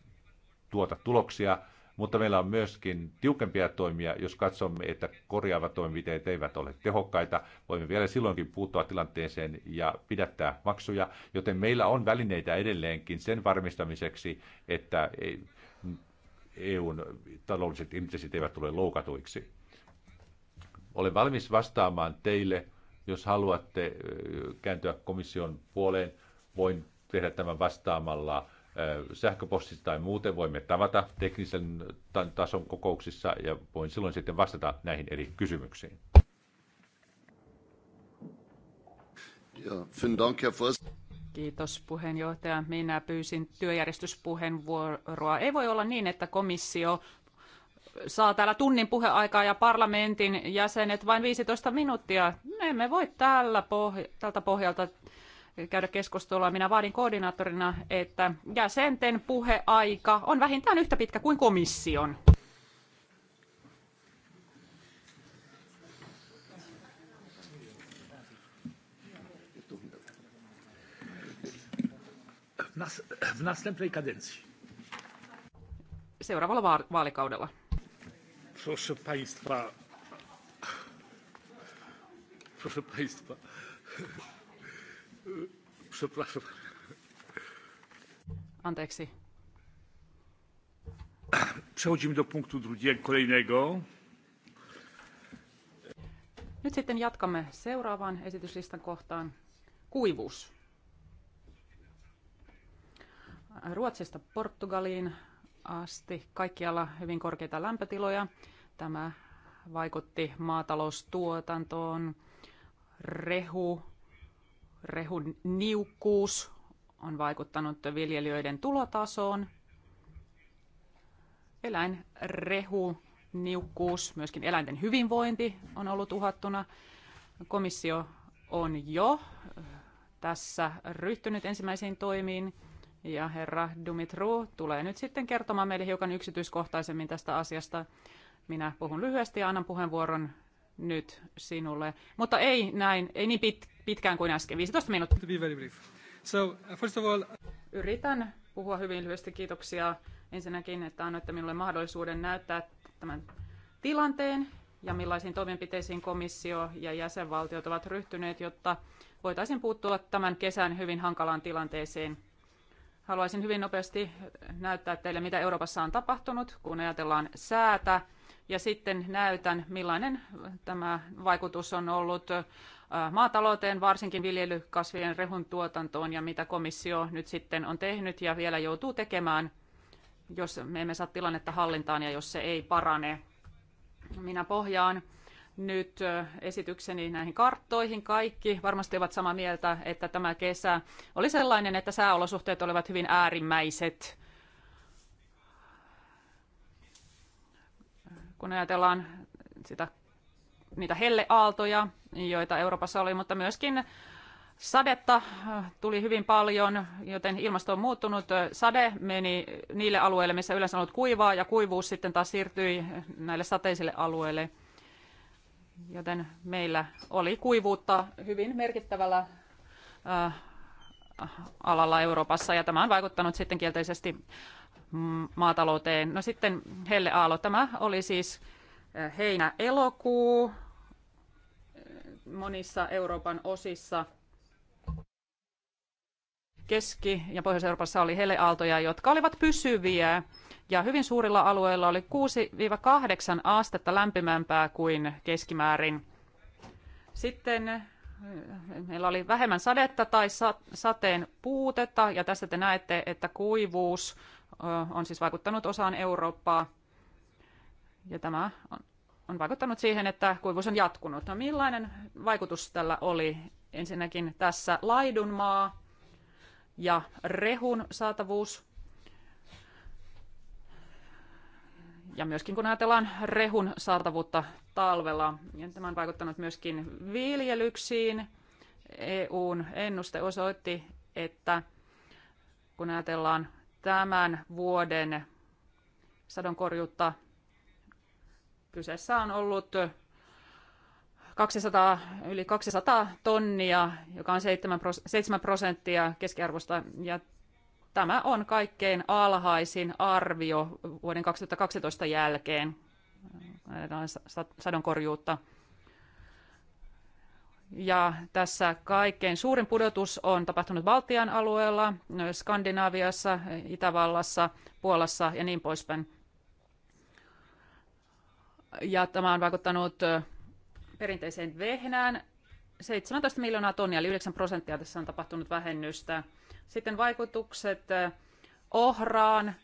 tuota tuloksia, mutta meillä on myöskin tiukempia toimia, jos katsomme, että korjaavat toimenpiteet eivät ole tehokkaita. Voimme vielä silloinkin puuttua tilanteeseen ja pidättää maksuja, joten meillä on välineitä edelleenkin sen varmistamiseksi, että ei, EUn taloudelliset intressit eivät tule loukatuiksi. Olen valmis vastaamaan teille, jos haluatte kääntyä komission puoleen. Voin tehdä tämän vastaamalla sähköpostissa tai muuten voimme tavata teknisen tason kokouksissa ja voin silloin sitten vastata näihin eri kysymyksiin. Ja, vielen Dank, Herr Forst. Kiitos puheenjohtaja. Minä pyysin työjärjestyspuheenvuoroa. Ei voi olla niin, että komissio saa täällä tunnin puheaikaa ja parlamentin jäsenet vain 15 minuuttia. Me emme voi tällä poh- tältä pohjalta käydä keskustelua. Minä vaadin koordinaattorina, että jäsenten puheaika on vähintään yhtä pitkä kuin komission. w następnej kadencji. Seuraavalla vaalikaudella. Proszę Państwa, proszę Państwa, przepraszam. Anteeksi. Przechodzimy do punktu drugiego, kolejnego. Nyt sitten jatkamme seuraavaan esityslistan kohtaan. Kuivuus. Ruotsista Portugaliin asti kaikkialla hyvin korkeita lämpötiloja. Tämä vaikutti maataloustuotantoon, rehu, rehun niukkuus on vaikuttanut viljelijöiden tulotasoon. Eläinrehu, niukkuus, myöskin eläinten hyvinvointi on ollut uhattuna. Komissio on jo tässä ryhtynyt ensimmäisiin toimiin ja herra Dumitru tulee nyt sitten kertomaan meille hiukan yksityiskohtaisemmin tästä asiasta. Minä puhun lyhyesti ja annan puheenvuoron nyt sinulle. Mutta ei näin, ei niin pit, pitkään kuin äsken, 15 minuuttia. So, uh, all... Yritän puhua hyvin lyhyesti. Kiitoksia ensinnäkin, että annoitte minulle mahdollisuuden näyttää tämän tilanteen ja millaisiin toimenpiteisiin komissio ja jäsenvaltiot ovat ryhtyneet, jotta voitaisiin puuttua tämän kesän hyvin hankalaan tilanteeseen – Haluaisin hyvin nopeasti näyttää teille, mitä Euroopassa on tapahtunut, kun ajatellaan säätä. Ja sitten näytän, millainen tämä vaikutus on ollut äh, maatalouteen, varsinkin viljelykasvien rehun tuotantoon ja mitä komissio nyt sitten on tehnyt ja vielä joutuu tekemään, jos me emme saa tilannetta hallintaan ja jos se ei parane. Minä pohjaan nyt esitykseni näihin karttoihin. Kaikki varmasti ovat samaa mieltä, että tämä kesä oli sellainen, että sääolosuhteet olivat hyvin äärimmäiset. Kun ajatellaan sitä, niitä helleaaltoja, joita Euroopassa oli, mutta myöskin sadetta tuli hyvin paljon, joten ilmasto on muuttunut. Sade meni niille alueille, missä yleensä on ollut kuivaa, ja kuivuus sitten taas siirtyi näille sateisille alueille joten meillä oli kuivuutta hyvin merkittävällä äh, alalla Euroopassa ja tämä on vaikuttanut sitten kielteisesti mm, maatalouteen. No sitten Helle Aalo, tämä oli siis äh, heinä-elokuu äh, monissa Euroopan osissa. Keski- ja Pohjois-Euroopassa oli heleaaltoja, jotka olivat pysyviä ja hyvin suurilla alueilla oli 6-8 astetta lämpimämpää kuin keskimäärin. Sitten eh, meillä oli vähemmän sadetta tai sateen puutetta, ja tässä te näette, että kuivuus eh, on siis vaikuttanut osaan Eurooppaa, ja tämä on vaikuttanut siihen, että kuivuus on jatkunut. No millainen vaikutus tällä oli? Ensinnäkin tässä laidunmaa ja rehun saatavuus Ja myöskin kun ajatellaan rehun saatavuutta talvella, niin tämä on vaikuttanut myöskin viljelyksiin. EUn ennuste osoitti, että kun ajatellaan tämän vuoden sadonkorjuutta, kyseessä on ollut 200, yli 200 tonnia, joka on 7 prosenttia keskiarvosta. Ja Tämä on kaikkein alhaisin arvio vuoden 2012 jälkeen sadonkorjuutta. Ja tässä kaikkein suurin pudotus on tapahtunut Baltian alueella, Skandinaaviassa, Itävallassa, Puolassa ja niin poispäin. Ja tämä on vaikuttanut perinteiseen vehnään. 17 miljoonaa tonnia, eli 9 prosenttia tässä on tapahtunut vähennystä. Sitten vaikutukset ohraan.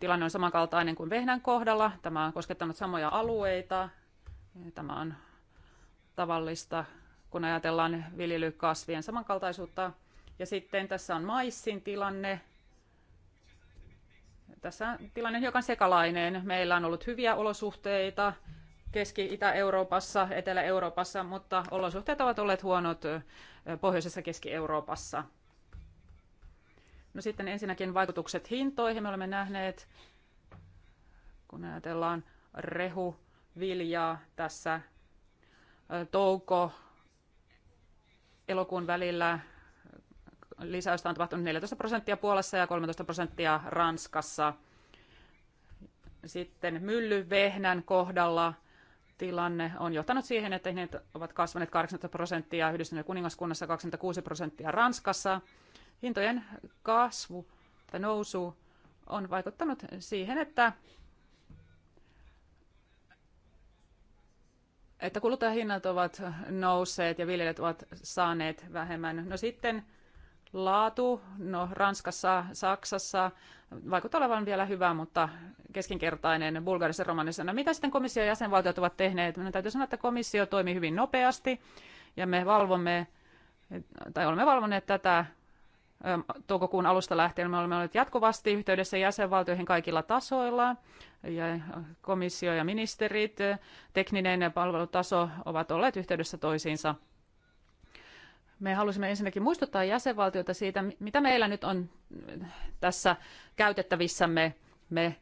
Tilanne on samankaltainen kuin vehnän kohdalla. Tämä on koskettanut samoja alueita. Tämä on tavallista, kun ajatellaan viljelykasvien samankaltaisuutta. Ja sitten tässä on maissin tilanne. Tässä tilanne on hiukan sekalainen. Meillä on ollut hyviä olosuhteita Keski-Itä-Euroopassa, Etelä-Euroopassa, mutta olosuhteet ovat olleet huonot pohjoisessa Keski-Euroopassa. No sitten ensinnäkin vaikutukset hintoihin. Me olemme nähneet, kun ajatellaan rehu, viljaa tässä touko elokuun välillä lisäystä on tapahtunut 14 prosenttia Puolassa ja 13 prosenttia Ranskassa. Sitten myllyvehnän kohdalla – tilanne on johtanut siihen, että ne ovat kasvaneet 80 prosenttia Yhdistyneen kuningaskunnassa, 26 prosenttia Ranskassa. Hintojen kasvu tai nousu on vaikuttanut siihen, että, että kuluttajahinnat ovat nousseet ja viljelijät ovat saaneet vähemmän. No sitten laatu, no Ranskassa, Saksassa vaikuttaa olevan vielä hyvä, mutta keskinkertainen Bulgarissa romanissa. No, mitä sitten komission jäsenvaltiot ovat tehneet? Minun täytyy sanoa, että komissio toimi hyvin nopeasti ja me valvomme, tai olemme valvonneet tätä ähm, toukokuun alusta lähtien. Me olemme olleet jatkuvasti yhteydessä jäsenvaltioihin kaikilla tasoilla, ja komissio ja ministerit, tekninen palvelutaso ovat olleet yhteydessä toisiinsa – me halusimme ensinnäkin muistuttaa jäsenvaltioita siitä, mitä meillä nyt on äh, tässä käytettävissämme. Me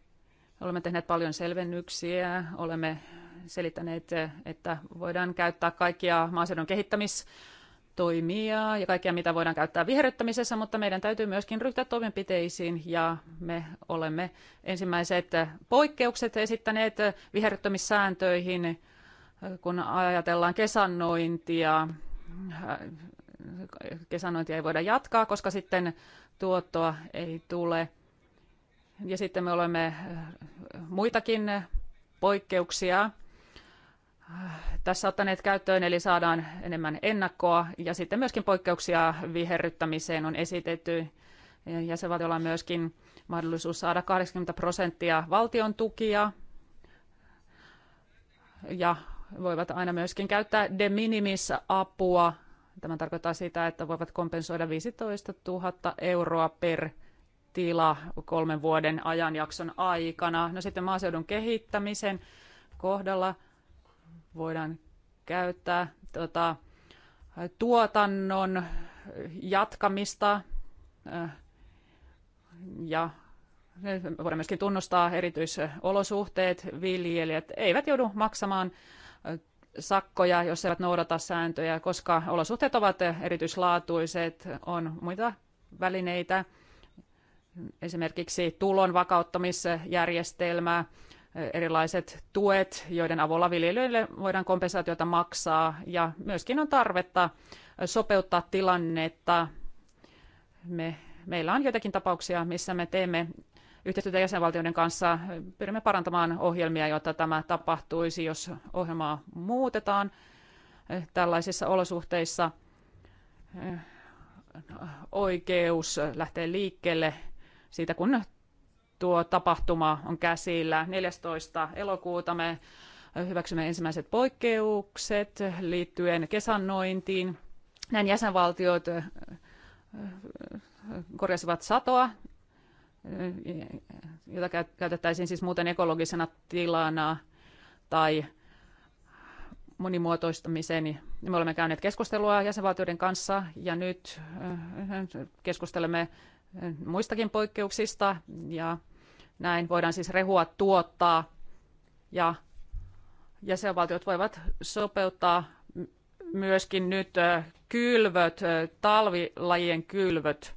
olemme tehneet paljon selvennyksiä, olemme selittäneet, äh, että voidaan käyttää kaikkia maaseudun kehittämistoimia ja kaikkea, mitä voidaan käyttää viherryttämisessä, mutta meidän täytyy myöskin ryhtyä toimenpiteisiin ja me olemme ensimmäiset äh, poikkeukset esittäneet viherryttämissääntöihin, kun ajatellaan kesannointia, kesänointia ei voida jatkaa, koska sitten tuottoa ei tule. Ja sitten me olemme äh, muitakin poikkeuksia äh, tässä ottaneet käyttöön, eli saadaan enemmän ennakkoa, ja sitten myöskin poikkeuksia viherryttämiseen on esitetty. ja voi olla myöskin mahdollisuus saada 80 prosenttia valtion tukia, ja voivat aina myöskin käyttää de minimis apua Tämä tarkoittaa sitä, että voivat kompensoida 15 000 euroa per tila kolmen vuoden ajanjakson aikana. No sitten maaseudun kehittämisen kohdalla voidaan käyttää tuota, tuotannon jatkamista äh, ja voidaan myöskin tunnustaa erityisolosuhteet. Viljelijät eivät joudu maksamaan sakkoja, jos eivät noudata sääntöjä, koska olosuhteet ovat erityislaatuiset, on muita välineitä, esimerkiksi tulon vakauttamisjärjestelmää, erilaiset tuet, joiden avulla viljelijöille voidaan kompensaatiota maksaa, ja myöskin on tarvetta sopeuttaa tilannetta. Me, meillä on joitakin tapauksia, missä me teemme yhteistyötä jäsenvaltioiden kanssa. Pyrimme parantamaan ohjelmia, jotta tämä tapahtuisi, jos ohjelmaa muutetaan tällaisissa olosuhteissa. Oikeus lähtee liikkeelle siitä, kun tuo tapahtuma on käsillä. 14. elokuuta me hyväksymme ensimmäiset poikkeukset liittyen kesannointiin. Näin jäsenvaltiot korjasivat satoa jota käytettäisiin siis muuten ekologisena tilana tai monimuotoistamiseen. Niin me olemme käyneet keskustelua jäsenvaltioiden kanssa ja nyt äh, keskustelemme äh, muistakin poikkeuksista ja näin voidaan siis rehua tuottaa ja jäsenvaltiot voivat sopeuttaa myöskin nyt äh, kylvöt, talvilajien kylvöt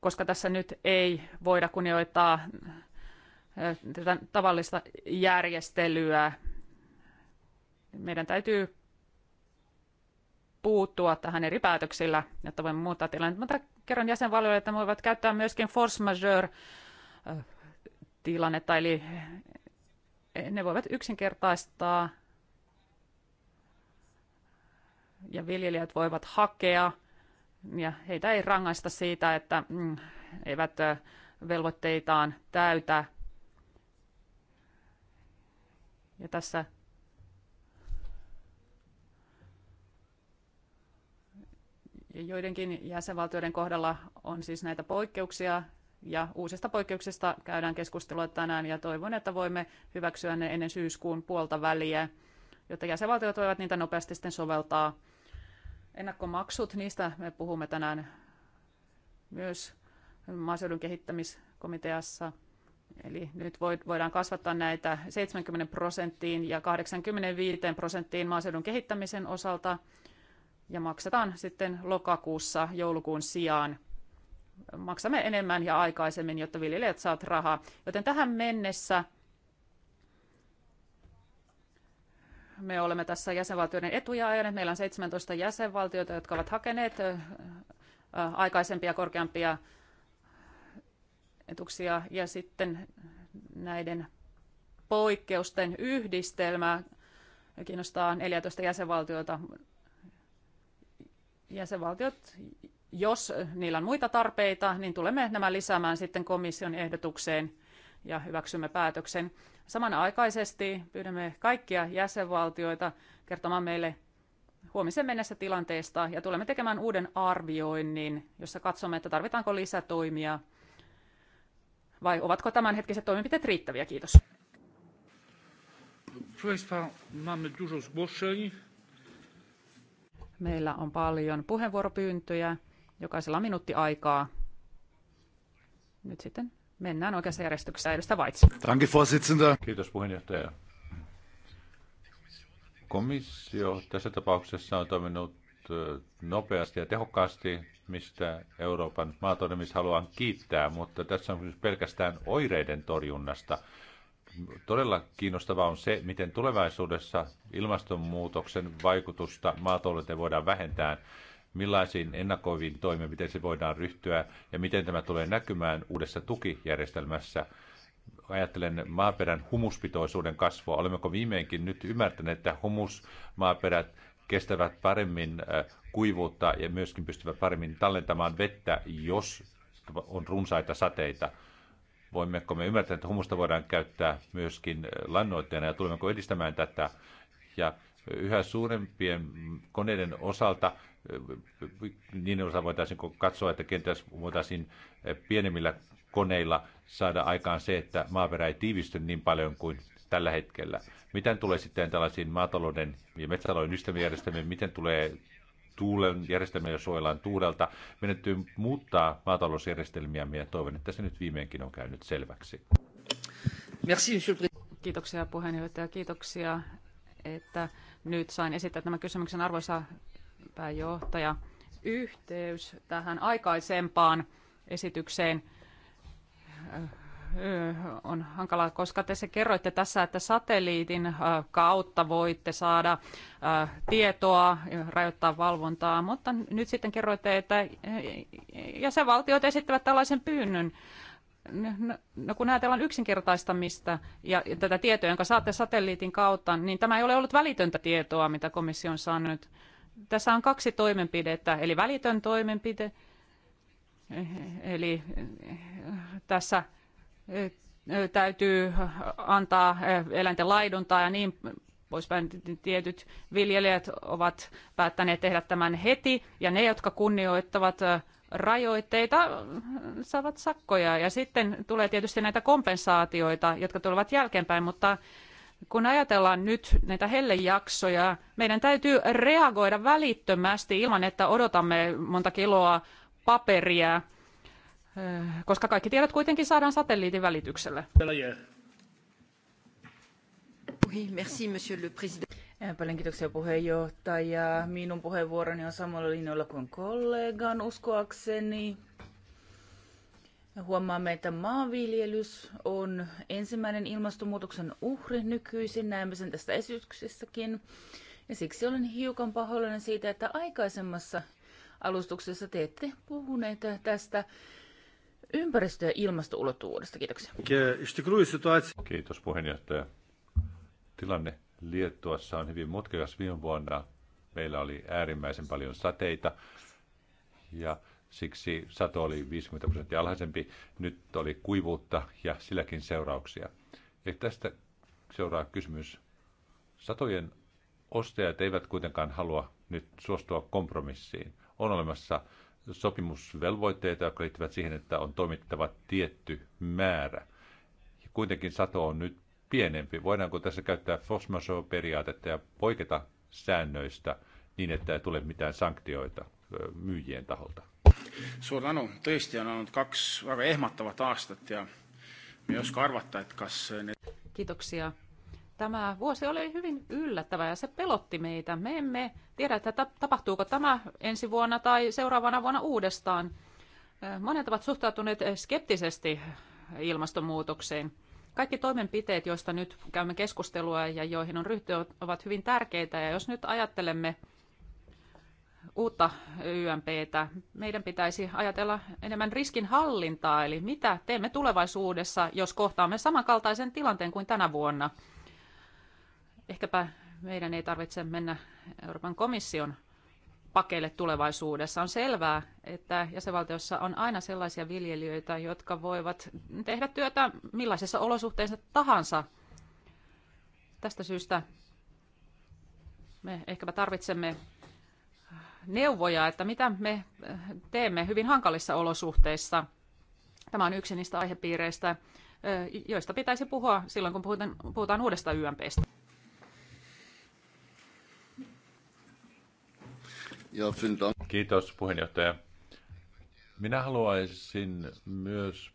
koska tässä nyt ei voida kunnioittaa tätä tavallista järjestelyä. Meidän täytyy puuttua tähän eri päätöksillä, jotta voimme muuttaa tilannetta. Mutta kerron jäsenvaltioille, että voivat käyttää myöskin force majeure tilannetta, eli ne voivat yksinkertaistaa ja viljelijät voivat hakea – ja heitä ei rangaista siitä, että mm, eivät velvoitteitaan täytä. Ja tässä joidenkin jäsenvaltioiden kohdalla on siis näitä poikkeuksia, ja uusista poikkeuksista käydään keskustelua tänään, ja toivon, että voimme hyväksyä ne ennen syyskuun puolta väliä, jotta jäsenvaltiot voivat niitä nopeasti sitten soveltaa Ennakkomaksut, niistä me puhumme tänään myös maaseudun kehittämiskomiteassa. Eli nyt voidaan kasvattaa näitä 70 prosenttiin ja 85 prosenttiin maaseudun kehittämisen osalta ja maksetaan sitten lokakuussa joulukuun sijaan. Maksamme enemmän ja aikaisemmin, jotta viljelijät saat rahaa. Joten tähän mennessä me olemme tässä jäsenvaltioiden etuja ajaneet. Meillä on 17 jäsenvaltiota, jotka ovat hakeneet aikaisempia korkeampia etuksia ja sitten näiden poikkeusten yhdistelmä kiinnostaa 14 jäsenvaltiota. Jäsenvaltiot, jos niillä on muita tarpeita, niin tulemme nämä lisäämään sitten komission ehdotukseen – ja hyväksymme päätöksen. Samanaikaisesti pyydämme kaikkia jäsenvaltioita kertomaan meille huomisen mennessä tilanteesta ja tulemme tekemään uuden arvioinnin, jossa katsomme, että tarvitaanko lisätoimia vai ovatko tämänhetkiset toimenpiteet riittäviä. Kiitos. Meillä on paljon puheenvuoropyyntöjä. Jokaisella on minuutti aikaa. Nyt sitten Mennään oikeassa järjestyksessä. Edustaja Vaits. Danke, Kiitos puheenjohtaja. Komissio tässä tapauksessa on toiminut äh, nopeasti ja tehokkaasti, mistä Euroopan maatoimimis haluan kiittää, mutta tässä on pelkästään oireiden torjunnasta. Todella kiinnostavaa on se, miten tulevaisuudessa ilmastonmuutoksen vaikutusta maatalouteen voidaan vähentää millaisiin ennakoiviin toimenpiteisiin voidaan ryhtyä ja miten tämä tulee näkymään uudessa tukijärjestelmässä. Ajattelen maaperän humuspitoisuuden kasvua. Olemmeko viimeinkin nyt ymmärtäneet, että humusmaaperät kestävät paremmin äh, kuivuutta ja myöskin pystyvät paremmin tallentamaan vettä, jos on runsaita sateita. Voimmeko me ymmärtää, että humusta voidaan käyttää myöskin äh, lannoitteena ja tulemmeko edistämään tätä? Ja yhä suurempien koneiden osalta niin osa voitaisiin katsoa, että kenties voitaisiin pienemmillä koneilla saada aikaan se, että maaperä ei tiivisty niin paljon kuin tällä hetkellä. Miten tulee sitten tällaisiin maatalouden ja metsätalouden ystävien miten tulee tuulen järjestelmiä, jos suojellaan tuudelta, menettyy muuttaa maatalousjärjestelmiä ja toivon, että se nyt viimeinkin on käynyt selväksi. Merci, Kiitoksia puheenjohtaja, kiitoksia, että nyt sain esittää tämän kysymyksen arvoisa pääjohtaja, yhteys tähän aikaisempaan esitykseen öö, on hankalaa, koska te se kerroitte tässä, että satelliitin kautta voitte saada tietoa, rajoittaa valvontaa, mutta nyt sitten kerroitte, että jäsenvaltiot esittävät tällaisen pyynnön. No, no, no kun ajatellaan yksinkertaistamista ja tätä tietoa, jonka saatte satelliitin kautta, niin tämä ei ole ollut välitöntä tietoa, mitä komissio on saanut tässä on kaksi toimenpidettä, eli välitön toimenpide, eli eh, tässä eh, eh, täytyy antaa eläinten laiduntaa ja niin poispäin. Tietyt viljelijät ovat päättäneet tehdä tämän heti, ja ne, jotka kunnioittavat rajoitteita, saavat sakkoja. Ja sitten tulee tietysti näitä kompensaatioita, jotka tulevat jälkeenpäin, mutta kun ajatellaan nyt näitä hellejaksoja, meidän täytyy reagoida välittömästi ilman, että odotamme monta kiloa paperia, eh, koska kaikki tiedot kuitenkin saadaan satelliitin välityksellä. Oui, eh, Paljon kiitoksia puheenjohtaja. Minun puheenvuoroni on samalla linjalla kuin kollegan uskoakseni. Huomaamme, että maanviljelys on ensimmäinen ilmastonmuutoksen uhri nykyisin, näemme sen tästä esityksessäkin. Ja siksi olen hiukan pahoillani siitä, että aikaisemmassa alustuksessa te ette puhuneet tästä ympäristö- ja ilmastoulottuvuudesta. Kiitoksia. Kiitos puheenjohtaja. Tilanne Liettuassa on hyvin mutkikas viime vuonna. Meillä oli äärimmäisen paljon sateita ja Siksi sato oli 50 prosenttia alhaisempi, nyt oli kuivuutta ja silläkin seurauksia. Ja tästä seuraa kysymys. Satojen ostajat eivät kuitenkaan halua nyt suostua kompromissiin. On olemassa sopimusvelvoitteita, jotka liittyvät siihen, että on toimittava tietty määrä. Ja kuitenkin sato on nyt pienempi. Voidaanko tässä käyttää fosmaso periaatetta ja poiketa säännöistä niin, että ei tule mitään sanktioita myyjien taholta? suur tänu, tõesti on olnud kaksi väga ehmatavat aastat ja ei oska arvata, että kas need... Kiitoksia. Tämä vuosi oli hyvin yllättävä ja se pelotti meitä. Me emme tiedä, että tapahtuuko tämä ensi vuonna tai seuraavana vuonna uudestaan. Monet ovat suhtautuneet skeptisesti ilmastonmuutokseen. Kaikki toimenpiteet, joista nyt käymme keskustelua ja joihin on ryhty, ovat hyvin tärkeitä. Ja jos nyt ajattelemme uutta YMPtä, meidän pitäisi ajatella enemmän riskin hallintaa, eli mitä teemme tulevaisuudessa, jos kohtaamme samankaltaisen tilanteen kuin tänä vuonna. Ehkäpä meidän ei tarvitse mennä Euroopan komission pakeille tulevaisuudessa. On selvää, että jäsenvaltiossa on aina sellaisia viljelijöitä, jotka voivat tehdä työtä millaisessa olosuhteessa tahansa. Tästä syystä me ehkäpä tarvitsemme neuvoja, että mitä me eh, teemme hyvin hankalissa olosuhteissa. Tämä on yksi niistä aihepiireistä, eh, joista pitäisi puhua silloin, kun puhutaan, uudesta YMPstä. Kiitos puheenjohtaja. Minä haluaisin myös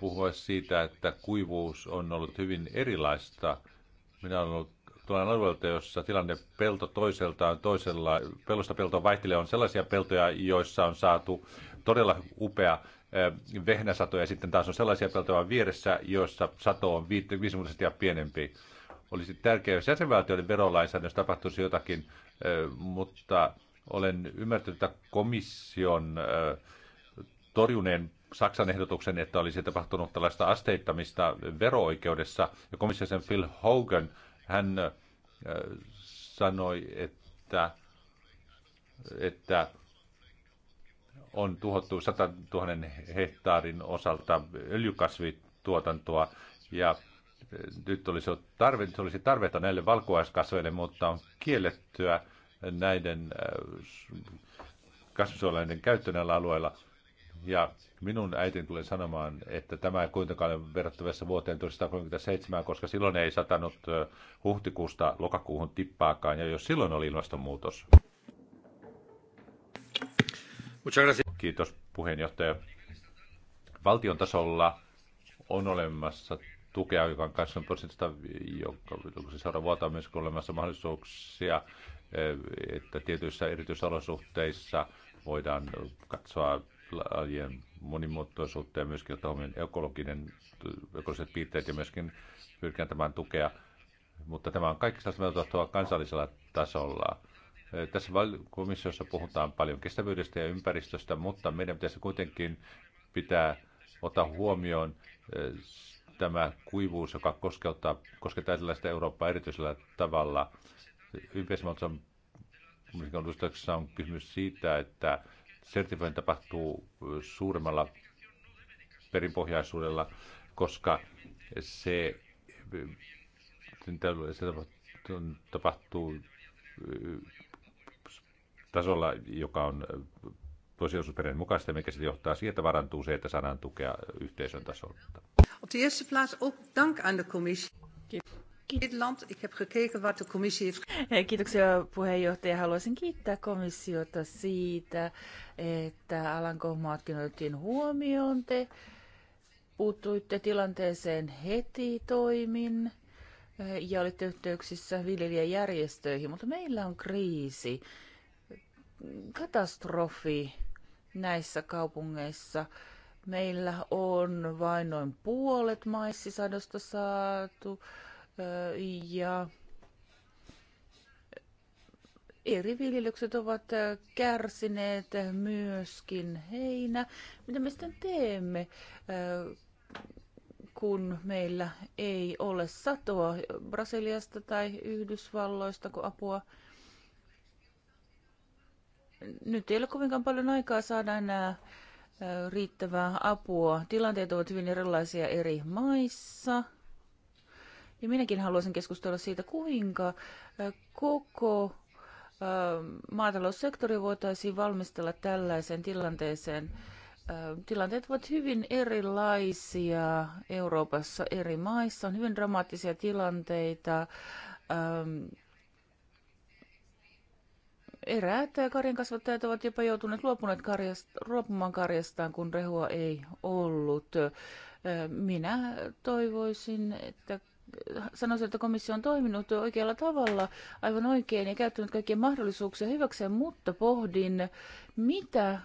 puhua siitä, että kuivuus on ollut hyvin erilaista. Minä olen ollut tuolla alueelta, jossa tilanne pelto toiselta on toisella, pelosta peltoon vaihtelee, on sellaisia peltoja, joissa on saatu todella upea vehnäsato ja sitten taas on sellaisia peltoja vieressä, joissa sato on 50 ja pienempi. Olisi tärkeää, jos jäsenvaltioiden verolainsäädännössä tapahtuisi jotakin, mutta olen ymmärtänyt, että komission torjuneen Saksan ehdotuksen, että olisi tapahtunut tällaista asteittamista vero-oikeudessa, ja komissiosen Phil Hogan hän sanoi, että, että on tuhottu 100 000 hehtaarin osalta öljykasvituotantoa ja nyt olisi tarve, olisi tarvetta näille valkuaiskasveille, mutta on kiellettyä näiden kasvisuolainen käyttö näillä alueilla. Ja minun äitin tulee sanomaan, että tämä ei kuitenkaan ole verrattavissa vuoteen 1937, koska silloin ei satanut huhtikuusta lokakuuhun tippaakaan, ja jos silloin oli ilmastonmuutos. Kiitos puheenjohtaja. Valtion tasolla on olemassa tukea, joka on 80 prosentista, joka seuraava vuotta on myös olemassa mahdollisuuksia, että tietyissä erityisolosuhteissa voidaan katsoa lajien monimuotoisuutta ja myöskin ottaa huomioon ekologinen, ekologiset piirteet ja myöskin pyrkään tämän tukea. Mutta tämä on kaikki sellaista kansallisella tasolla. Tässä komissiossa puhutaan paljon kestävyydestä ja ympäristöstä, mutta meidän pitäisi kuitenkin pitää ottaa huomioon tämä kuivuus, joka koskeuttaa, koskettaa tällaista Eurooppaa erityisellä tavalla. Ympäristömuotoisessa on kysymys siitä, että sertifiointi tapahtuu suuremmalla perinpohjaisuudella, koska se, se tapahtuu tasolla, joka on tosiasusperinnön mukaista, mikä sitten johtaa siihen, että varantuu se, että saadaan tukea yhteisön tasolta. Kiitos. Eh, kiitoksia puheenjohtaja. Haluaisin kiittää komissiota siitä, että Alankomaatkin otettiin huomioon. Te puuttuitte tilanteeseen heti toimin eh, ja olitte yhteyksissä viljelijäjärjestöihin, mutta meillä on kriisi, katastrofi näissä kaupungeissa. Meillä on vain noin puolet maissisadosta saatu ja eri viljelykset ovat kärsineet myöskin heinä. Mitä me sitten teemme, kun meillä ei ole satoa Brasiliasta tai Yhdysvalloista, kun apua nyt ei ole kovinkaan paljon aikaa saada enää riittävää apua. Tilanteet ovat hyvin erilaisia eri maissa. Ja minäkin haluaisin keskustella siitä, kuinka koko maataloussektori voitaisiin valmistella tällaiseen tilanteeseen. Tilanteet ovat hyvin erilaisia Euroopassa eri maissa. On hyvin dramaattisia tilanteita. Eräät karjan kasvattajat ovat jopa joutuneet luopuneet karjasta, luopumaan karjastaan, kun rehua ei ollut. Minä toivoisin, että sanoisin, että komissio on toiminut oikealla tavalla, aivan oikein ja käyttänyt kaikkia mahdollisuuksia hyväkseen, mutta pohdin, mitä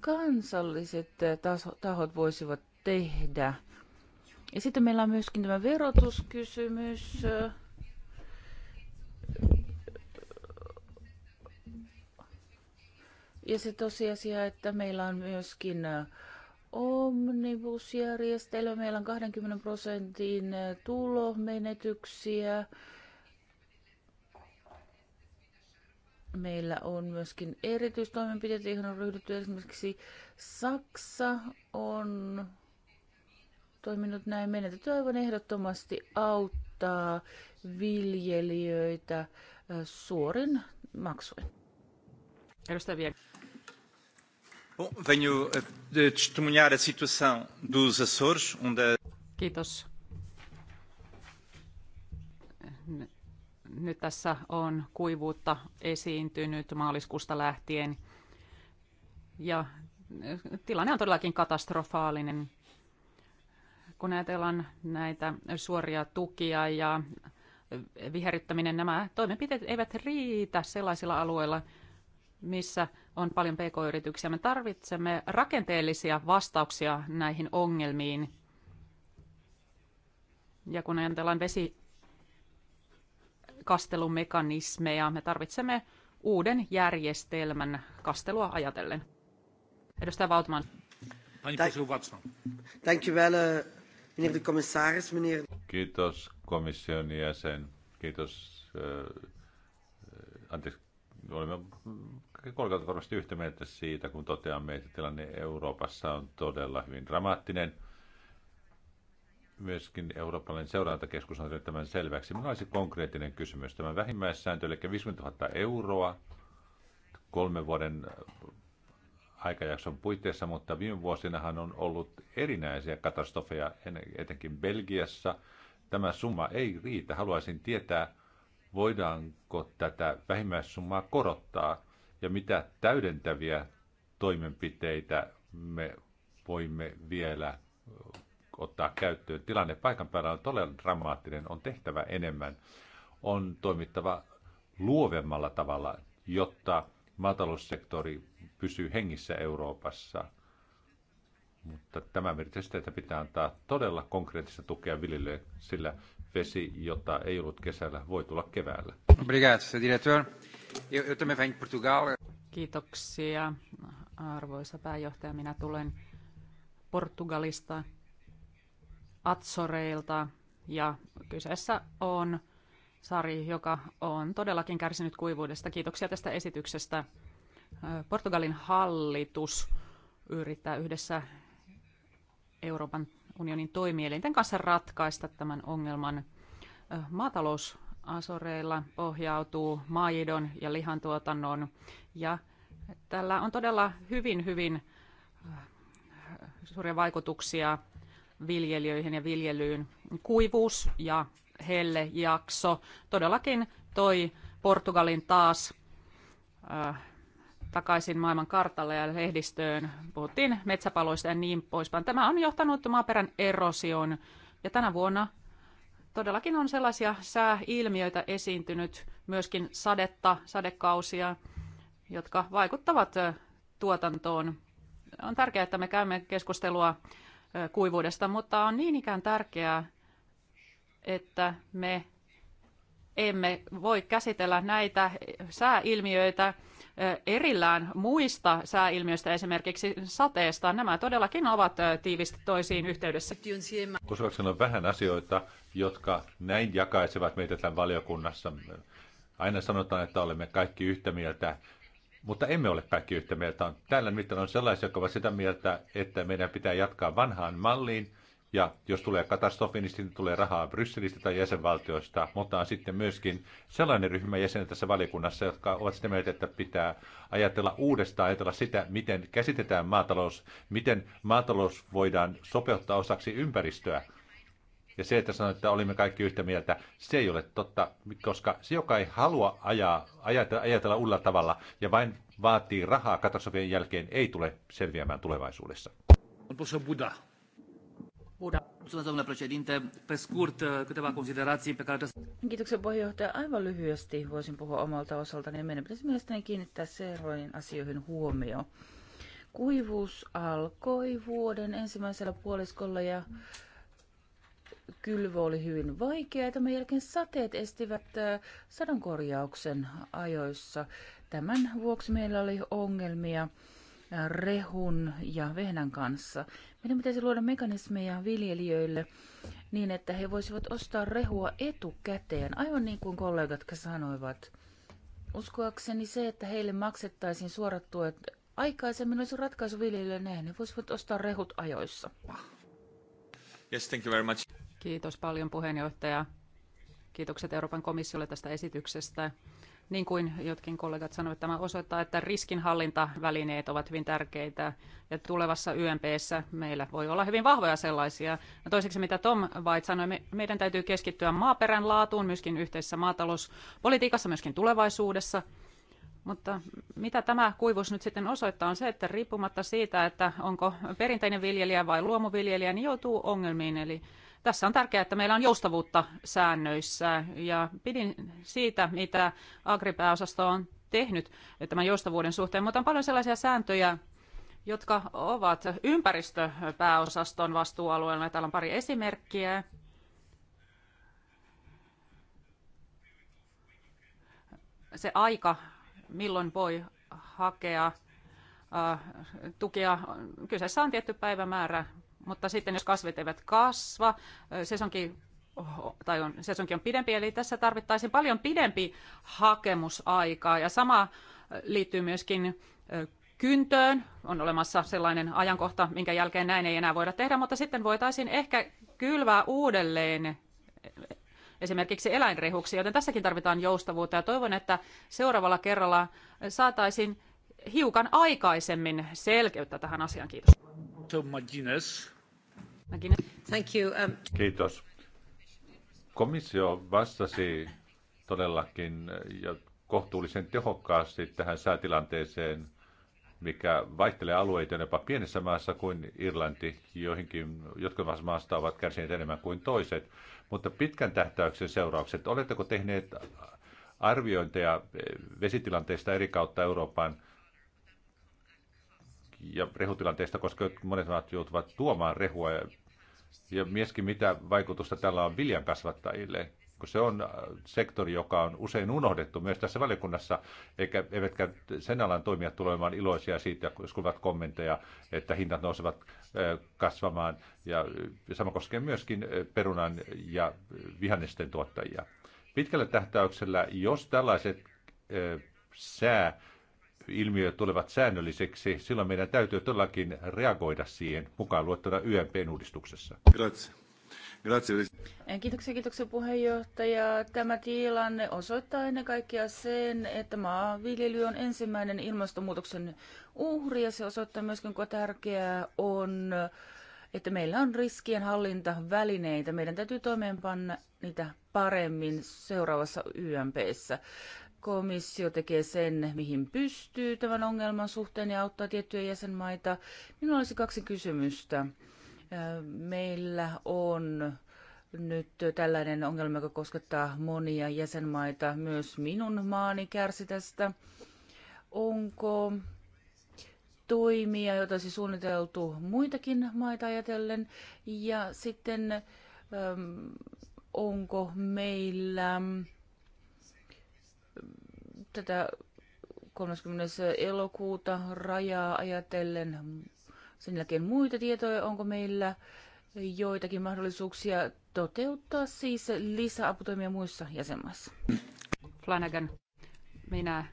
kansalliset tahot voisivat tehdä. Ja sitten meillä on myöskin tämä verotuskysymys. Ja se tosiasia, että meillä on myöskin äh, omnibusjärjestelmä. Meillä on 20 prosentin tulomenetyksiä. Meillä on myöskin erityistoimenpiteitä, joihin on ryhdytty esimerkiksi Saksa on toiminut näin. Meidän täytyy aivan ehdottomasti auttaa viljelijöitä äh, suorin maksuin. Edustaja Viek. Kiitos. Nyt tässä on kuivuutta esiintynyt maaliskuusta lähtien ja tilanne on todellakin katastrofaalinen. Kun ajatellaan näitä suoria tukia ja viherryttäminen, nämä toimenpiteet eivät riitä sellaisilla alueilla, missä on paljon pk-yrityksiä. Me tarvitsemme rakenteellisia vastauksia näihin ongelmiin. Ja kun ajatellaan vesikastelumekanismeja, me tarvitsemme uuden järjestelmän kastelua ajatellen. Edustaja Vautman. Eh, Kiitos komission jäsen. Kiitos. Eh, eh, anteeksi, olemme kollegat ovat varmasti yhtä mieltä siitä, kun toteamme, että tilanne Euroopassa on todella hyvin dramaattinen. Myöskin Euroopan seurantakeskus on tehnyt tämän selväksi. Minulla olisi konkreettinen kysymys. Tämä vähimmäissääntö, eli 50 000 euroa kolmen vuoden aikajakson puitteissa, mutta viime vuosinahan on ollut erinäisiä katastrofeja, etenkin Belgiassa. Tämä summa ei riitä. Haluaisin tietää, voidaanko tätä vähimmäissummaa korottaa ja mitä täydentäviä toimenpiteitä me voimme vielä ottaa käyttöön. Tilanne paikan päällä on todella dramaattinen, on tehtävä enemmän, on toimittava luovemmalla tavalla, jotta maataloussektori pysyy hengissä Euroopassa. Mutta tämä merkitsee sitä, että pitää antaa todella konkreettista tukea viljelijöille, sillä vesi, jota ei ollut kesällä, voi tulla keväällä. Obrigado, diretor. Kiitoksia, arvoisa pääjohtaja. Minä tulen Portugalista, Atsoreilta ja kyseessä on Sari, joka on todellakin kärsinyt kuivuudesta. Kiitoksia tästä esityksestä. Portugalin hallitus yrittää yhdessä Euroopan unionin toimielinten kanssa ratkaista tämän ongelman. Maatalous Asoreilla pohjautuu maidon ja lihantuotannon. Ja tällä on todella hyvin, hyvin äh, suuria vaikutuksia viljelijöihin ja viljelyyn. Kuivuus ja hellejakso todellakin toi Portugalin taas äh, takaisin maailman kartalle ja lehdistöön. Puhuttiin metsäpaloista ja niin poispäin. Tämä on johtanut maaperän erosion ja tänä vuonna todellakin on sellaisia sääilmiöitä esiintynyt, myöskin sadetta, sadekausia, jotka vaikuttavat tuotantoon. On tärkeää, että me käymme keskustelua kuivuudesta, mutta on niin ikään tärkeää, että me emme voi käsitellä näitä sääilmiöitä erillään muista sääilmiöistä, esimerkiksi sateesta. Nämä todellakin ovat tiivisti toisiin yhteydessä. Koska on vähän asioita, jotka näin jakaisevat meitä tämän valiokunnassa. Aina sanotaan, että olemme kaikki yhtä mieltä, mutta emme ole kaikki yhtä mieltä. Täällä on sellaisia, jotka ovat sitä mieltä, että meidän pitää jatkaa vanhaan malliin – ja jos tulee katastrofi, niin sitten tulee rahaa Brysselistä tai jäsenvaltioista, mutta on sitten myöskin sellainen ryhmä jäsenet tässä valikunnassa, jotka ovat sitä mieltä, että pitää ajatella uudestaan, ajatella sitä, miten käsitetään maatalous, miten maatalous voidaan sopeuttaa osaksi ympäristöä. Ja se, että sanoit, että olimme kaikki yhtä mieltä, se ei ole totta, koska se, joka ei halua ajaa, ajatella, ajatella uudella tavalla ja vain vaatii rahaa katastrofien jälkeen, ei tule selviämään tulevaisuudessa. Buddha. Mulțumesc, domnule președinte. Pe scurt, uh, câteva considerații pe care trebuie să... Kiitoksia puheenjohtaja. Aivan lyhyesti voisin puhua omalta osaltani. Meidän pitäisi mielestäni kiinnittää seuraaviin asioihin huomio. Kuivuus alkoi vuoden ensimmäisellä puoliskolla ja kylvö oli hyvin vaikea. Tämän jälkeen sateet estivät äh, sadonkorjauksen ajoissa. Tämän vuoksi meillä oli ongelmia äh, rehun ja vehnän kanssa. Meidän pitäisi luoda mekanismeja viljelijöille niin, että he voisivat ostaa rehua etukäteen, aivan niin kuin kollegat sanoivat. Uskoakseni se, että heille maksettaisiin suorat tuet aikaisemmin olisi ratkaisu viljelijöille näin. Ne voisivat ostaa rehut ajoissa. Yes, thank you very much. Kiitos paljon puheenjohtaja. Kiitokset Euroopan komissiolle tästä esityksestä. Niin kuin jotkin kollegat sanoivat, tämä osoittaa, että riskinhallintavälineet ovat hyvin tärkeitä ja tulevassa YMPssä meillä voi olla hyvin vahvoja sellaisia. No toiseksi, mitä Tom White sanoi, me, meidän täytyy keskittyä maaperän laatuun myöskin yhteisessä maatalouspolitiikassa, myöskin tulevaisuudessa. Mutta mitä tämä kuivuus nyt sitten osoittaa on se, että riippumatta siitä, että onko perinteinen viljelijä vai luomuviljelijä, niin joutuu ongelmiin. Eli tässä on tärkeää, että meillä on joustavuutta säännöissä ja pidin siitä, mitä Agripääosasto on tehnyt tämän joustavuuden suhteen, mutta on paljon sellaisia sääntöjä, jotka ovat ympäristöpääosaston vastuualueella. Täällä on pari esimerkkiä. Se aika, milloin voi hakea äh, tukea. Kyseessä on tietty päivämäärä mutta sitten jos kasvit eivät kasva, sesonki, tai on, sesonki on pidempi, eli tässä tarvittaisiin paljon pidempi hakemusaikaa. Ja sama liittyy myöskin kyntöön. On olemassa sellainen ajankohta, minkä jälkeen näin ei enää voida tehdä, mutta sitten voitaisiin ehkä kylvää uudelleen esimerkiksi eläinrehuksi, joten tässäkin tarvitaan joustavuutta ja toivon, että seuraavalla kerralla saataisiin hiukan aikaisemmin selkeyttä tähän asiaan. Kiitos. Um, Kiitos. Komissio vastasi todellakin eh, ja kohtuullisen tehokkaasti tähän säätilanteeseen, mikä vaihtelee alueita jopa pienessä maassa kuin Irlanti, joihinkin jotkut maasta ovat kärsineet enemmän kuin toiset. Mutta pitkän tähtäyksen seuraukset, oletteko tehneet arviointeja eh, vesitilanteista eri kautta Euroopan ja rehutilanteista, koska monet maat joutuvat tuomaan rehua eh, ja myöskin mitä vaikutusta tällä on viljan kasvattajille, kun se on äh, sektori, joka on usein unohdettu myös tässä valiokunnassa, eikä, eivätkä sen alan toimijat tule olemaan iloisia siitä, jos kuvat kommentteja, että hinnat nousevat äh, kasvamaan. Ja sama koskee myöskin äh, perunan ja vihannesten tuottajia. Pitkällä tähtäyksellä, jos tällaiset sää ilmiöt tulevat säännölliseksi, silloin meidän täytyy todellakin reagoida siihen mukaan luettuna YMPn uudistuksessa. Kiitoksia, kiitoksia puheenjohtaja. Tämä tilanne osoittaa ennen kaikkea sen, että maanviljely on ensimmäinen ilmastonmuutoksen uhri ja se osoittaa myöskin, kuinka tärkeää on että meillä on riskien hallintavälineitä. Meidän täytyy toimeenpanna niitä paremmin seuraavassa YMPssä komissio tekee sen, mihin pystyy tämän ongelman suhteen ja auttaa tiettyjä jäsenmaita. Minulla olisi kaksi kysymystä. Meillä on nyt tällainen ongelma, joka koskettaa monia jäsenmaita. Myös minun maani kärsi tästä. Onko toimia, joita siis suunniteltu muitakin maita ajatellen? Ja sitten onko meillä tätä 30. elokuuta rajaa ajatellen sen jälkeen muita tietoja, onko meillä joitakin mahdollisuuksia toteuttaa siis lisäaputoimia muissa jäsenmaissa. Flanagan, minä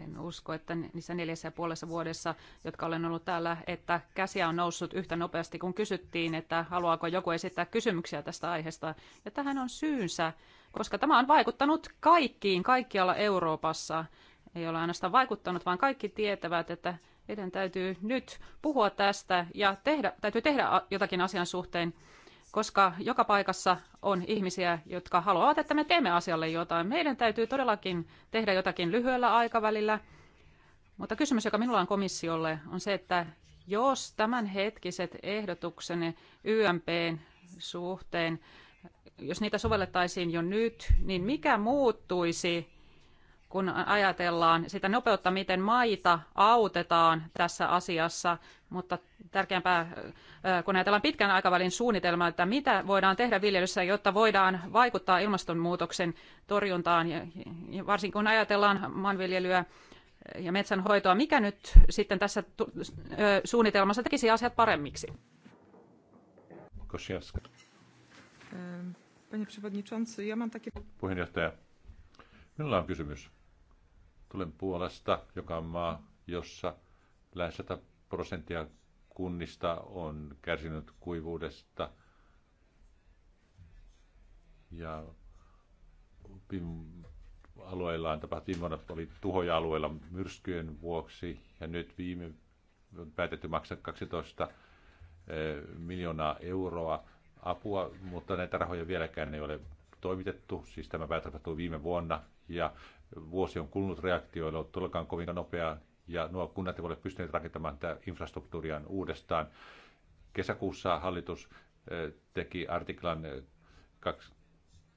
en usko, että niissä neljässä ja puolessa vuodessa, jotka olen ollut täällä, että käsiä on noussut yhtä nopeasti, kun kysyttiin, että haluaako joku esittää kysymyksiä tästä aiheesta. Ja tähän on syynsä koska tämä on vaikuttanut kaikkiin, kaikkialla Euroopassa. Ei ole ainoastaan vaikuttanut, vaan kaikki tietävät, että meidän täytyy nyt puhua tästä ja tehdä, täytyy tehdä jotakin asian suhteen, koska joka paikassa on ihmisiä, jotka haluavat, että me teemme asialle jotain. Meidän täytyy todellakin tehdä jotakin lyhyellä aikavälillä. Mutta kysymys, joka minulla on komissiolle, on se, että jos tämänhetkiset ehdotuksenne YMPn suhteen jos niitä sovellettaisiin jo nyt, niin mikä muuttuisi, kun ajatellaan sitä nopeutta, miten maita autetaan tässä asiassa, mutta tärkeämpää, kun ajatellaan pitkän aikavälin suunnitelmaa, että mitä voidaan tehdä viljelyssä, jotta voidaan vaikuttaa ilmastonmuutoksen torjuntaan, ja varsinkin kun ajatellaan maanviljelyä ja metsänhoitoa, mikä nyt sitten tässä suunnitelmassa tekisi asiat paremmiksi? Kosciaska. Um, ähm, Puheenjohtaja, minulla on kysymys. Tulen Puolasta, joka on maa, jossa lähes 100 prosenttia kunnista on kärsinyt kuivuudesta. Ja alueillaan tapahtui, viime vuonna oli tuhoja alueilla myrskyjen vuoksi, ja nyt viime on päätetty maksaa 12 eh, miljoonaa euroa apua, mutta näitä rahoja vieläkään ei ole toimitettu. Siis tämä päätös tapahtui viime vuonna ja vuosi on kulunut reaktioilla, on todellakaan kovin nopea ja nuo kunnat eivät ole pystyneet rakentamaan tätä infrastruktuuriaan uudestaan. Kesäkuussa hallitus eh, teki artiklan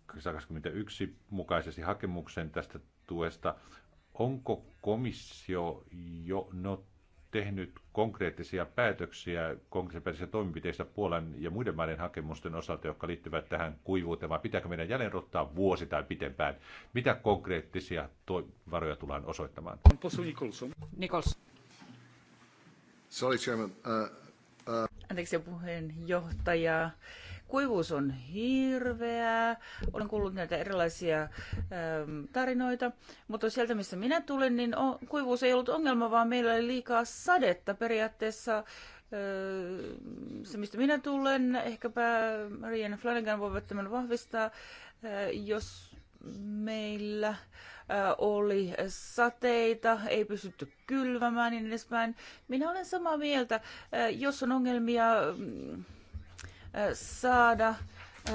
221 eh, mukaisesti hakemuksen tästä tuesta. Onko komissio jo not tehnyt konkreettisia päätöksiä, konkreettisia toimenpiteistä Puolan ja muiden maiden hakemusten osalta, jotka liittyvät tähän kuivuuteen, vai pitääkö meidän jälleen ottaa vuosi tai pitempään? Mitä konkreettisia to- varoja tullaan osoittamaan? Nikolson. Nikolson. Sorry, Chairman. Uh, uh... Anteeksi, puheenjohtaja. Kuivuus on hirveää. Olen kuullut näitä erilaisia äm, tarinoita, mutta sieltä missä minä tulen, niin on, kuivuus ei ollut ongelma, vaan meillä oli liikaa sadetta periaatteessa. Äh, se, mistä minä tulen, ehkäpä Marian Flanagan voi tämän vahvistaa, äh, jos meillä äh, oli sateita, ei pystytty kylvämään niin edespäin. Minä olen samaa mieltä, jos on ongelmia mm, saada äh,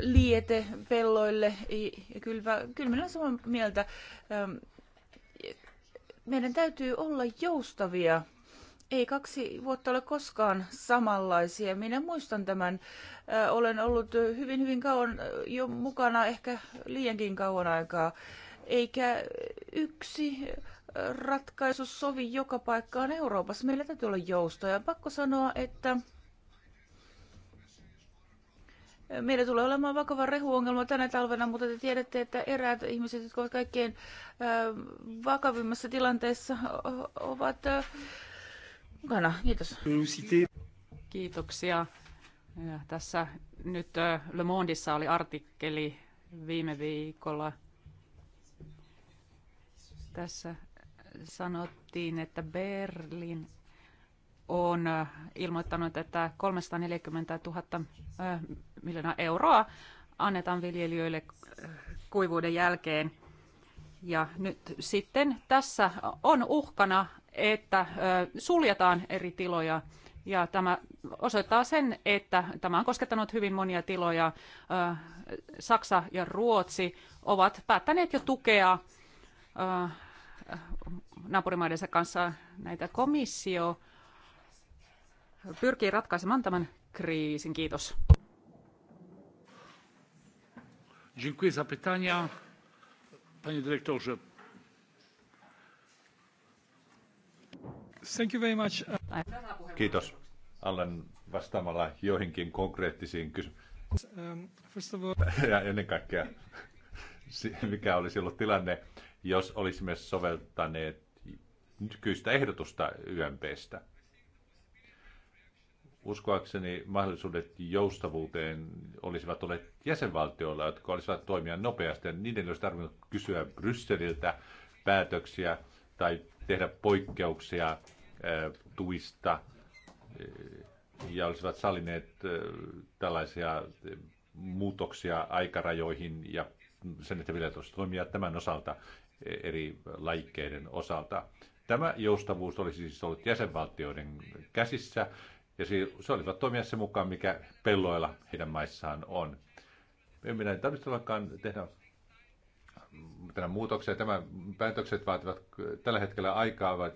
liete pelloille. Ja kyllä, kyllä minä olen samaa mieltä. Ähm, meidän täytyy olla joustavia. Ei kaksi vuotta ole koskaan samanlaisia. Minä muistan tämän. Äh, olen ollut hyvin, hyvin kauan äh, jo mukana, ehkä liiankin kauan aikaa. Eikä yksi ratkaisu sovi joka paikkaan Euroopassa. Meillä täytyy olla joustoja. Pakko sanoa, että Meillä tulee olemaan vakava rehuongelma tänä talvena, mutta te tiedätte, että eräät ihmiset, jotka ovat kaikkein vakavimmassa tilanteessa, ovat mukana. Kiitos. Kiitoksia. Ja tässä nyt Le Mondissa oli artikkeli viime viikolla. Tässä sanottiin, että Berlin on äh, ilmoittanut, että 340 000 äh, miljoonaa euroa annetaan viljelijöille kuivuuden jälkeen. Ja nyt sitten tässä on uhkana, että äh, suljetaan eri tiloja. Ja tämä osoittaa sen, että tämä on koskettanut hyvin monia tiloja. Saksa ja Ruotsi ovat päättäneet jo tukea naapurimaidensa kanssa näitä komissio pyrkii ratkaisemaan tämän kriisin. Kiitos. Dziękuję za pytania. Panie dyrektorze. Thank you very much. Kiitos. Allen vastaamalla joihinkin konkreettisiin um, kysymyksiin. [laughs] Ja ennen kaikkea, mikä olisi ollut tilanne, jos olisimme soveltaneet nykyistä ehdotusta YMPstä? Uskoakseni mahdollisuudet joustavuuteen olisivat olleet jäsenvaltioilla, jotka olisivat toimia nopeasti. Niiden olisi tarvinnut kysyä Brysseliltä päätöksiä tai tehdä poikkeuksia tuista ja olisivat sallineet tällaisia muutoksia aikarajoihin ja sen, että vielä olisivat toimia tämän osalta e, eri lajikkeiden osalta. Tämä joustavuus olisi siis ollut jäsenvaltioiden käsissä ja se olivat toimia sen mukaan, mikä pelloilla heidän maissaan on. En minä tarvitse ollakaan tehdä tämän muutoksia. Tämä päätökset vaativat tällä hetkellä aikaa, vaan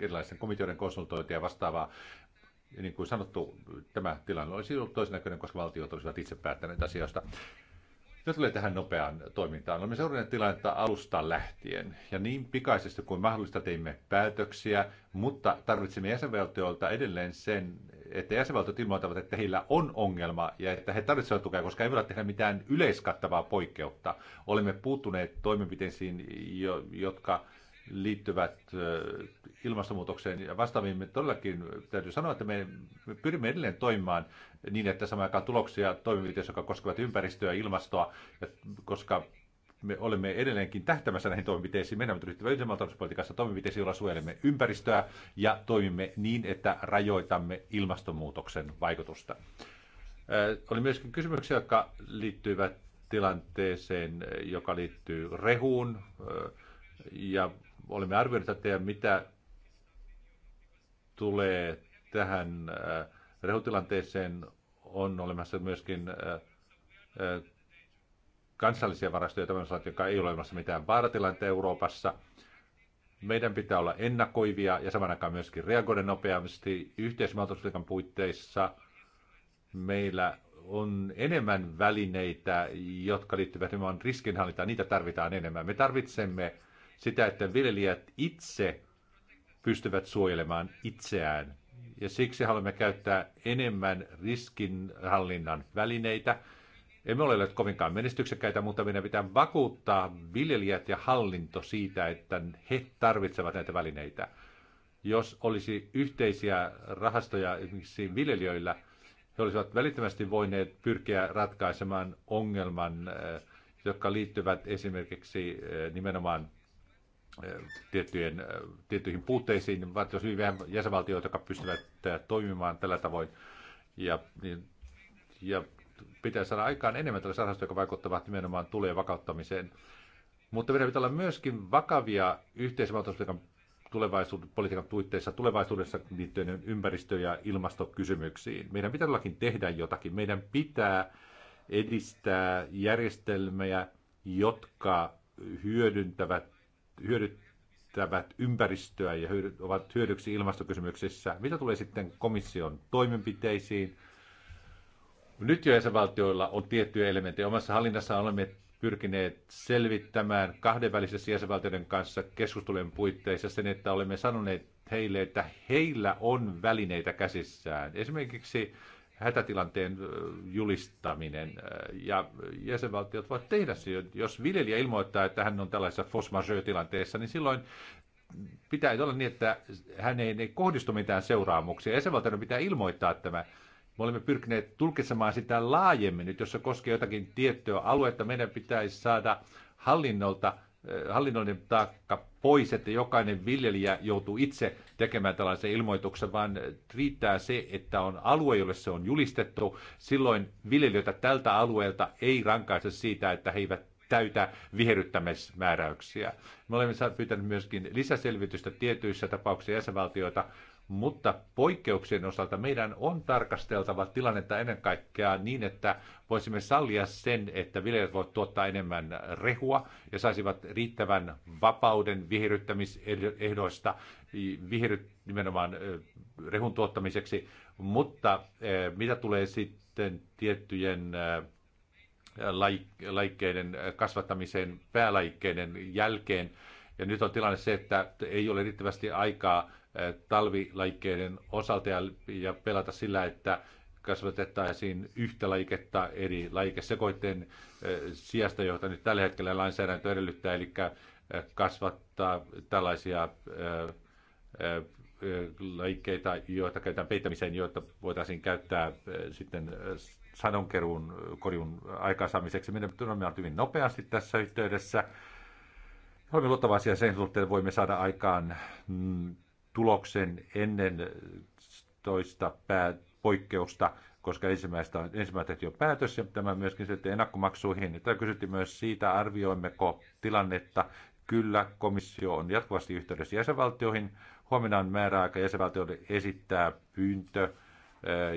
erilaisten komiteoiden konsultointia ja vastaavaa. Ja niin kuin sanottu, tämä tilanne olisi ollut näköinen, koska valtiot olisivat itse päättäneet asioista. Mitä tulee tähän nopeaan toimintaan? Olemme seuranneet tilannetta alusta lähtien ja niin pikaisesti kuin mahdollista teimme päätöksiä, mutta tarvitsimme jäsenvaltioilta edelleen sen, että jäsenvaltiot ilmoittavat, että heillä on ongelma ja että he tarvitsevat tukea, koska ei voida tehdä mitään yleiskattavaa poikkeutta. Olemme puuttuneet toimenpiteisiin, jotka liittyvät ilmastonmuutokseen ja vastaaviin. Me todellakin täytyy sanoa, että me pyrimme edelleen toimimaan niin, että samaan aikaan tuloksia toimenpiteissä, jotka koskevat ympäristöä ja ilmastoa, ja koska me olemme edelleenkin tähtämässä näihin toimenpiteisiin. Meidän on ryhtyvä yhdenmaltaisuuspolitiikassa toimenpiteisiin, joilla suojelemme ympäristöä ja toimimme niin, että rajoitamme ilmastonmuutoksen vaikutusta. Äh, oli myöskin kysymyksiä, jotka liittyivät tilanteeseen, joka liittyy rehuun, äh, ja olemme arvioineet, että mitä tulee tähän äh, Rehutilanteeseen on olemassa myöskin äh, äh, kansallisia varastoja, tämmöisiä, jotka ei ole olemassa mitään vaaratilanteita Euroopassa. Meidän pitää olla ennakoivia ja saman aikaan myöskin reagoida nopeasti. Yhteismaltuuspolitiikan puitteissa meillä on enemmän välineitä, jotka liittyvät nimenomaan riskinhallintaan. Niitä tarvitaan enemmän. Me tarvitsemme sitä, että viljelijät itse pystyvät suojelemaan itseään ja siksi haluamme käyttää enemmän riskinhallinnan välineitä. Emme ole olleet kovinkaan menestyksekkäitä, mutta meidän pitää vakuuttaa viljelijät ja hallinto siitä, että he tarvitsevat näitä välineitä. Jos olisi yhteisiä rahastoja esimerkiksi viljelijöillä, he olisivat välittömästi voineet pyrkiä ratkaisemaan ongelman, eh, jotka liittyvät esimerkiksi eh, nimenomaan tiettyjen, tiettyihin puutteisiin, vaan jos hyvin vähän jäsenvaltioita, jotka pystyvät toimimaan tällä tavoin. Ja, niin, ja pitää saada aikaan enemmän tällaisia rahastoja, jotka vaikuttavat nimenomaan tulojen vakauttamiseen. Mutta meidän pitää olla myöskin vakavia yhteisvaltioita, tulevaisuuden politiikan puitteissa tulevaisuudessa liittyen ympäristö- ja ilmastokysymyksiin. Meidän pitää todellakin tehdä jotakin. Meidän pitää edistää järjestelmiä, jotka hyödyntävät hyödyttävät ympäristöä ja ovat hyödyksi ilmastokysymyksissä. Mitä tulee sitten komission toimenpiteisiin? Nyt jo jäsenvaltioilla on tiettyjä elementtejä. Omassa hallinnassa olemme pyrkineet selvittämään kahdenvälisessä jäsenvaltioiden kanssa keskustelujen puitteissa sen, että olemme sanoneet heille, että heillä on välineitä käsissään. Esimerkiksi hätätilanteen julistaminen ja jäsenvaltiot voivat tehdä se. Jos viljelijä ilmoittaa, että hän on tällaisessa force tilanteessa niin silloin pitää olla niin, että hän ei, ei kohdistu mitään seuraamuksia. Jäsenvaltioiden pitää ilmoittaa tämä. Me olemme pyrkineet tulkitsemaan sitä laajemmin nyt, jos se koskee jotakin tiettyä aluetta. Meidän pitäisi saada hallinnolta Eh, hallinnollinen taakka pois, että jokainen viljelijä joutuu itse tekemään tällaisen ilmoituksen, vaan riittää se, että on alue, jolle se on julistettu. Silloin viljelijöitä tältä alueelta ei rankaise siitä, että he eivät täytä viherryttämismääräyksiä. Me olemme pyytäneet myöskin lisäselvitystä tietyissä tapauksissa jäsenvaltioita mutta poikkeuksien osalta meidän on tarkasteltava tilannetta ennen kaikkea niin, että voisimme sallia sen, että viljelijät voivat tuottaa enemmän rehua ja saisivat riittävän vapauden viherryttämisehdoista, viherryt, nimenomaan rehun tuottamiseksi, mutta mitä tulee sitten tiettyjen laikkeiden kasvattamiseen päälajikkeiden jälkeen, ja nyt on tilanne se, että ei ole riittävästi aikaa talvilajikkeiden osalta ja pelata sillä, että kasvatettaisiin yhtä lajiketta eri lajikesekoitteen sijasta, joita nyt tällä hetkellä lainsäädäntö edellyttää, eli kasvattaa tällaisia lajikkeita, joita käytetään peittämiseen, joita voitaisiin käyttää sitten sadonkeruun korjun aikaansaamiseksi. Meidän on hyvin nopeasti tässä yhteydessä. Olemme luottavaisia sen suhteen, että voimme saada aikaan mm, tuloksen ennen toista pää, poikkeusta, koska ensimmäistä, ensimmäistä jo päätös ja tämä myöskin sitten ennakkomaksuihin. Tämä kysyttiin myös siitä, arvioimmeko tilannetta. Kyllä, komissio on jatkuvasti yhteydessä jäsenvaltioihin. Huomenna on määräaika jäsenvaltioille esittää pyyntö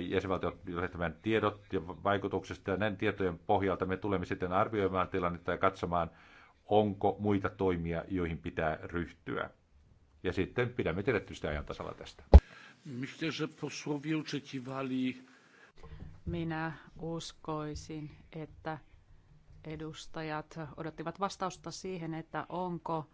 jäsenvaltiot lähettämään tiedot ja vaikutuksesta. Ja näiden tietojen pohjalta me tulemme sitten arvioimaan tilannetta ja katsomaan, onko muita toimia, joihin pitää ryhtyä. Ja sitten pidämme teidät tietysti ajan tasalla tästä. Myślę, że posłowie oczekiwali... Minä uskoisin, että edustajat odottivat vastausta siihen, että onko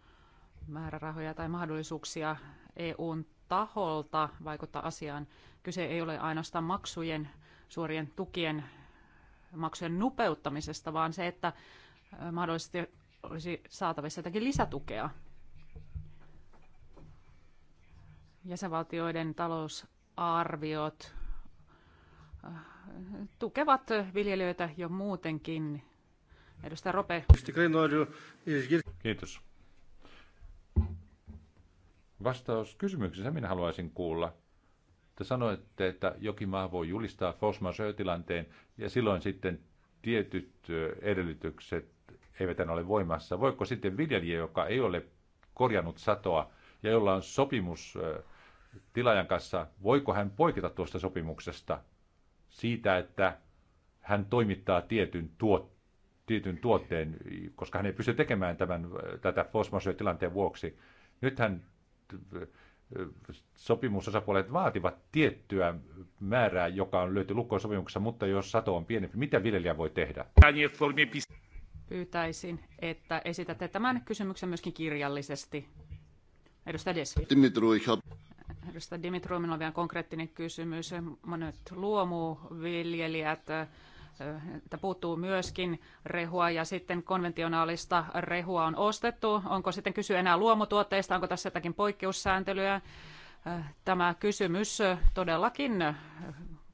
määrärahoja tai mahdollisuuksia EUn taholta vaikuttaa asiaan. Kyse ei ole ainoastaan maksujen, suorien tukien maksujen nopeuttamisesta, vaan se, että mahdollisesti olisi saatavissa jotakin lisätukea jäsenvaltioiden talousarviot äh, tukevat viljelijöitä jo muutenkin. Edustaja Rope. Kiitos. Vastaus kysymyksessä minä haluaisin kuulla. Te sanoitte, että jokin maa voi julistaa Fosma-söötilanteen ja silloin sitten tietyt edellytykset eivät ole voimassa. Voiko sitten viljelijä, joka ei ole korjannut satoa, ja jolla on sopimus tilaajan kanssa, voiko hän poiketa tuosta sopimuksesta siitä, että hän toimittaa tietyn, tuot, tietyn tuotteen, koska hän ei pysty tekemään tämän, tätä force tilanteen vuoksi. Nythän sopimusosapuolet vaativat tiettyä määrää, joka on löyty lukkoon sopimuksessa, mutta jos sato on pienempi, mitä viljelijä voi tehdä? Pyytäisin, että esitätte tämän kysymyksen myöskin kirjallisesti. Edustaja Des. Dimitru, ich hab... Edustaja Dimitru, minulla on vielä konkreettinen kysymys. Monet luomuviljelijät äh, että puuttuu myöskin rehua ja sitten konventionaalista rehua on ostettu. Onko sitten kysy enää luomutuotteista, onko tässä jotakin poikkeussääntelyä? Äh, tämä kysymys todellakin äh,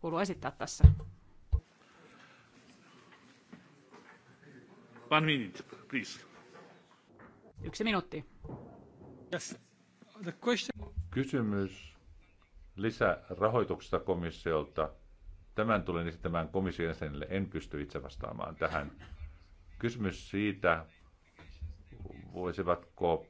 kuuluu esittää tässä. One minute, please. Yksi minuutti. Yes. Kysymys lisärahoituksesta komissiolta. Tämän tulen esittämään komission jäsenille. En pysty itse vastaamaan tähän. Kysymys siitä, voisivatko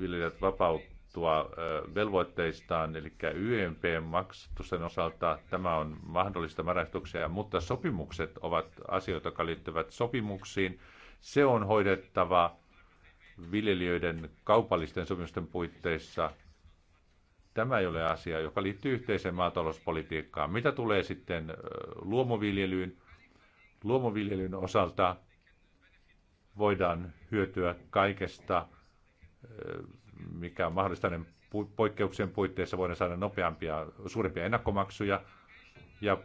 viljelijät vapautua velvoitteistaan, eli YMP-maksatusten osalta tämä on mahdollista määräyksiä, mutta sopimukset ovat asioita, jotka liittyvät sopimuksiin. Se on hoidettava viljelijöiden kaupallisten sopimusten puitteissa. Tämä ei ole asia, joka liittyy yhteiseen maatalouspolitiikkaan. Mitä tulee sitten luomuviljelyyn? Luomuviljelyn osalta voidaan hyötyä kaikesta, mikä on mahdollista. Poikkeuksien puitteissa voidaan saada nopeampia, suurempia ennakkomaksuja ja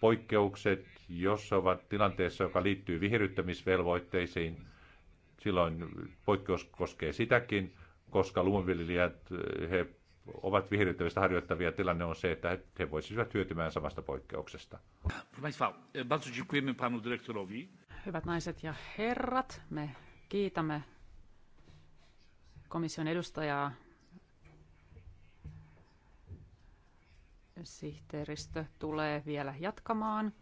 poikkeukset, jos ovat tilanteessa, joka liittyy vihryttämisvelvoitteisiin – silloin poikkeus koskee sitäkin, koska luomuviljelijät, eh, he ovat vihreyttävistä harjoittavia. Tilanne on se, että he voisivat hyötymään samasta poikkeuksesta. E, Hyvät naiset ja herrat, me kiitämme komission edustajaa sihteeristö tulee vielä jatkamaan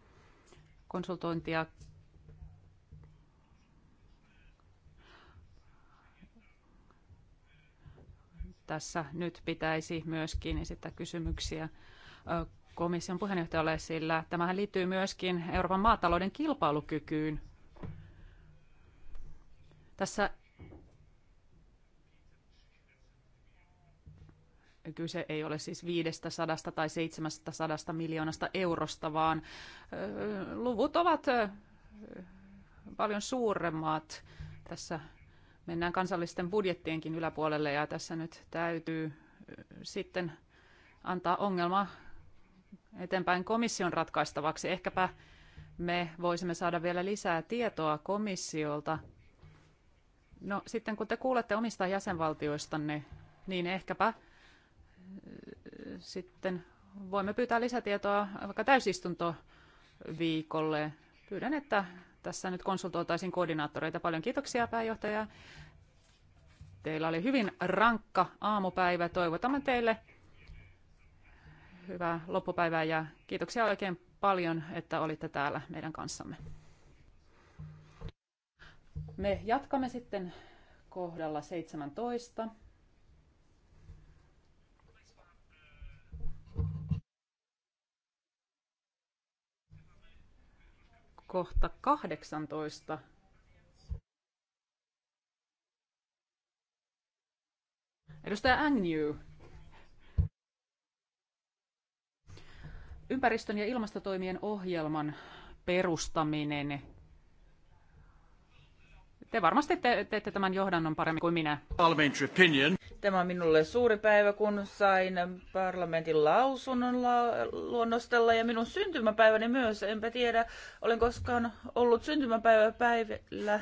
konsultointia tässä nyt pitäisi myöskin esittää kysymyksiä komission puheenjohtajalle, sillä tämähän liittyy myöskin Euroopan maatalouden kilpailukykyyn. Tässä kyse ei ole siis 500 tai 700 miljoonasta eurosta, vaan luvut ovat paljon suuremmat. Tässä mennään kansallisten budjettienkin yläpuolelle ja tässä nyt täytyy sitten antaa ongelma eteenpäin komission ratkaistavaksi. Ehkäpä me voisimme saada vielä lisää tietoa komissiolta. No sitten kun te kuulette omista jäsenvaltioistanne, niin ehkäpä sitten voimme pyytää lisätietoa vaikka täysistuntoviikolle. Pyydän, että tässä nyt konsultoitaisiin koordinaattoreita. Paljon kiitoksia pääjohtaja. Teillä oli hyvin rankka aamupäivä. Toivotamme teille hyvää loppupäivää ja kiitoksia oikein paljon, että olitte täällä meidän kanssamme. Me jatkamme sitten kohdalla 17. kohta 18. Edustaja Agnew. Ympäristön ja ilmastotoimien ohjelman perustaminen te varmasti te, teette tämän johdannon paremmin kuin minä. Tämä on minulle suuri päivä, kun sain parlamentin lausunnon la- luonnostella ja minun syntymäpäiväni myös. Enpä tiedä, olen koskaan ollut syntymäpäiväpäivällä,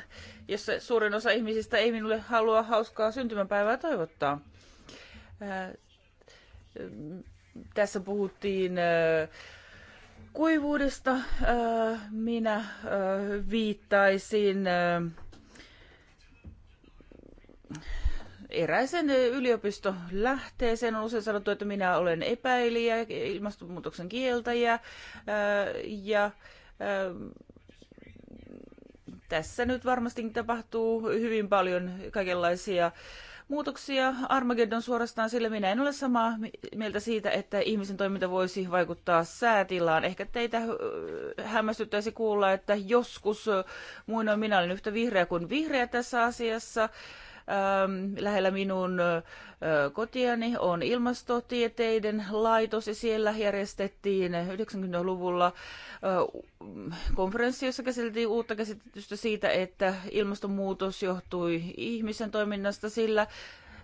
jossa suurin osa ihmisistä ei minulle halua hauskaa syntymäpäivää toivottaa. Äh, tässä puhuttiin äh, kuivuudesta. Äh, minä äh, viittaisin äh, eräisen yliopisto lähtee sen on usein sanottu, että minä olen epäilijä, ilmastonmuutoksen kieltäjä ja tässä nyt varmasti tapahtuu hyvin paljon kaikenlaisia muutoksia. Armageddon suorastaan, sillä minä en ole samaa mieltä siitä, että ihmisen toiminta voisi vaikuttaa säätilaan. Ehkä teitä hämmästyttäisi kuulla, että joskus muinoin minä olen yhtä vihreä kuin vihreä tässä asiassa. Ähm, lähellä minun äh, kotiani on ilmastotieteiden laitos ja siellä järjestettiin 90-luvulla äh, konferenssi, jossa käsiteltiin uutta käsitystä siitä, että ilmastonmuutos johtui ihmisen toiminnasta, sillä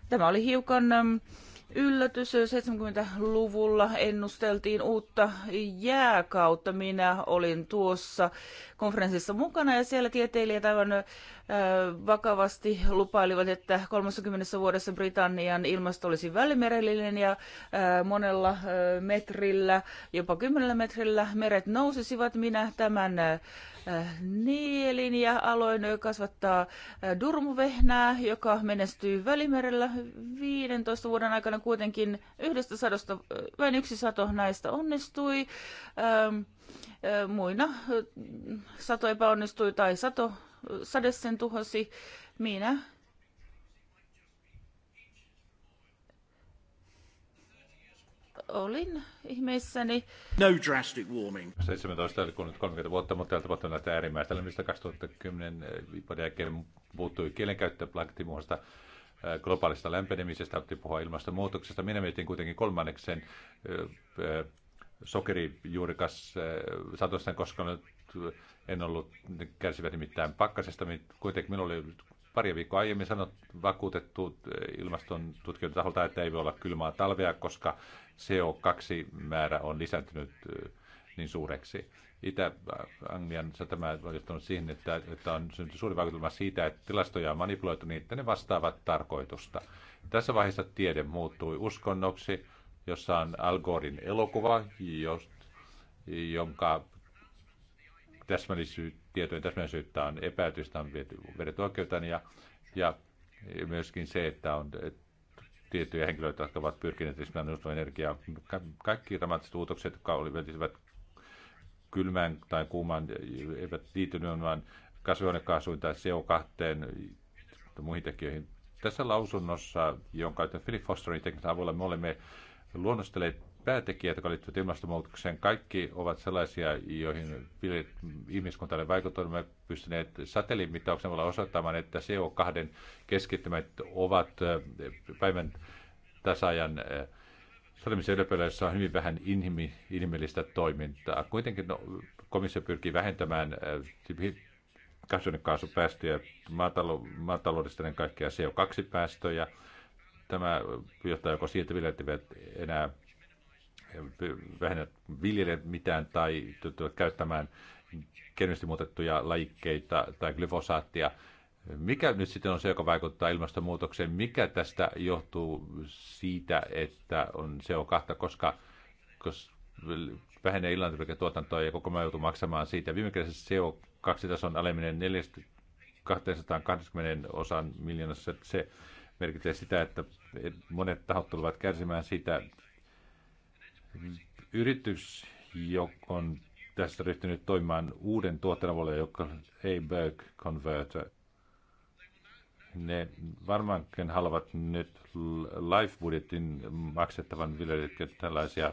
tämä oli hiukan ähm, yllätys. 70-luvulla ennusteltiin uutta jääkautta. Minä olin tuossa konferenssissa mukana ja siellä tieteilijät aivan äh, vakavasti lupailivat, että 30 vuodessa Britannian ilmasto olisi välimerellinen ja monella metrillä, jopa kymmenellä metrillä meret nousisivat. Minä tämän nielin ja aloin kasvattaa durmuvehnää, joka menestyy Välimerellä 15 vuoden aikana kuitenkin yhdestä sadosta, vain yksi sato näistä onnistui. Muina sato epäonnistui tai sato sade sen tuhosi. Minä olin ihmeissäni. No drastic warming. 17 eli 30 vuotta, mutta täällä tapahtui näistä äärimmäistä lämmistä 2010 vuoden jälkeen puuttui kielenkäyttö plaktimuosta eh, globaalista lämpenemisestä, otti puhua ilmastonmuutoksesta. Minä mietin kuitenkin kolmanneksen eh, eh, sokerijuurikas satosten, koska nyt en ollut, ne kärsivät nimittäin pakkasesta. Kuitenkin minulla oli pari viikkoa aiemmin sanot, vakuutettu eh, ilmaston tutkijoiden taholta, että ei voi olla kylmää talvea, koska CO2-määrä on lisääntynyt eh, niin suureksi. Itä-Anglian tämä on johtanut siihen, että, että on syntynyt suuri vaikutelma siitä, että tilastoja on manipuloitu niin, että ne vastaavat tarkoitusta. Tässä vaiheessa tiede muuttui uskonnoksi, jossa on Al elokuva, jos, jonka täsmällisyyttä, tietojen täsmällisyyttä on epäytystä, on vedetty oikeuteen ja, ja myöskin se, että on tiettyjä henkilöitä, jotka ovat pyrkineet esimerkiksi energiaa. Ka- kaikki dramaattiset muutokset, jotka olivat kylmään tai kuumaan, eivät liittyneet vain kasvihuonekaasuihin tai CO2 ja muihin tekijöihin. Tässä lausunnossa, jonka Philip Fosterin niin teknisen avulla me olemme luonnostelleet päätekijät, jotka liittyvät ilmastonmuutokseen, kaikki ovat sellaisia, joihin ihmiskuntalle vaikuttaa. Me pystyneet satelliimittauksen olla osoittamaan, että CO2 keskittymät ovat päivän tasajan Salimisen ylöpöydässä on hyvin vähän inhimi, inhimillistä toimintaa. Kuitenkin no, komissio pyrkii vähentämään kasvihuonekaasupäästöjä, maatalo, maataloudesta ennen kaikkea CO2-päästöjä. Tämä johtaa joko siihen, että eivät enää vähennät viljelijät mitään tai käyttämään kevyesti muutettuja lajikkeita tai glyfosaattia. Mikä nyt sitten on se, joka vaikuttaa ilmastonmuutokseen? Mikä tästä johtuu siitä, että on CO2, koska, koska vähenee illantarvikkeen tuotantoa ja koko ajan joutuu maksamaan siitä. Viime kädessä CO2-tason aleminen 420 osan miljoonassa, se merkitsee sitä, että monet tahot tulevat kärsimään siitä yritys, joka on tässä ryhtynyt toimimaan uuden tuotteen avulla, joka on Heiberg Converter. Ne varmaankin haluavat nyt life budjetin maksettavan viljelijöille tällaisia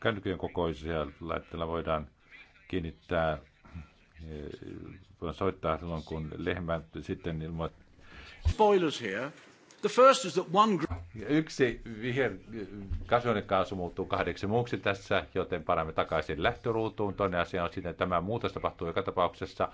kännykkien kokoisia laitteilla voidaan kiinnittää, eh, voidaan soittaa silloin kun lehmä sitten ilmoittaa. Spoilers here. The first is that one... Yksi viher kasvihuonekaasu muuttuu kahdeksi muuksi tässä, joten paramme takaisin lähtöruutuun. Toinen asia on sitten, että tämä muutos tapahtuu joka tapauksessa,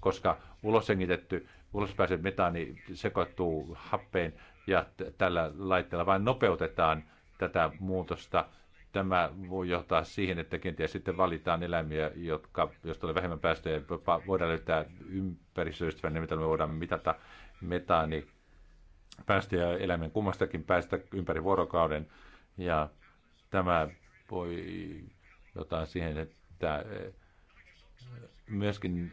koska uloshengitetty, ulospääset metaani sekoittuu happeen ja tällä laitteella vain nopeutetaan tätä muutosta. Tämä voi johtaa siihen, että kenties sitten valitaan eläimiä, jotka, jos tulee vähemmän päästöjä, voidaan löytää ympäristöystävällinen, mitä me voidaan mitata metaani ja eläimen kummastakin päästä ympäri vuorokauden. Ja tämä voi jotain siihen, että eh, myöskin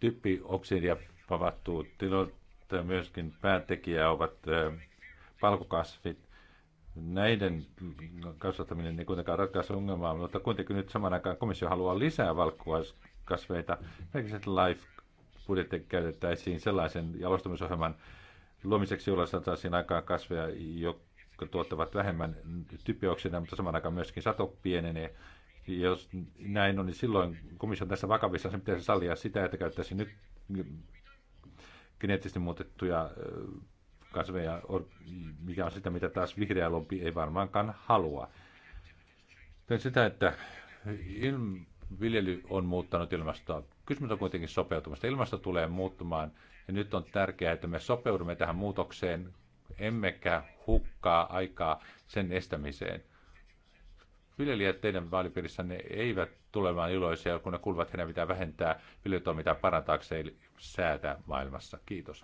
typpioksidia pavattuu ja myöskin päätekijä ovat eh, palkokasvit. Näiden kasvattaminen ei kuitenkaan ratkaise ongelmaa, mutta kuitenkin nyt saman aikaan komissio haluaa lisää valkuaiskasveita. Esimerkiksi Life budjetti käytettäisiin sellaisen jalostamisohjelman luomiseksi, jolla siinä aikaan kasveja, jotka tuottavat vähemmän typioksina, mutta saman aikaan myöskin sato pienenee. Jos näin on, niin silloin komission tässä vakavissa se pitäisi sallia sitä, että käyttäisi nyt geneettisesti muutettuja kasveja, mikä on sitä, mitä taas vihreä lompi ei varmaankaan halua. Tän sitä, että viljely on muuttanut ilmastoa. Kysymys on kuitenkin sopeutumista. Ilmasto tulee muuttumaan ja nyt on tärkeää, että me sopeudumme tähän muutokseen, emmekä hukkaa aikaa sen estämiseen. Viljelijät teidän vaalipiirissänne eivät tulemaan iloisia, kun ne kuuluvat, heidän pitää vähentää viljelytoimintaa parantaakseen säätä maailmassa. Kiitos.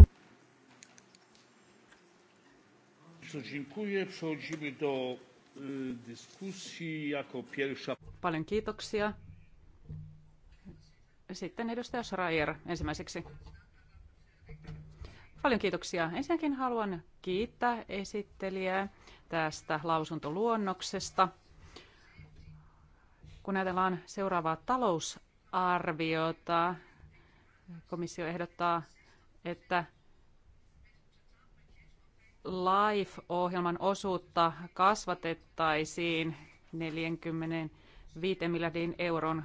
Paljon kiitoksia. Sitten edustaja Schreier ensimmäiseksi. Paljon kiitoksia. Ensinnäkin haluan kiittää esittelijää tästä lausuntoluonnoksesta. Kun ajatellaan seuraavaa talousarviota, komissio ehdottaa, että LIFE-ohjelman osuutta kasvatettaisiin 45 miljardin euron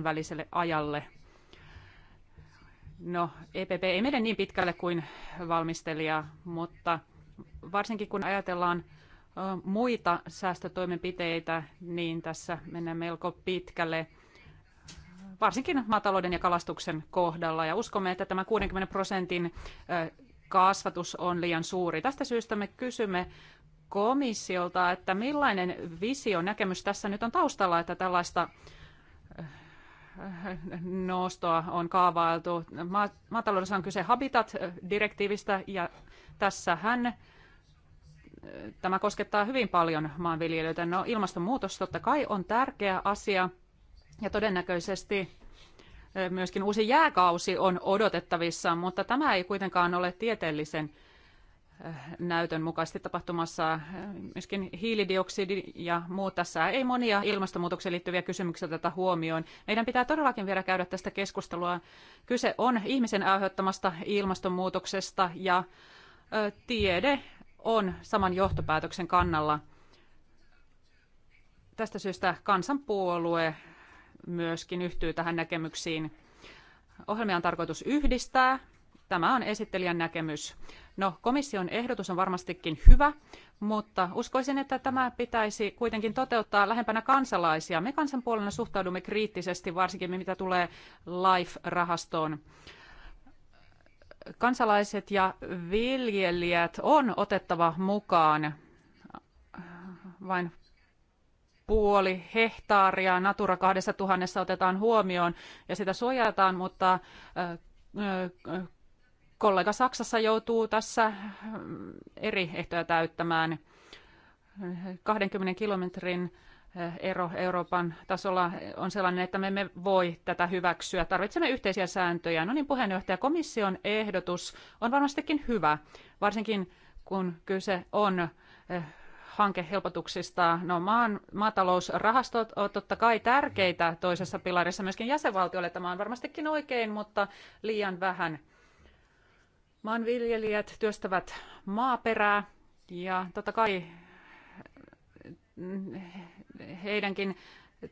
2021-2027 väliselle ajalle – No, EPP ei mene niin pitkälle kuin valmistelija, mutta varsinkin kun ajatellaan muita säästötoimenpiteitä, niin tässä mennään melko pitkälle, varsinkin maatalouden ja kalastuksen kohdalla. Ja uskomme, että tämä 60 prosentin kasvatus on liian suuri. Tästä syystä me kysymme komissiolta, että millainen visio, näkemys tässä nyt on taustalla, että tällaista nostoa on kaavailtu. Maataloudessa on kyse Habitat-direktiivistä ja tässä hän tämä koskettaa hyvin paljon maanviljelijöitä. No, ilmastonmuutos totta kai on tärkeä asia ja todennäköisesti myöskin uusi jääkausi on odotettavissa, mutta tämä ei kuitenkaan ole tieteellisen Äh, näytön mukaisesti tapahtumassa myöskin hiilidioksidi ja muu. Tässä ei monia ilmastonmuutokseen liittyviä kysymyksiä tätä huomioon. Meidän pitää todellakin vielä käydä tästä keskustelua. Kyse on ihmisen aiheuttamasta ilmastonmuutoksesta ja tiede on saman johtopäätöksen kannalla. Tästä syystä kansanpuolue myöskin yhtyy tähän näkemyksiin. Ohjelmia on tarkoitus yhdistää. Tämä on esittelijän näkemys. No, komission ehdotus on varmastikin hyvä, mutta uskoisin, että tämä pitäisi kuitenkin toteuttaa lähempänä kansalaisia. Me kansanpuolena suhtaudumme kriittisesti, varsinkin mitä tulee LIFE-rahastoon kansalaiset ja viljelijät on otettava mukaan vain puoli hehtaaria Natura 2000 otetaan huomioon ja sitä suojataan, mutta kollega Saksassa joutuu tässä mm, eri ehtoja täyttämään. 20 kilometrin eh, ero Euroopan tasolla on sellainen, että me emme voi tätä hyväksyä. Tarvitsemme yhteisiä sääntöjä. No niin, puheenjohtaja, komission ehdotus on varmastikin hyvä, varsinkin kun kyse on eh, hankehelpotuksista. No, maan, maatalousrahastot ovat totta kai tärkeitä toisessa pilarissa myöskin jäsenvaltioille. Tämä on varmastikin oikein, mutta liian vähän – Maanviljelijät työstävät maaperää ja totta kai mm, heidänkin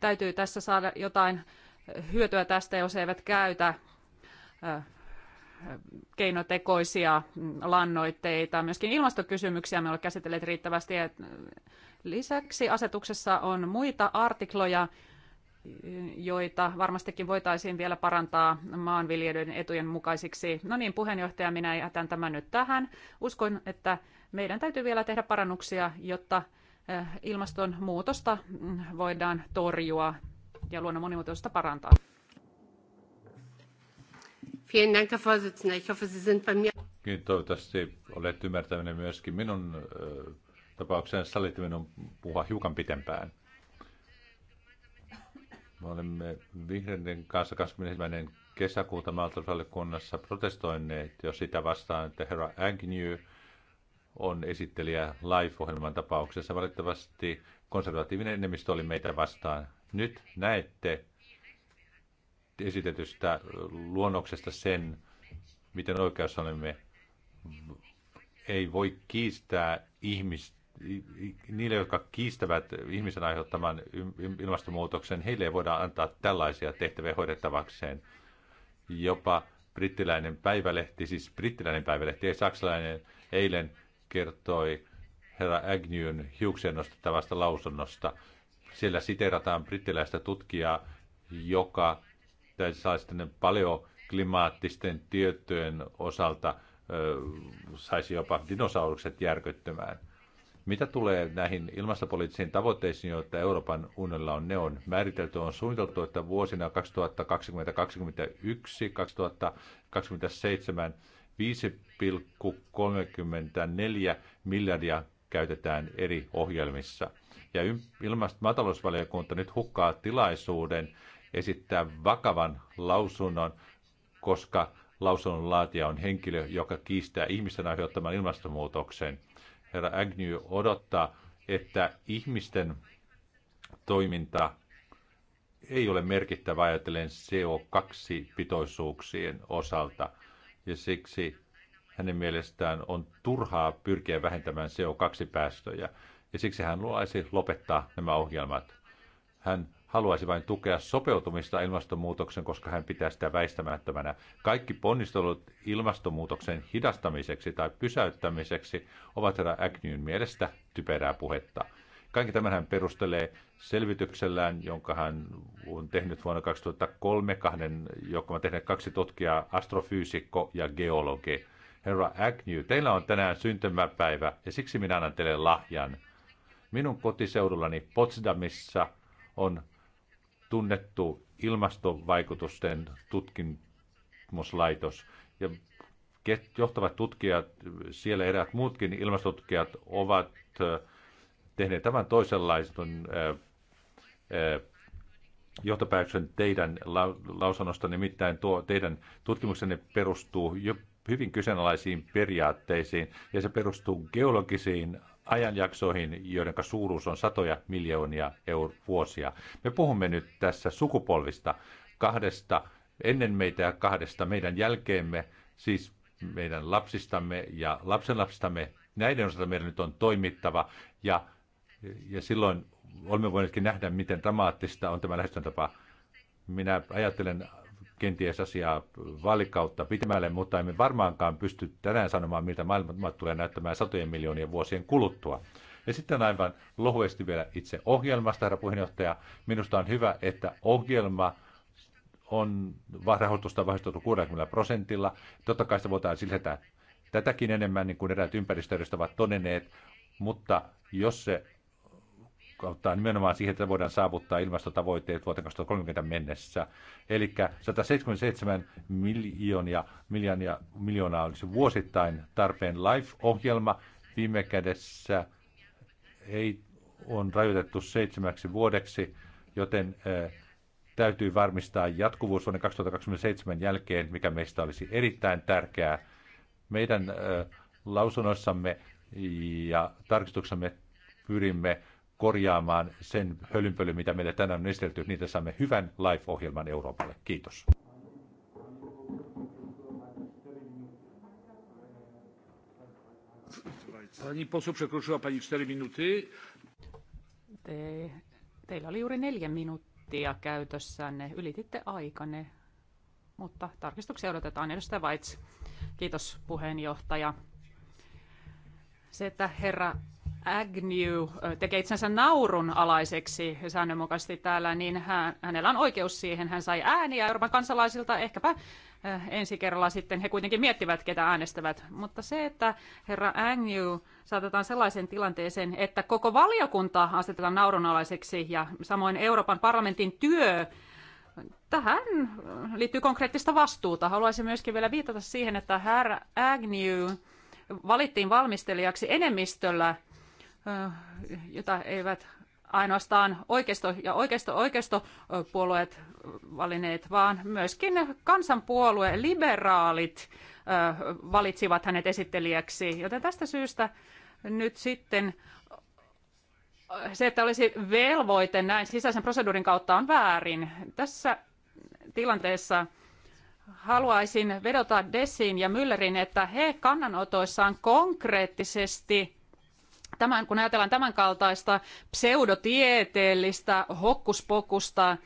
täytyy tässä saada jotain hyötyä tästä, jos eivät käytä keinotekoisia mm, lannoitteita. Myöskin ilmastokysymyksiä me olemme käsitelleet riittävästi. Mm, lisäksi asetuksessa on muita artikloja, joita varmastikin voitaisiin vielä parantaa maanviljelijöiden etujen mukaisiksi. No niin, puheenjohtaja, minä jätän tämän nyt tähän. Uskon, että meidän täytyy vielä tehdä parannuksia, jotta eh, ilmastonmuutosta mm, voidaan torjua ja luonnon monimuotoisuutta parantaa. Kiitos, niin, toivottavasti olet ymmärtäminen myöskin minun eh, tapaukseni sallit minun puhua hiukan pitempään. Me olemme vihreiden kanssa 21. kesäkuuta maatalousvaliokunnassa protestoineet jo sitä vastaan, että herra Agnew on esittelijä live-ohjelman tapauksessa. Valitettavasti konservatiivinen enemmistö oli meitä vastaan. Nyt näette esitetystä luonnoksesta sen, miten oikeus olemme. Ei voi kiistää ihmistä niille, jotka kiistävät ihmisen aiheuttaman ilmastonmuutoksen, heille ei voida antaa tällaisia tehtäviä hoidettavakseen. Jopa brittiläinen päivälehti, siis brittiläinen päivälehti, ei saksalainen, eilen kertoi herra Agnewn hiukseen nostettavasta lausunnosta. Siellä siterataan brittiläistä tutkijaa, joka sai sitten paljon klimaattisten tietojen osalta saisi jopa dinosaurukset järkyttymään – mitä tulee näihin ilmastopoliittisiin tavoitteisiin, joita Euroopan unionilla on, ne on määritelty, on suunniteltu, että vuosina 2020, 2021, 2027 5,34 miljardia käytetään eri ohjelmissa. Ja ilmast- maatalousvaliokunta nyt hukkaa tilaisuuden esittää vakavan lausunnon, koska lausunnon laatija on henkilö, joka kiistää ihmisten aiheuttaman ilmastonmuutoksen – herra Agnew odottaa, että ihmisten toiminta ei ole merkittävä ajatellen CO2-pitoisuuksien osalta. Ja siksi hänen mielestään on turhaa pyrkiä vähentämään CO2-päästöjä. Ja siksi hän luaisi lopettaa nämä ohjelmat. Hän haluaisi vain tukea sopeutumista ilmastonmuutoksen, koska hän pitää sitä väistämättömänä. Kaikki ponnistelut ilmastonmuutoksen hidastamiseksi tai pysäyttämiseksi ovat herra Agnewn mielestä typerää puhetta. Kaikki tämän hän perustelee selvityksellään, jonka hän on tehnyt vuonna 2003, kahden, joka on tehnyt kaksi tutkijaa, astrofyysikko ja geologi. Herra Agnew, teillä on tänään syntymäpäivä ja siksi minä annan teille lahjan. Minun kotiseudullani Potsdamissa on tunnettu ilmastovaikutusten tutkimuslaitos. Ja johtavat tutkijat, siellä eräät muutkin ilmastotutkijat ovat tehneet tämän toisenlaisen johtopäätöksen teidän lausunnosta, nimittäin tuo teidän tutkimuksenne perustuu jo hyvin kyseenalaisiin periaatteisiin ja se perustuu geologisiin ajanjaksoihin, joiden suuruus on satoja miljoonia euro- vuosia. Me puhumme nyt tässä sukupolvista, kahdesta ennen meitä ja kahdesta meidän jälkeemme, siis meidän lapsistamme ja lapsenlapsistamme. Näiden osalta meidän nyt on toimittava ja, ja silloin olemme voineetkin nähdä, miten dramaattista on tämä lähestyntapa. Minä ajattelen kenties asiaa vaalikautta pitemmälle, mutta emme varmaankaan pysty tänään sanomaan, miltä maailma tulee näyttämään satojen miljoonien vuosien kuluttua. Ja sitten aivan lohuesti vielä itse ohjelmasta, herra puheenjohtaja. Minusta on hyvä, että ohjelma on rahoitusta vahvistettu 60 prosentilla. Totta kai sitä voidaan lisätä tätäkin enemmän, niin kuin eräät ympäristöjärjestöt ovat todenneet, mutta jos se Ottaa nimenomaan siihen, että voidaan saavuttaa ilmastotavoitteet vuoteen 2030 mennessä. Eli 177 miljoonia, miljoonia, miljoonaa olisi vuosittain tarpeen LIFE-ohjelma. Viime kädessä ei on rajoitettu seitsemäksi vuodeksi, joten eh, täytyy varmistaa jatkuvuus vuoden 2027 jälkeen, mikä meistä olisi erittäin tärkeää. Meidän eh, lausunnoissamme ja tarkistuksemme pyrimme korjaamaan sen hölynpölyn, mitä meille tänään on esitelty. että saamme hyvän live-ohjelman Euroopalle. Kiitos. Pani posu przekroczyła pani 4 minuty. Te, teillä oli juuri neljä minuuttia käytössänne. Ylititte aikanne, mutta tarkistuksia odotetaan. Edustaja Vaits, kiitos puheenjohtaja. Se, että herra Agnew tekee itsensä naurun alaiseksi säännönmukaisesti täällä, niin hän, hänellä on oikeus siihen. Hän sai ääniä Euroopan kansalaisilta, ehkäpä ensi kerralla sitten he kuitenkin miettivät, ketä äänestävät. Mutta se, että herra Agnew saatetaan sellaisen tilanteeseen, että koko valiokunta asetetaan alaiseksi ja samoin Euroopan parlamentin työ Tähän liittyy konkreettista vastuuta. Haluaisin myöskin vielä viitata siihen, että herra Agnew valittiin valmistelijaksi enemmistöllä jota eivät ainoastaan oikeisto- ja oikeisto-oikeistopuolueet valineet, vaan myöskin kansanpuolue, liberaalit valitsivat hänet esittelijäksi. Joten tästä syystä nyt sitten se, että olisi velvoite näin sisäisen proseduurin kautta on väärin. Tässä tilanteessa haluaisin vedota Dessiin ja Müllerin, että he kannanotoissaan konkreettisesti tämän, kun ajatellaan tämän kaltaista pseudotieteellistä hokkuspokusta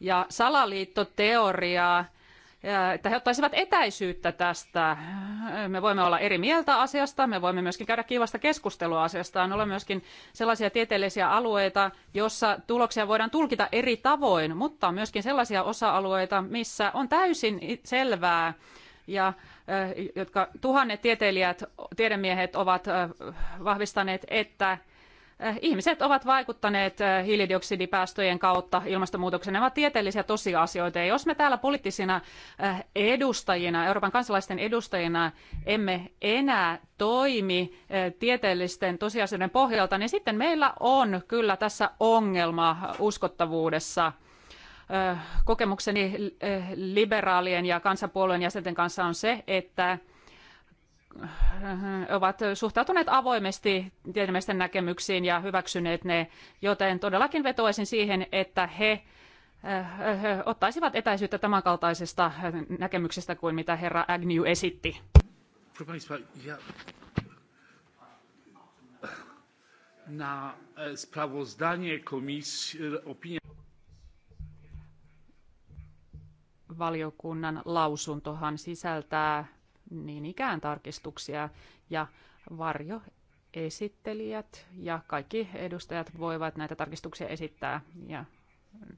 ja salaliittoteoriaa, että he ottaisivat etäisyyttä tästä. Me voimme olla eri mieltä asiasta, me voimme myöskin käydä kiivasta keskustelua asiasta. On ollut myöskin sellaisia tieteellisiä alueita, joissa tuloksia voidaan tulkita eri tavoin, mutta on myöskin sellaisia osa-alueita, missä on täysin selvää, ja jotka tuhannet tieteilijät, tiedemiehet ovat vahvistaneet, että ihmiset ovat vaikuttaneet hiilidioksidipäästöjen kautta ilmastonmuutokseen. Ne ovat tieteellisiä tosiasioita. Ja jos me täällä poliittisina edustajina, Euroopan kansalaisten edustajina, emme enää toimi tieteellisten tosiasioiden pohjalta, niin sitten meillä on kyllä tässä ongelma uskottavuudessa – kokemukseni liberaalien ja kansanpuolueen jäsenten kanssa on se, että ovat suhtautuneet avoimesti tiedemiesten näkemyksiin ja hyväksyneet ne, joten todellakin vetoaisin siihen, että he ottaisivat etäisyyttä tämänkaltaisesta näkemyksestä kuin mitä herra Agnew esitti. Na e, sprawozdanie komisji, opinia valiokunnan lausuntohan sisältää niin ikään tarkistuksia ja varjoesittelijät ja kaikki edustajat voivat näitä tarkistuksia esittää ja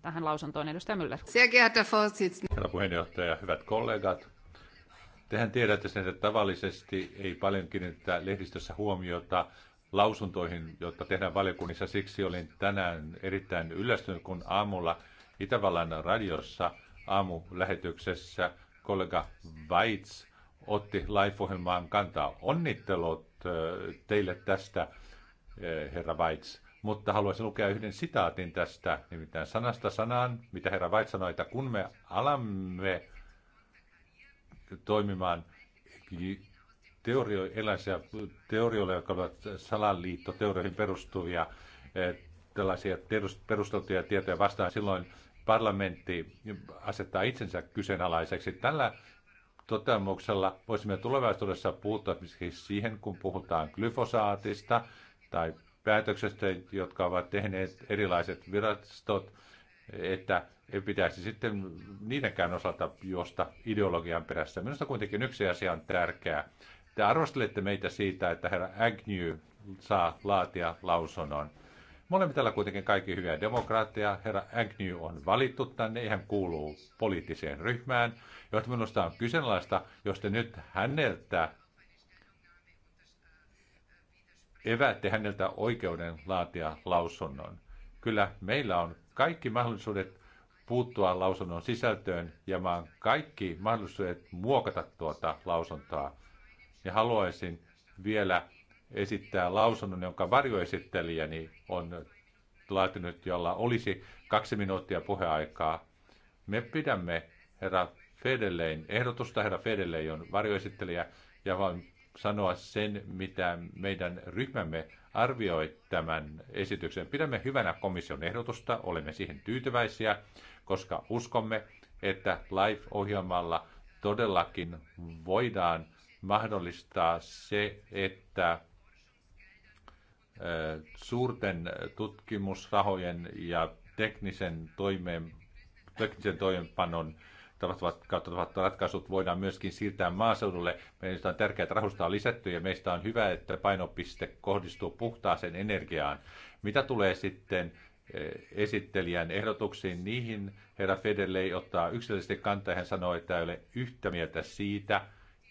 tähän lausuntoon edustaja Müller. Herra puheenjohtaja, hyvät kollegat. Tehän tiedätte sen, että tavallisesti ei paljon kiinnitetä lehdistössä huomiota lausuntoihin, jotka tehdään valiokunnissa. Siksi olin tänään erittäin yllästynyt, kun aamulla Itävallan radiossa – aamulähetyksessä kollega Weitz otti live-ohjelmaan kantaa. Onnittelut teille tästä, herra Weitz. Mutta haluaisin lukea yhden sitaatin tästä, nimittäin sanasta sanaan, mitä herra Weitz sanoi, että kun me alamme toimimaan teorio, teorioilla, jotka ovat salaliittoteorioihin perustuvia, tällaisia perusteltuja tietoja vastaan, silloin parlamentti asettaa itsensä kyseenalaiseksi. Tällä toteamuksella voisimme tulevaisuudessa puuttua siihen, kun puhutaan glyfosaatista tai päätöksestä, jotka ovat tehneet erilaiset virastot, että ei pitäisi sitten niidenkään osalta josta ideologian perässä. Minusta kuitenkin yksi asia on tärkeä. Te arvostelette meitä siitä, että herra Agnew saa laatia lausunnon. Me olemme täällä kuitenkin kaikki hyviä demokraatteja. Herra Agnew on valittu tänne ja hän kuuluu poliittiseen ryhmään, jotta minusta on kyseenalaista, jos te nyt häneltä evätte häneltä oikeuden laatia lausunnon. Kyllä meillä on kaikki mahdollisuudet puuttua lausunnon sisältöön ja maan kaikki mahdollisuudet muokata tuota lausuntoa. Ja haluaisin vielä esittää lausunnon, jonka varjoesittelijäni on laatinut, jolla olisi kaksi minuuttia puheaikaa. Me pidämme herra Fedelein ehdotusta, herra Fedelein on varjoesittelijä, ja voin sanoa sen, mitä meidän ryhmämme arvioi tämän esityksen. Pidämme hyvänä komission ehdotusta, olemme siihen tyytyväisiä, koska uskomme, että LIFE-ohjelmalla todellakin voidaan mahdollistaa se, että suurten tutkimusrahojen ja teknisen, toimeen, teknisen toimenpanon tapahtuvat, ratkaisut voidaan myöskin siirtää maaseudulle. Meistä on tärkeää, että rahoista on lisätty ja meistä on hyvä, että painopiste kohdistuu puhtaaseen energiaan. Mitä tulee sitten esittelijän ehdotuksiin, niihin herra ei ottaa yksilöllisesti kantaa. Hän sanoi, että ei ole yhtä mieltä siitä,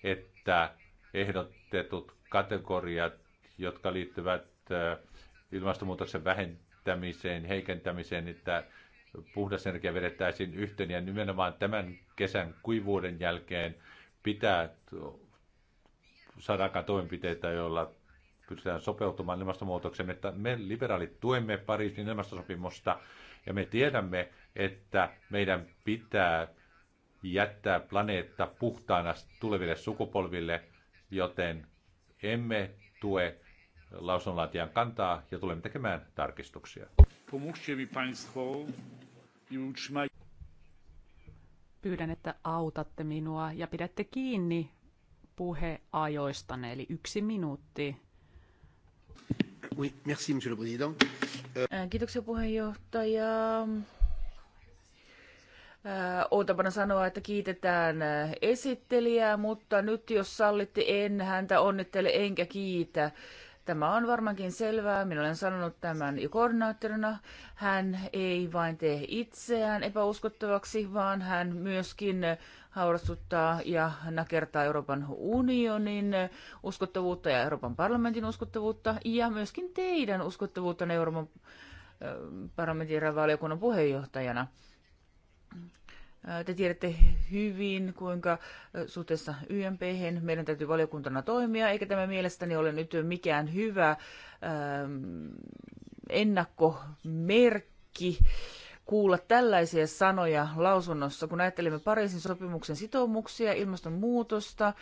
että ehdotetut kategoriat, jotka liittyvät Äh, ilmastonmuutoksen vähentämiseen, heikentämiseen, että puhdas energia vedettäisiin yhteen ja nimenomaan tämän kesän kuivuuden jälkeen pitää saada aikaan toimenpiteitä, joilla pystytään sopeutumaan ilmastonmuutokseen. Että me liberaalit tuemme Pariisin ilmastosopimusta ja me tiedämme, että meidän pitää jättää planeetta puhtaana tuleville sukupolville, joten emme tue lausunnonlaatijan kantaa ja tulemme tekemään tarkistuksia. Pyydän, että autatte minua ja pidätte kiinni puheajoistanne, eli yksi minuutti. Oui, merci, monsieur le président. Kiitoksia puheenjohtaja. Outapana sanoa, että kiitetään esittelijää, mutta nyt jos sallitte, en häntä onnittele enkä kiitä. Tämä on varmaankin selvää. Minä olen sanonut tämän jo koordinaattorina. Hän ei vain tee itseään epäuskottavaksi, vaan hän myöskin haurastuttaa ja nakertaa Euroopan unionin uskottavuutta ja Euroopan parlamentin uskottavuutta ja myöskin teidän uskottavuutta Euroopan parlamentin valiokunnan puheenjohtajana. Te tiedätte hyvin, kuinka suhteessa YMP meidän täytyy valiokuntana toimia, eikä tämä mielestäni ole nyt mikään hyvä ennakkomerkki kuulla tällaisia sanoja lausunnossa, kun ajattelemme Pariisin sopimuksen sitoumuksia, ilmastonmuutosta,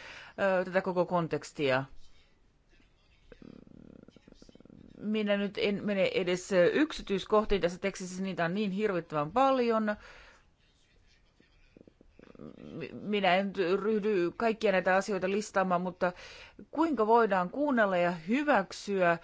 tätä koko kontekstia. Minä nyt en mene edes yksityiskohtiin tässä tekstissä, niitä on niin hirvittävän paljon minä en ryhdy kaikkia näitä asioita listaamaan, mutta kuinka voidaan kuunnella ja hyväksyä äh,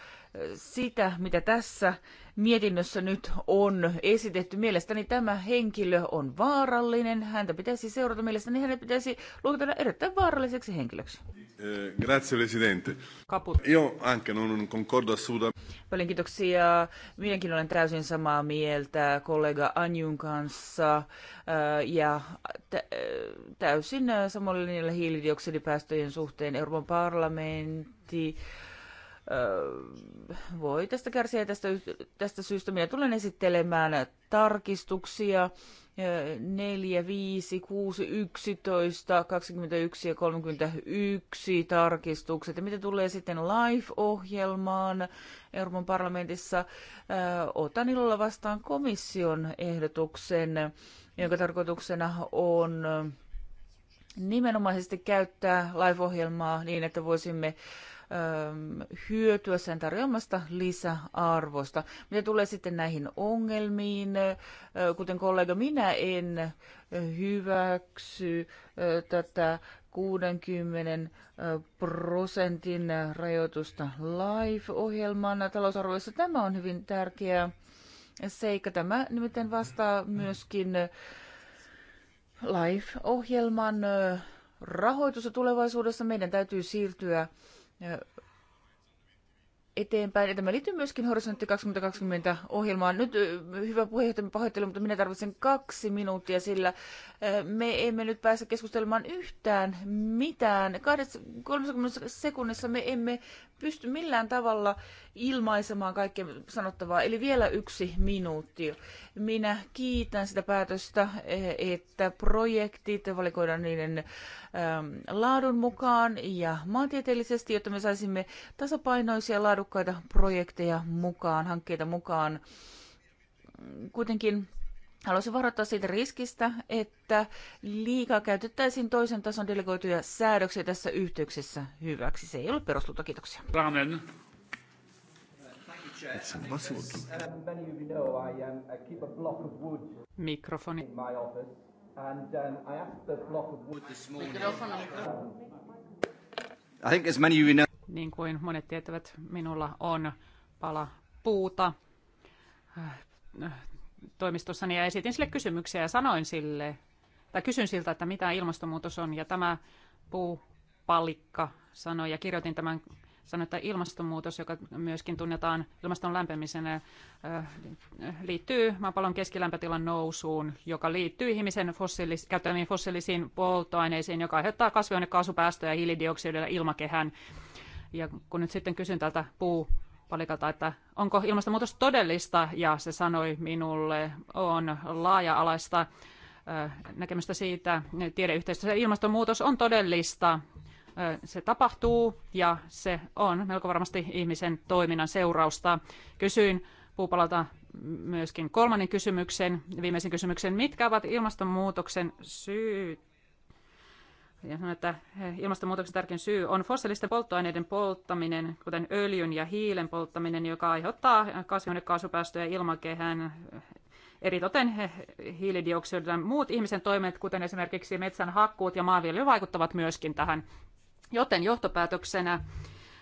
sitä, mitä tässä mietinnössä nyt on esitetty. Mielestäni tämä henkilö on vaarallinen. Häntä pitäisi seurata. Mielestäni hänet pitäisi luokitella erittäin vaaralliseksi henkilöksi. Eh, grazie Presidente. Kaput. Io anche non concordo assolutamente. Paljon kiitoksia. Minäkin olen täysin samaa mieltä kollega Anjun kanssa eh, ja eh, täysin samalla linjalla hiilidioksidipäästöjen suhteen Euroopan parlamentti voi tästä kärsiä tästä, tästä syystä. Minä tulen esittelemään tarkistuksia 4, 5, 6, 11, 21 ja 31 tarkistukset. Ja mitä tulee sitten live-ohjelmaan Euroopan parlamentissa, otan ilolla vastaan komission ehdotuksen, jonka tarkoituksena on nimenomaisesti käyttää live-ohjelmaa niin, että voisimme Ähm, hyötyä sen tarjoamasta lisäarvosta. Mitä tulee sitten näihin ongelmiin, äh, kuten kollega, minä en hyväksy äh, tätä 60 äh, prosentin rajoitusta live ohjelmaan talousarvoissa. Tämä on hyvin tärkeä seikka. Tämä nimittäin vastaa myöskin live-ohjelman rahoitusta tulevaisuudessa. Meidän täytyy siirtyä eteenpäin. Ja tämä liittyy myöskin Horisontti 2020 ohjelmaan. Nyt hyvä puheenjohtaja, pahoittelen, mutta minä tarvitsen kaksi minuuttia, sillä me emme nyt pääse keskustelemaan yhtään mitään. 30 sekunnissa me emme pysty millään tavalla ilmaisemaan kaikkea sanottavaa. Eli vielä yksi minuutti. Minä kiitän sitä päätöstä, eh, että projektit valikoidaan niiden ähm, laadun mukaan ja maantieteellisesti, jotta me saisimme tasapainoisia laadukkaita projekteja mukaan, hankkeita mukaan. Kuitenkin Haluaisin varoittaa siitä riskistä, että liikaa käytettäisiin toisen tason delegoituja säädöksiä tässä yhteyksessä hyväksi. Se ei ole perusteltua. Kiitoksia. Rahmen. Mikrofoni. Niin kuin monet tietävät, minulla on pala puuta toimistossani ja esitin sille kysymyksiä ja sanoin sille, tai kysyn siltä, että mitä ilmastonmuutos on. Ja tämä puupalikka sanoi, ja kirjoitin tämän sanoi, että ilmastonmuutos, joka myöskin tunnetaan ilmaston lämpemisenä, liittyy maapallon keskilämpötilan nousuun, joka liittyy ihmisen fossiilis- käyttämiin fossiilisiin polttoaineisiin, joka aiheuttaa kasvihuonekaasupäästöjä hiilidioksidilla ilmakehään. Ja kun nyt sitten kysyn tältä puu palikalta, että onko ilmastonmuutos todellista, ja se sanoi minulle, on laaja-alaista näkemystä siitä tiedeyhteistyössä. Ilmastonmuutos on todellista, se tapahtuu ja se on melko varmasti ihmisen toiminnan seurausta. Kysyin Puupalalta myöskin kolmannen kysymyksen, viimeisen kysymyksen, mitkä ovat ilmastonmuutoksen syyt ja sanoi, että eh, ilmastonmuutoksen tärkein syy on fossiilisten polttoaineiden polttaminen, kuten öljyn ja hiilen polttaminen, joka aiheuttaa kasvihuonekaasupäästöjä ilmakehään, eh, eritoten eh, hiilidioksidin. Muut ihmisen toimet, kuten esimerkiksi metsän hakkuut ja maanviljely, vaikuttavat myöskin tähän. Joten johtopäätöksenä,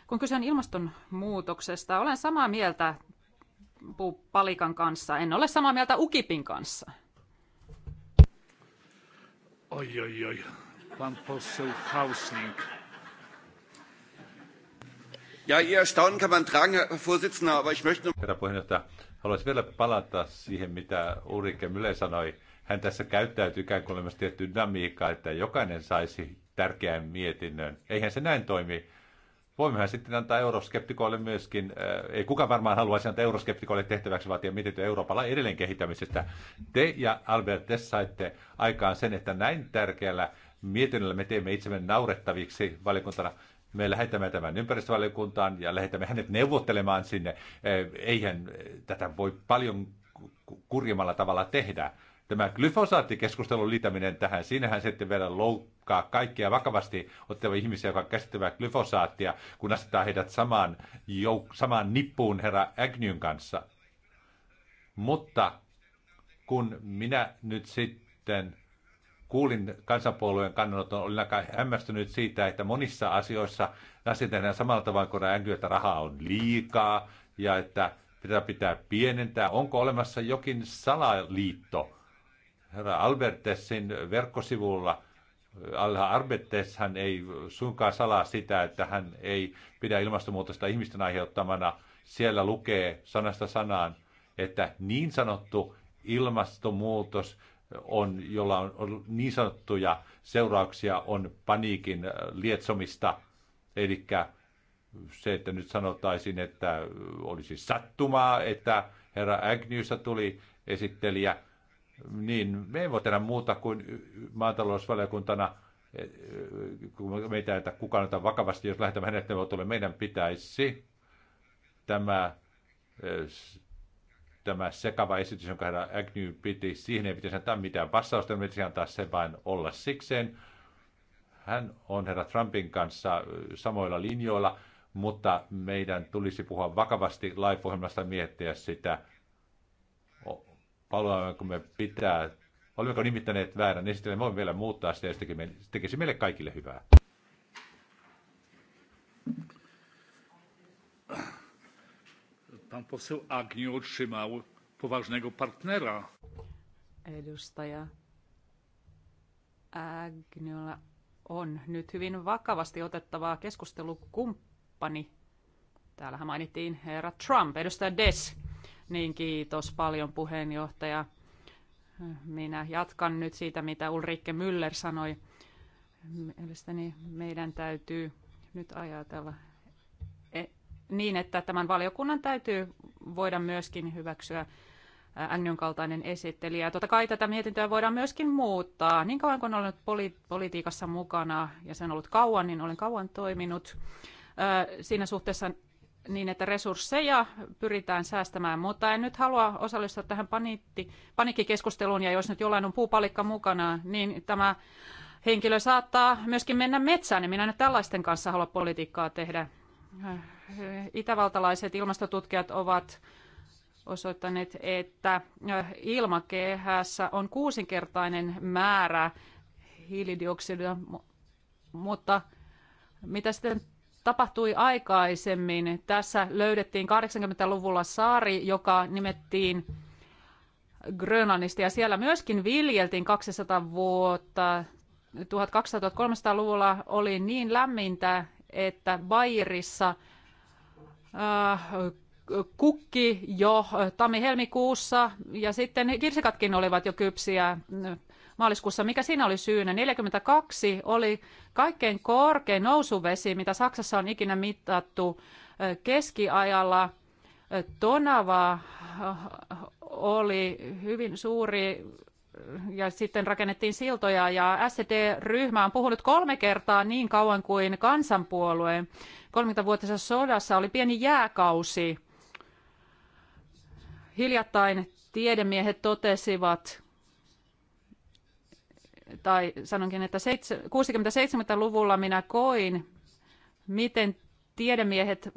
kun kyse on ilmastonmuutoksesta, olen samaa mieltä Palikan kanssa. En ole samaa mieltä Ukipin kanssa. Oi, oi, oi. Pan poseł Hausling. Ja, ihr Erstaunen kann man tragen, Herr Vorsitzender, aber ich möchte... Herra puheenjohtaja, haluaisin vielä palata siihen, mitä Ulrike Myle sanoi. Hän tässä käyttäytyy ikään kuin olemassa tietty dynamiikka, että jokainen saisi tärkeän mietinnön. Eihän se näin toimi. Voimmehan sitten antaa euroskeptikoille myöskin, äh, ei kukaan varmaan haluaisi antaa euroskeptikoille tehtäväksi vaatia mietintö Euroopalla edelleen kehittämisestä. Te ja Albert, te saitte aikaan sen, että näin tärkeällä mietinnöllä me teemme itsemme naurettaviksi valiokuntana. Me lähetämme tämän ympäristövaliokuntaan ja lähetämme hänet neuvottelemaan sinne. Eh, eihän eh, tätä voi paljon kurjimmalla tavalla tehdä. Tämä glyfosaattikeskustelun liitäminen tähän, siinähän sitten vielä loukkaa kaikkia vakavasti ottava ihmisiä, jotka käsittelevät glyfosaattia, kun asettaa heidät samaan, jouk- samaan nippuun herra Agnyn kanssa. Mutta kun minä nyt sitten kuulin kansanpuolueen kannanoton, olin aika hämmästynyt siitä, että monissa asioissa tehdään samalla tavalla kuin äänkyy, että rahaa on liikaa ja että pitää pitää pienentää. Onko olemassa jokin salaliitto? Herra Albertessin verkkosivulla Alha Arbetes, hän ei suinkaan salaa sitä, että hän ei pidä ilmastonmuutosta ihmisten aiheuttamana. Siellä lukee sanasta sanaan, että niin sanottu ilmastonmuutos on, jolla on, on niin sanottuja seurauksia, on paniikin äh, lietsomista, eli se, että nyt sanotaisiin, että olisi sattumaa, että herra Agnewsa tuli esittelijä, niin me ei voi tehdä muuta kuin maatalousvaliokuntana, äh, kun meitä ei kukaan ota vakavasti, jos lähdetään hänet neuvotteluun, meidän pitäisi tämä äh, tämä sekava esitys, jonka herra Agnew piti, siihen ei pitäisi antaa mitään vastausta, me pitäisi antaa se vain olla sikseen. Hän on herra Trumpin kanssa samoilla linjoilla, mutta meidän tulisi puhua vakavasti live-ohjelmasta miettiä sitä, kun me pitää, olemmeko nimittäneet väärän esitellen, voimme vielä muuttaa sitä ja se tekisi meille kaikille hyvää. Pan poseł Agnew otrzymał poważnego partnera. Edustaja Agnew on nyt hyvin vakavasti otettava keskustelukumppani. Täällähän mainittiin herra Trump, edustaja Des. Niin kiitos paljon puheenjohtaja. Minä jatkan nyt siitä, mitä Ulrike Müller sanoi. Mielestäni meidän täytyy nyt ajatella niin, että tämän valiokunnan täytyy voida myöskin hyväksyä Ännyn kaltainen esittelijä. Totta kai tätä mietintöä voidaan myöskin muuttaa. Niin kauan kuin olen ollut poli- politiikassa mukana, ja sen ollut kauan, niin olen kauan toiminut siinä suhteessa niin, että resursseja pyritään säästämään, mutta en nyt halua osallistua tähän paniitti, paniikkikeskusteluun, ja jos nyt jollain on puupalikka mukana, niin tämä henkilö saattaa myöskin mennä metsään, ja minä nyt tällaisten kanssa halua politiikkaa tehdä itävaltalaiset ilmastotutkijat ovat osoittaneet, että ilmakehässä on kuusinkertainen määrä hiilidioksidia, mutta mitä sitten tapahtui aikaisemmin? Tässä löydettiin 80-luvulla saari, joka nimettiin Grönlannista ja siellä myöskin viljeltiin 200 vuotta. 1200-1300-luvulla oli niin lämmintä, että Bayerissa – Äh, kukki jo tammi-helmikuussa ja sitten kirsikatkin olivat jo kypsiä mm, maaliskuussa. Mikä siinä oli syynä? 42 oli kaikkein korkein nousuvesi, mitä Saksassa on ikinä mitattu äh, keskiajalla. Tonava äh, oli hyvin suuri ja sitten rakennettiin siltoja ja SED-ryhmä on puhunut kolme kertaa niin kauan kuin kansanpuolue 30-vuotisessa sodassa oli pieni jääkausi. Hiljattain tiedemiehet totesivat, tai sanonkin, että 60-70-luvulla minä koin, miten tiedemiehet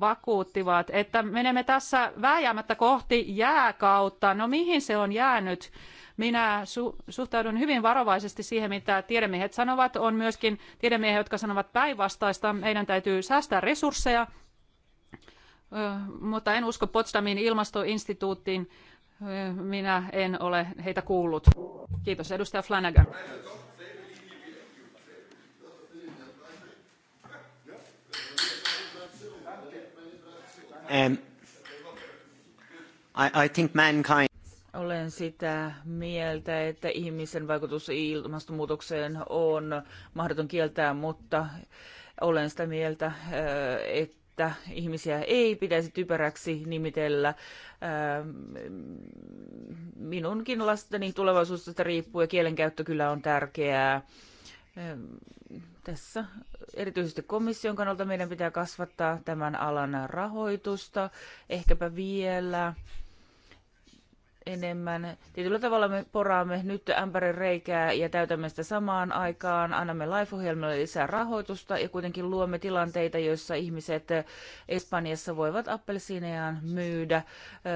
vakuuttivat, että menemme tässä vääjäämättä kohti jääkautta. No mihin se on jäänyt? Minä su- suhtaudun hyvin varovaisesti siihen, mitä tiedemiehet sanovat. On myöskin tiedemiehiä, jotka sanovat päinvastaista. Meidän täytyy säästää resursseja, mutta en usko Potsdamin ilmastoinstituuttiin. Minä en ole heitä kuullut. Kiitos, edustaja Flanagan. Um, I, I think mankind... Olen sitä mieltä, että ihmisen vaikutus ilmastonmuutokseen on mahdoton kieltää, mutta olen sitä mieltä, äh, että ihmisiä ei pitäisi typeräksi nimitellä. Äh, minunkin lasteni tulevaisuudesta riippuu ja kielenkäyttö kyllä on tärkeää. Äh, tässä erityisesti komission kannalta meidän pitää kasvattaa tämän alan rahoitusta, ehkäpä vielä enemmän. Tietyllä tavalla me poraamme nyt ämpärin reikää ja täytämme sitä samaan aikaan, annamme live-ohjelmalle lisää rahoitusta ja kuitenkin luomme tilanteita, joissa ihmiset Espanjassa voivat appelsiinejaan myydä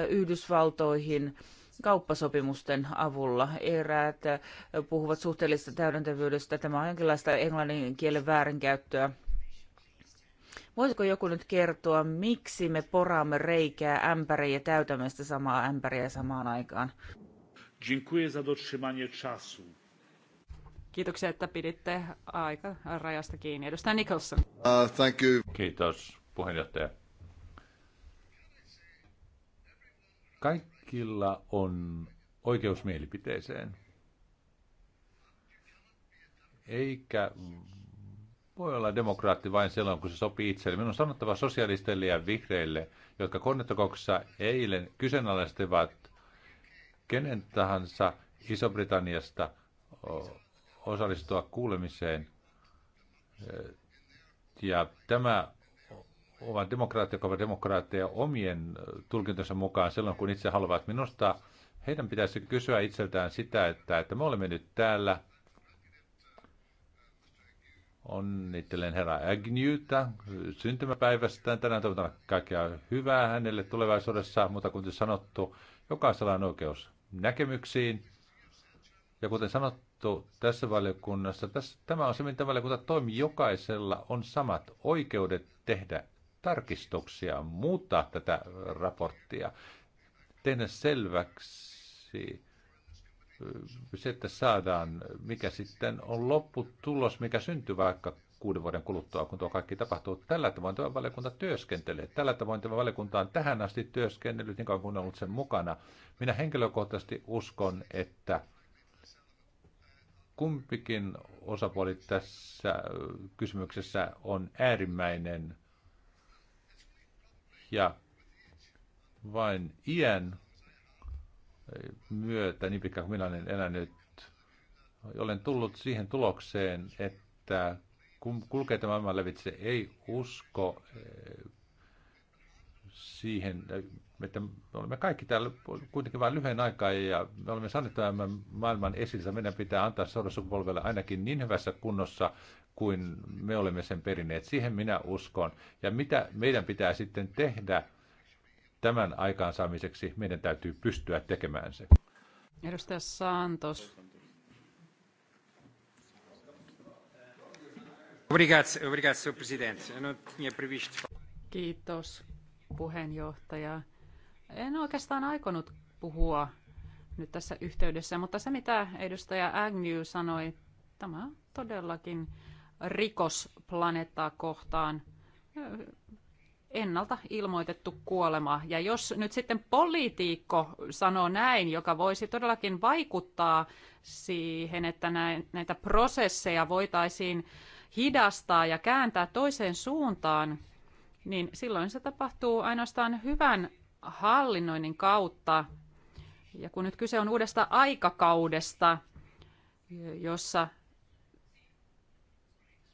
Yhdysvaltoihin kauppasopimusten avulla. Eräät puhuvat suhteellisesta täydentävyydestä. Tämä on jonkinlaista englannin kielen väärinkäyttöä Voisiko joku nyt kertoa, miksi me poraamme reikää ämpäriä ja täytämme sitä samaa ämpäriä samaan aikaan? Dziękuję za dotrzymanie czasu. Kiitoksia, että piditte aika rajasta kiinni. Edustaja Nicholson. Uh, thank you. Kiitos, puheenjohtaja. Kaikilla on oikeus mielipiteeseen. Eikä voi olla demokraatti vain silloin, kun se sopii itselle. Minun on sanottava sosialisteille ja vihreille, jotka konnettokouksessa eilen kyseenalaistivat kenen tahansa Iso-Britanniasta osallistua kuulemiseen. Ja tämä ovat demokraatteja, jotka ovat demokraatteja omien tulkintonsa mukaan silloin, kun itse haluavat. Minusta heidän pitäisi kysyä itseltään sitä, että, että me olemme nyt täällä – Onnittelen herra Agnewtä syntymäpäivästään. Tänään toivotan kaikkea hyvää hänelle tulevaisuudessa, mutta kuten sanottu, jokaisella on oikeus näkemyksiin. Ja kuten sanottu tässä valiokunnassa, tässä, tämä on se, mitä valiokunta toimii. Jokaisella on samat oikeudet tehdä tarkistuksia, muuttaa tätä raporttia, tehdä selväksi se, että saadaan, mikä sitten on lopputulos, mikä syntyy vaikka kuuden vuoden kuluttua, kun tuo kaikki tapahtuu. Tällä tavoin tämä valiokunta työskentelee. Tällä tavoin tämä valiokunta on tähän asti työskennellyt, niin kauan kuin on ollut sen mukana. Minä henkilökohtaisesti uskon, että kumpikin osapuoli tässä kysymyksessä on äärimmäinen ja vain iän myötä, niin pitkään kuin minä olen elänyt, olen tullut siihen tulokseen, että kun kulkee tämä maailman lävitse, ei usko eh, siihen, että me olemme kaikki täällä kuitenkin vain lyhyen aikaa ja me olemme saaneet tämän maailman esille. Meidän pitää antaa seuraavassa ainakin niin hyvässä kunnossa kuin me olemme sen perineet. Siihen minä uskon. Ja mitä meidän pitää sitten tehdä – tämän aikaansaamiseksi meidän täytyy pystyä tekemään se. Edustaja Santos. Kiitos puheenjohtaja. En oikeastaan aikonut puhua nyt tässä yhteydessä, mutta se mitä edustaja Agnew sanoi, tämä on todellakin rikos planeettaa kohtaan ennalta ilmoitettu kuolema. Ja jos nyt sitten poliitikko sanoo näin, joka voisi todellakin vaikuttaa siihen, että näitä prosesseja voitaisiin hidastaa ja kääntää toiseen suuntaan, niin silloin se tapahtuu ainoastaan hyvän hallinnoinnin kautta. Ja kun nyt kyse on uudesta aikakaudesta, jossa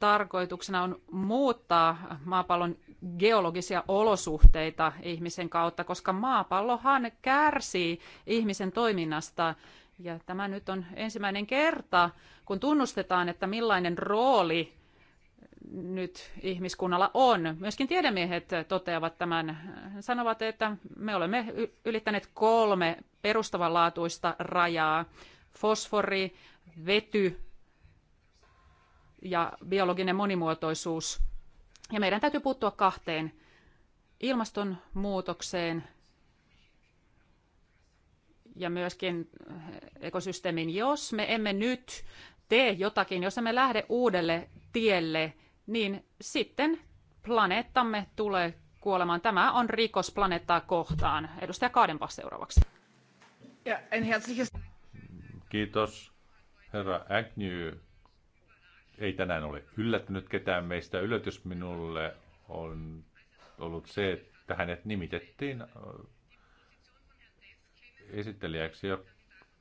tarkoituksena on muuttaa maapallon geologisia olosuhteita ihmisen kautta, koska maapallohan kärsii ihmisen toiminnasta. Ja tämä nyt on ensimmäinen kerta, kun tunnustetaan, että millainen rooli nyt ihmiskunnalla on. Myöskin tiedemiehet toteavat tämän, sanovat, että me olemme ylittäneet kolme perustavanlaatuista rajaa. Fosfori, vety ja biologinen monimuotoisuus. Ja meidän täytyy puuttua kahteen ilmastonmuutokseen ja myöskin ekosysteemin. Jos me emme nyt tee jotakin, jos emme lähde uudelle tielle, niin sitten planeettamme tulee kuolemaan. Tämä on rikos planeettaa kohtaan. Edustaja Kaadenpa seuraavaksi. Kiitos. Herra Agnew ei tänään ole yllättänyt ketään meistä. Yllätys minulle on ollut se, että hänet nimitettiin äh, esittelijäksi ja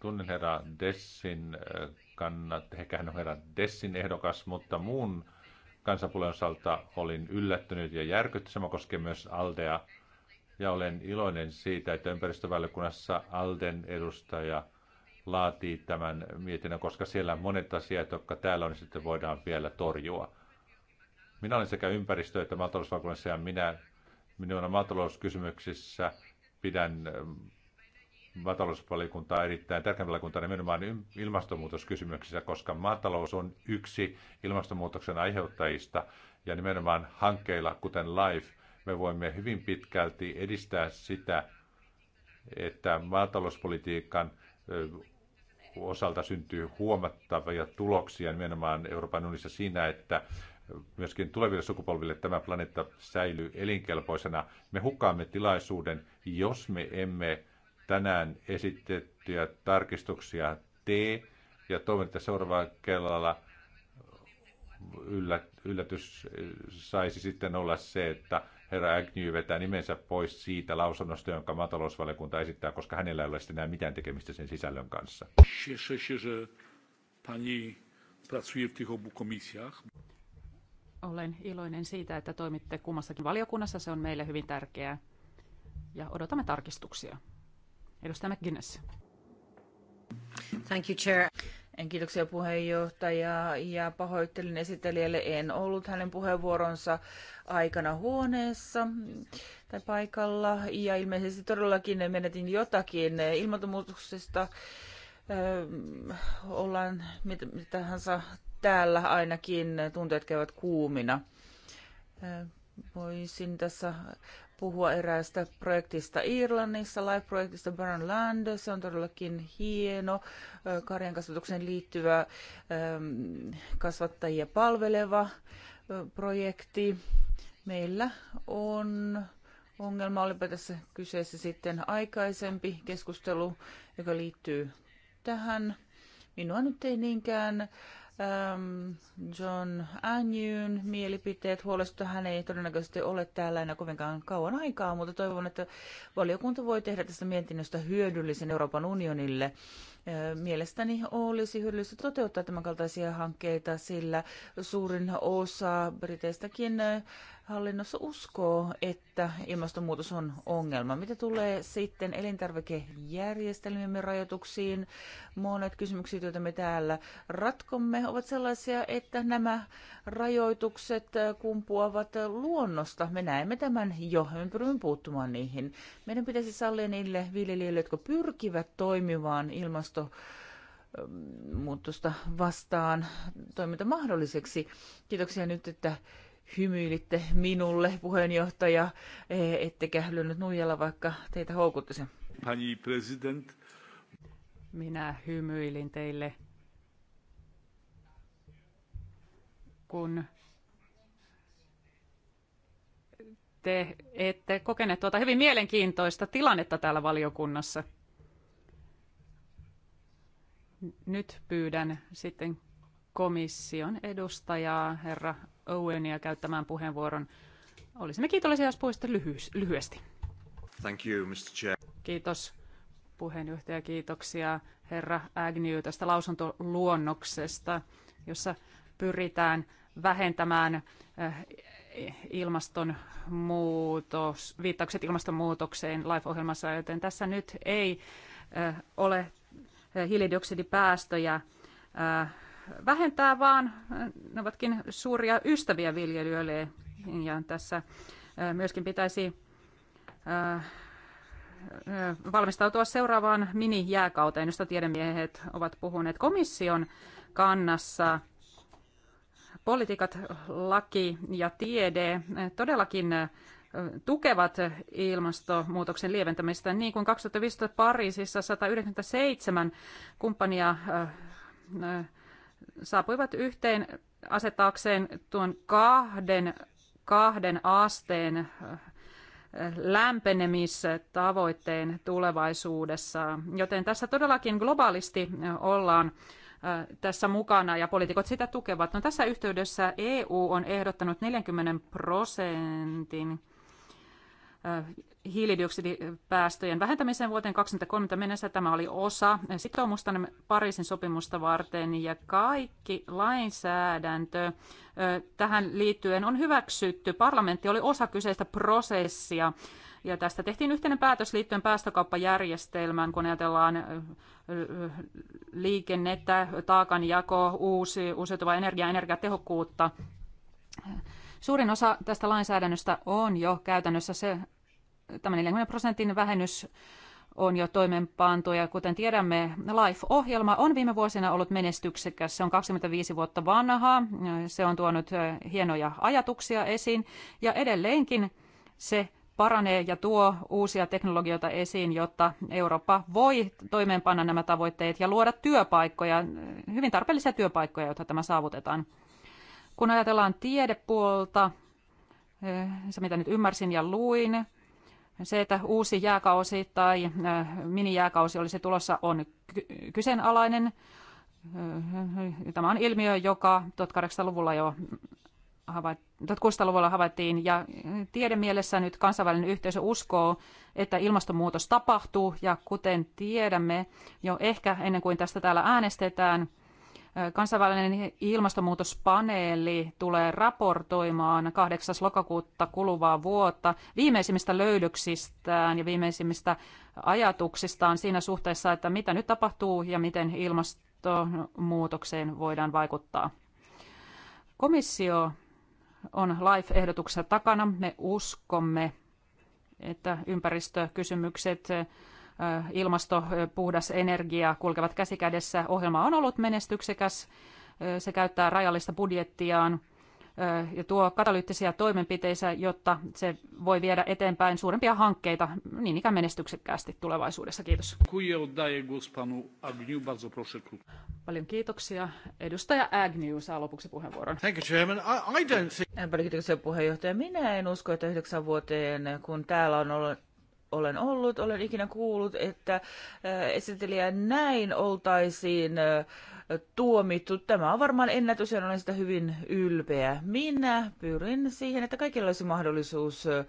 tunnen herra Dessin äh, kannat, ehkä hän on herra Dessin ehdokas, mutta muun kansapuolen osalta olin yllättynyt ja järkytty. Sama koskee myös Aldea ja olen iloinen siitä, että ympäristövaliokunnassa Alden edustaja laatii tämän mietinnön, koska siellä monet asiat, jotka täällä on, sitten voidaan vielä torjua. Minä olen sekä ympäristö- että maatalousvaliokunnassa ja minä minun maatalouskysymyksissä pidän ähm, maatalousvaliokuntaa erittäin tärkeänä valiokuntaa nimenomaan ilmastonmuutoskysymyksissä, koska maatalous on yksi ilmastonmuutoksen aiheuttajista ja nimenomaan hankkeilla, kuten LIFE, me voimme hyvin pitkälti edistää sitä, että maatalouspolitiikan osalta syntyy huomattavia tuloksia nimenomaan Euroopan unionissa siinä, että myöskin tuleville sukupolville tämä planeetta säilyy elinkelpoisena. Me hukkaamme tilaisuuden, jos me emme tänään esitettyjä tarkistuksia tee. Ja toivon, että seuraavalla kellalla yllätys eh, saisi sitten olla se, että herra Agnew vetää nimensä pois siitä lausunnosta, jonka maatalousvaliokunta esittää, koska hänellä ei ole enää mitään tekemistä sen sisällön kanssa. Olen iloinen siitä, että toimitte kummassakin valiokunnassa. Se on meille hyvin tärkeää. Ja odotamme tarkistuksia. Edustaja McGuinness. Thank you, Chair. Kiitoksia puheenjohtaja ja pahoittelin esittelijälle. En ollut hänen puheenvuoronsa aikana huoneessa tai paikalla ja ilmeisesti todellakin menetin jotakin ilmoittamuksesta. Öö, ollaan mitä, mitä tahansa täällä ainakin tunteet käyvät kuumina. Öö, voisin tässä puhua eräästä projektista Irlannissa, Live-projektista Baron Land. Se on todellakin hieno karjankasvatukseen liittyvä kasvattajia palveleva projekti. Meillä on ongelma, olipa tässä kyseessä sitten aikaisempi keskustelu, joka liittyy tähän. Minua nyt ei niinkään äh, Um, John Anjyn mielipiteet huolesta. Hän ei todennäköisesti ole täällä enää kovinkaan kauan aikaa, mutta toivon, että valiokunta voi tehdä tästä mietinnöstä hyödyllisen Euroopan unionille. Mielestäni olisi hyödyllistä toteuttaa tämän kaltaisia hankkeita, sillä suurin osa Briteistäkin hallinnossa uskoo, että ilmastonmuutos on ongelma. Mitä tulee sitten elintarvikejärjestelmiemme rajoituksiin, monet kysymykset, joita me täällä ratkomme, ovat sellaisia, että nämä rajoitukset kumpuavat luonnosta. Me näemme tämän jo, me pyrimme puuttumaan niihin. Meidän pitäisi sallia niille viljelijöille, jotka pyrkivät toimimaan ilmaston ilmasto ähm, muutosta vastaan toiminta mahdolliseksi. Kiitoksia nyt, että hymyilitte minulle, puheenjohtaja, e, ettekä lyönyt nuijalla, vaikka teitä houkuttisi. Pani president. Minä hymyilin teille, kun te ette kokeneet tuota hyvin mielenkiintoista tilannetta täällä valiokunnassa. Nyt pyydän sitten komission edustajaa, herra Owenia, käyttämään puheenvuoron. Olisimme kiitollisia, jos puhuisitte lyhyesti. Thank you, Mr. Chair. Kiitos puheenjohtaja, kiitoksia herra Agnew tästä lausuntoluonnoksesta, jossa pyritään vähentämään eh, ilmastonmuutos, viittaukset ilmastonmuutokseen live-ohjelmassa, joten tässä nyt ei eh, ole hiilidioksidipäästöjä äh, vähentää, vaan ne ovatkin suuria ystäviä viljelijöille. Ja tässä äh, myöskin pitäisi äh, valmistautua seuraavaan mini-jääkauteen, josta tiedemiehet ovat puhuneet komission kannassa. Politiikat, laki ja tiede todellakin tukevat ilmastonmuutoksen lieventämistä, niin kuin 2015 Pariisissa 197 kumppania äh, äh, saapuivat yhteen asettaakseen tuon kahden, kahden asteen äh, lämpenemistavoitteen tulevaisuudessa. Joten tässä todellakin globaalisti ollaan tässä mukana ja poliitikot sitä tukevat. No, tässä yhteydessä EU on ehdottanut 40 prosentin hiilidioksidipäästöjen vähentämiseen vuoteen 2030 mennessä. Tämä oli osa sitoumusta Pariisin sopimusta varten ja kaikki lainsäädäntö tähän liittyen on hyväksytty. Parlamentti oli osa kyseistä prosessia ja tästä tehtiin yhteinen päätös liittyen päästökauppajärjestelmään, kun ajatellaan liikennettä, taakanjako, uusi, uusiutuva energia, energiatehokkuutta Suurin osa tästä lainsäädännöstä on jo käytännössä se, tämä 40 prosentin vähennys on jo toimeenpantu ja kuten tiedämme, LIFE-ohjelma on viime vuosina ollut menestyksekäs. Se on 25 vuotta vanhaa, se on tuonut hienoja ajatuksia esiin ja edelleenkin se paranee ja tuo uusia teknologioita esiin, jotta Eurooppa voi toimeenpanna nämä tavoitteet ja luoda työpaikkoja, hyvin tarpeellisia työpaikkoja, joita tämä saavutetaan. Kun ajatellaan tiedepuolta, eh, se mitä nyt ymmärsin ja luin, se, että uusi jääkausi tai eh, minijääkausi olisi tulossa, on kyseenalainen. Eh, tämä on ilmiö, joka 1800-luvulla jo 1600-luvulla havaittiin ja tiedemielessä nyt kansainvälinen yhteisö uskoo, että ilmastonmuutos tapahtuu ja kuten tiedämme jo ehkä ennen kuin tästä täällä äänestetään – Kansainvälinen ilmastonmuutospaneeli tulee raportoimaan 8. lokakuuta kuluvaa vuotta viimeisimmistä löydöksistään ja viimeisimmistä ajatuksistaan siinä suhteessa, että mitä nyt tapahtuu ja miten ilmastonmuutokseen voidaan vaikuttaa. Komissio on LIFE-ehdotuksessa takana. Me uskomme, että ympäristökysymykset ilmasto, puhdas energia kulkevat käsikädessä. Ohjelma on ollut menestyksekäs. Se käyttää rajallista budjettiaan ja tuo katalyyttisiä toimenpiteitä, jotta se voi viedä eteenpäin suurempia hankkeita niin ikään menestyksekkäästi tulevaisuudessa. Kiitos. Paljon kiitoksia. Edustaja Agnew saa lopuksi puheenvuoron. Thank you, Chairman. I, I don't think... Paljon kiitoksia puheenjohtaja. Minä en usko, että yhdeksän vuoteen, kun täällä on ollut olen ollut, olen ikinä kuullut, että äh, esittelijä näin oltaisiin äh, tuomittu. Tämä on varmaan ennätys ja olen sitä hyvin ylpeä. Minä pyrin siihen, että kaikilla olisi mahdollisuus äh,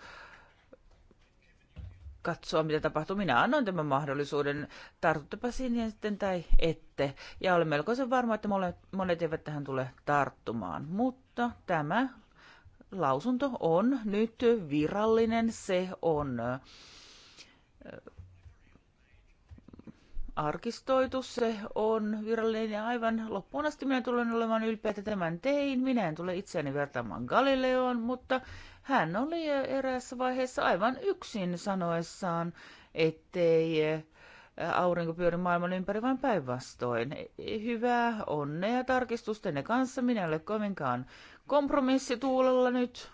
katsoa, mitä tapahtuu. Minä annoin tämän mahdollisuuden, tartuttepa sinne sitten tai ette. Ja olen melkoisen varma, että monet eivät tähän tule tarttumaan. Mutta tämä lausunto on nyt virallinen, se on arkistoitu, se on virallinen ja aivan loppuun asti minä tulen olemaan ylpeä, että tämän tein. Minä en tule itseäni vertaamaan Galileoon, mutta hän oli eräässä vaiheessa aivan yksin sanoessaan, ettei aurinko pyöri maailman ympäri, vain päinvastoin. Hyvää onnea tarkistustenne kanssa. Minä olen kovinkaan kompromissituulella nyt.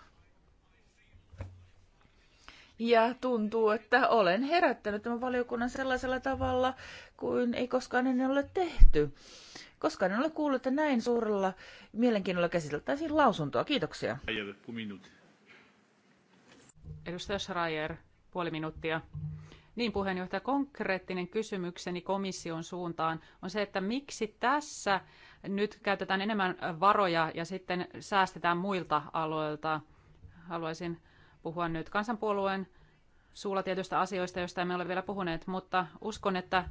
Ja tuntuu, että olen herättänyt tämän valiokunnan sellaisella tavalla kuin ei koskaan ennen ole tehty. Koskaan en ole kuullut, että näin suurella mielenkiinnolla käsiteltäisiin lausuntoa. Kiitoksia. Edustaja Schreier, puoli minuuttia. Niin, puheenjohtaja, konkreettinen kysymykseni komission suuntaan on se, että miksi tässä nyt käytetään enemmän varoja ja sitten säästetään muilta aloilta. Haluaisin puhua nyt kansanpuolueen suulla tietystä asioista, joista emme ole vielä puhuneet, mutta uskon, että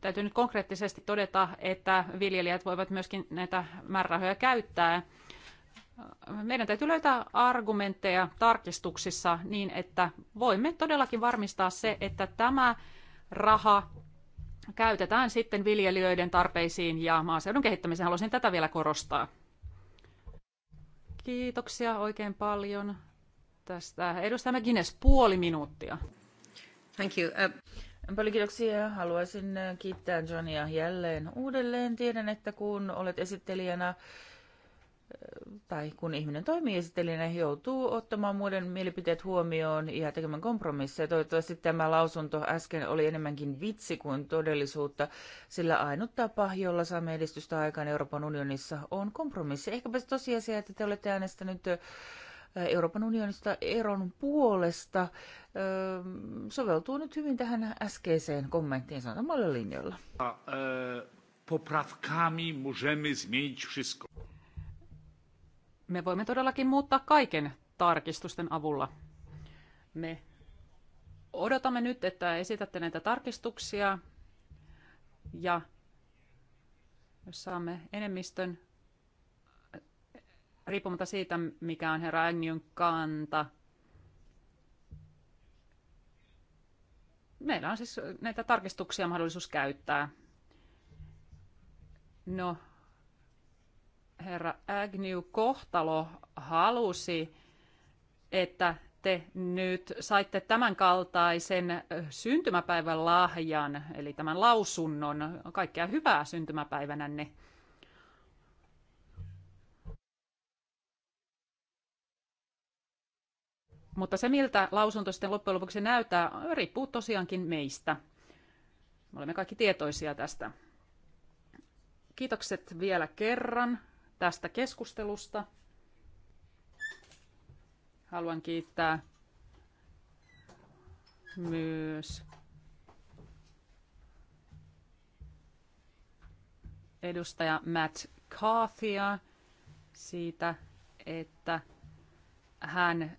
täytyy nyt konkreettisesti todeta, että viljelijät voivat myöskin näitä määrärahoja käyttää. Meidän täytyy löytää argumentteja tarkistuksissa niin, että voimme todellakin varmistaa se, että tämä raha käytetään sitten viljelijöiden tarpeisiin ja maaseudun kehittämiseen. Haluaisin tätä vielä korostaa. Kiitoksia oikein paljon tästä. Edustaja Guinness, puoli minuuttia. Thank you. Uh... Paljon kiitoksia. Haluaisin kiittää Johnia jälleen uudelleen. Tiedän, että kun olet esittelijänä tai kun ihminen toimii esittelijänä, joutuu ottamaan muiden mielipiteet huomioon ja tekemään kompromisseja. Toivottavasti tämä lausunto äsken oli enemmänkin vitsi kuin todellisuutta, sillä ainut tapa, jolla saamme edistystä aikaan Euroopan unionissa, on kompromissi. Ehkäpä se tosiasia, että te olette äänestänyt Euroopan unionista eron puolesta, soveltuu nyt hyvin tähän äskeiseen kommenttiin sanomalla linjoilla. E, poprawkami możemy zmienić wszystko me voimme todellakin muuttaa kaiken tarkistusten avulla. Me odotamme nyt, että esitätte näitä tarkistuksia ja jos saamme enemmistön, riippumatta siitä, mikä on herra Agnion kanta, meillä on siis näitä tarkistuksia mahdollisuus käyttää. No, herra Agnew kohtalo halusi, että te nyt saitte tämän kaltaisen syntymäpäivän lahjan, eli tämän lausunnon. Kaikkea hyvää syntymäpäivänänne. Mutta se, miltä lausunto sitten loppujen lopuksi näyttää, riippuu tosiaankin meistä. Me olemme kaikki tietoisia tästä. Kiitokset vielä kerran tästä keskustelusta. Haluan kiittää myös edustaja Matt Carthia siitä, että hän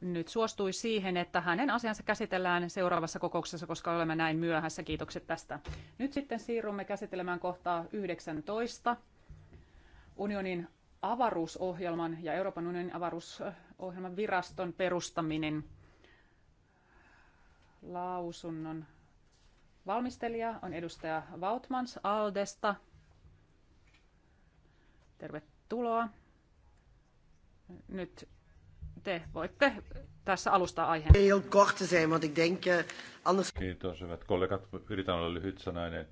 nyt suostui siihen, että hänen asiansa käsitellään seuraavassa kokouksessa, koska olemme näin myöhässä. Kiitokset tästä. Nyt sitten siirrymme käsittelemään kohtaa 19 unionin avaruusohjelman ja Euroopan unionin avaruusohjelman viraston perustaminen. Lausunnon valmistelija on edustaja Vautmans Aldesta. Tervetuloa. Nyt te voitte tässä alustaa aiheen. Ei ole kohta se, mutta ik denk eh, anders... Kiitos, hyvät kollegat. Yritän olla lyhyt sanainen,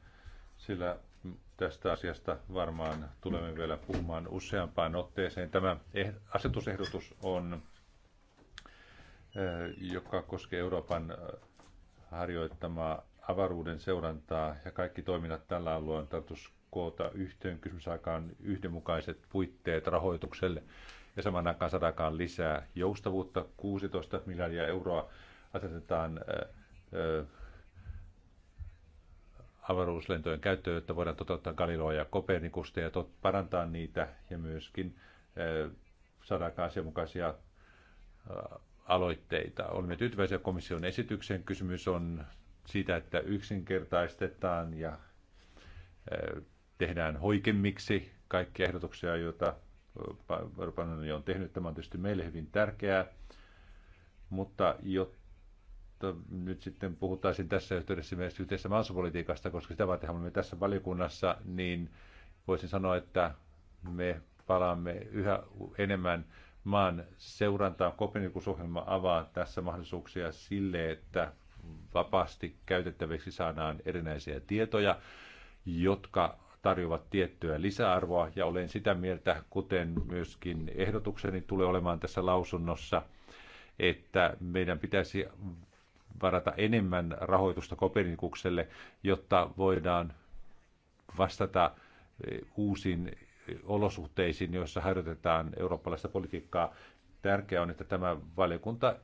sillä tästä asiasta varmaan tulemme vielä puhumaan useampaan otteeseen. Tämä eh-, asetusehdotus on, eh, joka koskee Euroopan eh, harjoittamaa avaruuden seurantaa ja kaikki toiminnat tällä alueella on tarkoitus koota yhteen kysymys aikaan yhdenmukaiset puitteet rahoitukselle ja saman aikaan saadaan lisää joustavuutta. 16 miljardia euroa asetetaan avaruuslentojen käyttöön, jotta voidaan toteuttaa Galileoa ja Kopernikusta ja tot, parantaa niitä ja myöskin äh, saada asianmukaisia äh, aloitteita. Olemme tyytyväisiä komission esitykseen. Kysymys on siitä, että yksinkertaistetaan ja äh, tehdään hoikemmiksi kaikki ehdotuksia, joita Euroopan unioni on tehnyt. Tämä on tietysti meille hyvin tärkeää, mutta jotta mutta nyt sitten puhutaan tässä yhteydessä myös yhteisessä maansopolitiikasta, koska sitä varten olemme tässä valiokunnassa, niin voisin sanoa, että me palaamme yhä enemmän maan seurantaan. Kopenikusohjelma avaa tässä mahdollisuuksia sille, että vapaasti käytettäväksi saadaan erinäisiä tietoja, jotka tarjoavat tiettyä lisäarvoa, ja olen sitä mieltä, kuten myöskin ehdotukseni tulee olemaan tässä lausunnossa, että meidän pitäisi varata enemmän rahoitusta Kopernikukselle, jotta voidaan vastata e, uusiin e, olosuhteisiin, joissa harjoitetaan eurooppalaista politiikkaa. Tärkeää on, että tämä valiokunta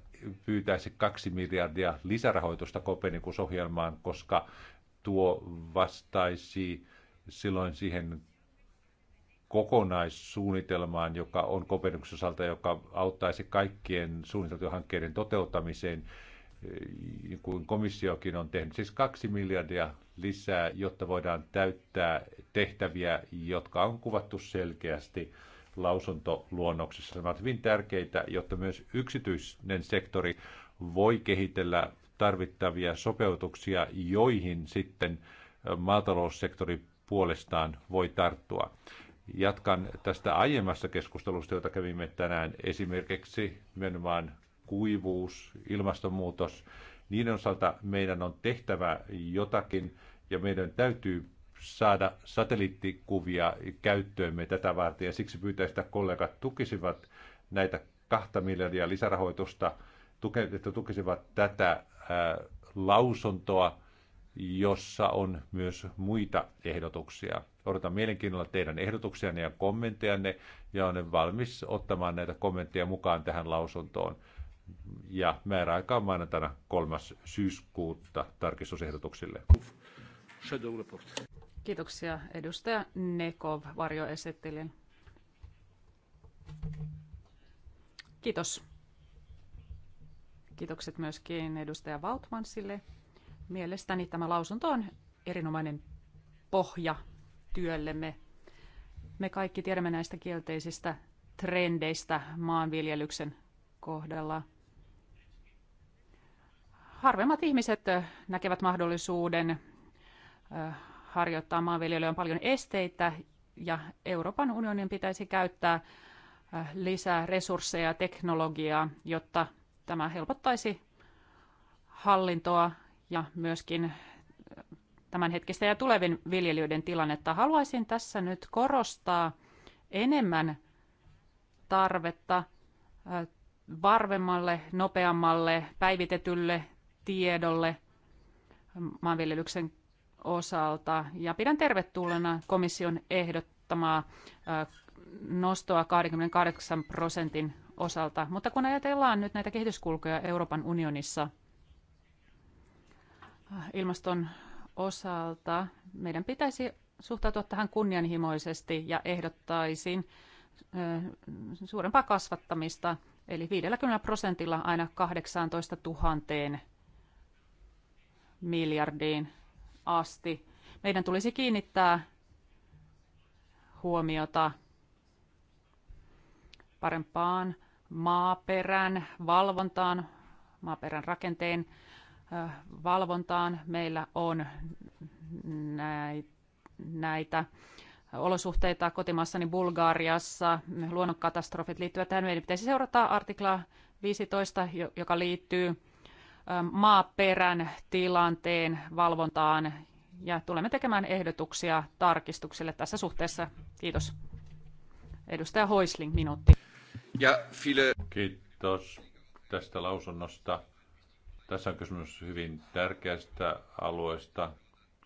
pyytäisi kaksi miljardia lisärahoitusta Kopernikusohjelmaan, koska tuo vastaisi silloin siihen kokonaissuunnitelmaan, joka on Kopernikus osalta, joka auttaisi kaikkien suunniteltujen hankkeiden toteuttamiseen Eh, kuin komissiokin on tehnyt, siis kaksi miljardia lisää, jotta voidaan täyttää tehtäviä, jotka on kuvattu selkeästi lausuntoluonnoksessa. Nämä ovat hyvin tärkeitä, jotta myös yksityinen sektori voi kehitellä tarvittavia sopeutuksia, joihin sitten eh, maataloussektori puolestaan voi tarttua. Jatkan tästä aiemmasta keskustelusta, jota kävimme tänään esimerkiksi nimenomaan kuivuus, ilmastonmuutos, niiden osalta meidän on tehtävä jotakin ja meidän täytyy saada satelliittikuvia käyttöömme tätä varten. Ja siksi pyytäisin, että kollegat tukisivat näitä kahta miljardia lisärahoitusta, että tukisivat tätä ää, lausuntoa, jossa on myös muita ehdotuksia. Odotan mielenkiinnolla teidän ehdotuksianne ja kommenttejanne ja olen valmis ottamaan näitä kommentteja mukaan tähän lausuntoon ja on maanantaina 3. syyskuuta tarkistusehdotuksille. Kiitoksia edustaja Nekov varjoesittelijän. Kiitos. Kiitokset myöskin edustaja Vautmansille. Mielestäni tämä lausunto on erinomainen pohja työllemme. Me kaikki tiedämme näistä kielteisistä trendeistä maanviljelyksen kohdalla – harvemmat ihmiset eh, näkevät mahdollisuuden eh, harjoittaa maanviljelyä on paljon esteitä ja Euroopan unionin pitäisi käyttää eh, lisää resursseja ja teknologiaa, jotta tämä helpottaisi hallintoa ja myöskin tämänhetkistä ja tulevien viljelijöiden tilannetta. Haluaisin tässä nyt korostaa enemmän tarvetta varvemmalle, nopeammalle, päivitetylle tiedolle maanviljelyksen osalta. Ja pidän tervetulleena komission ehdottamaa nostoa 28 prosentin osalta. Mutta kun ajatellaan nyt näitä kehityskulkuja Euroopan unionissa ilmaston osalta, meidän pitäisi suhtautua tähän kunnianhimoisesti ja ehdottaisin suurempaa kasvattamista, eli 50 prosentilla aina 18 000 miljardiin asti. Meidän tulisi kiinnittää huomiota parempaan maaperän valvontaan, maaperän rakenteen valvontaan. Meillä on näitä olosuhteita kotimaassani Bulgariassa Luonnonkatastrofit liittyvät tähän. Meidän pitäisi seurata artiklaa 15, joka liittyy maaperän tilanteen valvontaan ja tulemme tekemään ehdotuksia tarkistuksille tässä suhteessa. Kiitos. Edustaja Hoisling, minuutti. Ja File. Kiitos tästä lausunnosta. Tässä on kysymys hyvin tärkeästä alueesta.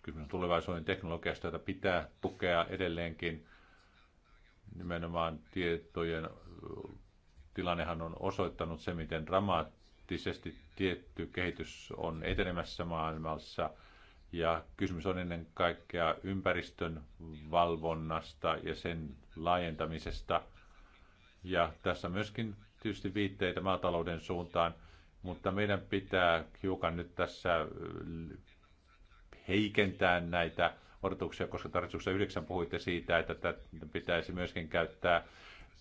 Kysymys on tulevaisuuden teknologiasta, jota pitää tukea edelleenkin. Nimenomaan tietojen tilannehan on osoittanut se, miten dramaat, poliittisesti tietty kehitys on etenemässä maailmassa ja kysymys on ennen kaikkea ympäristön valvonnasta ja sen laajentamisesta. Ja tässä myöskin tietysti viitteitä maatalouden suuntaan, mutta meidän pitää hiukan nyt tässä äh, heikentää näitä odotuksia, koska tarkistuksessa yhdeksän puhuitte siitä, että tätä pitäisi myöskin käyttää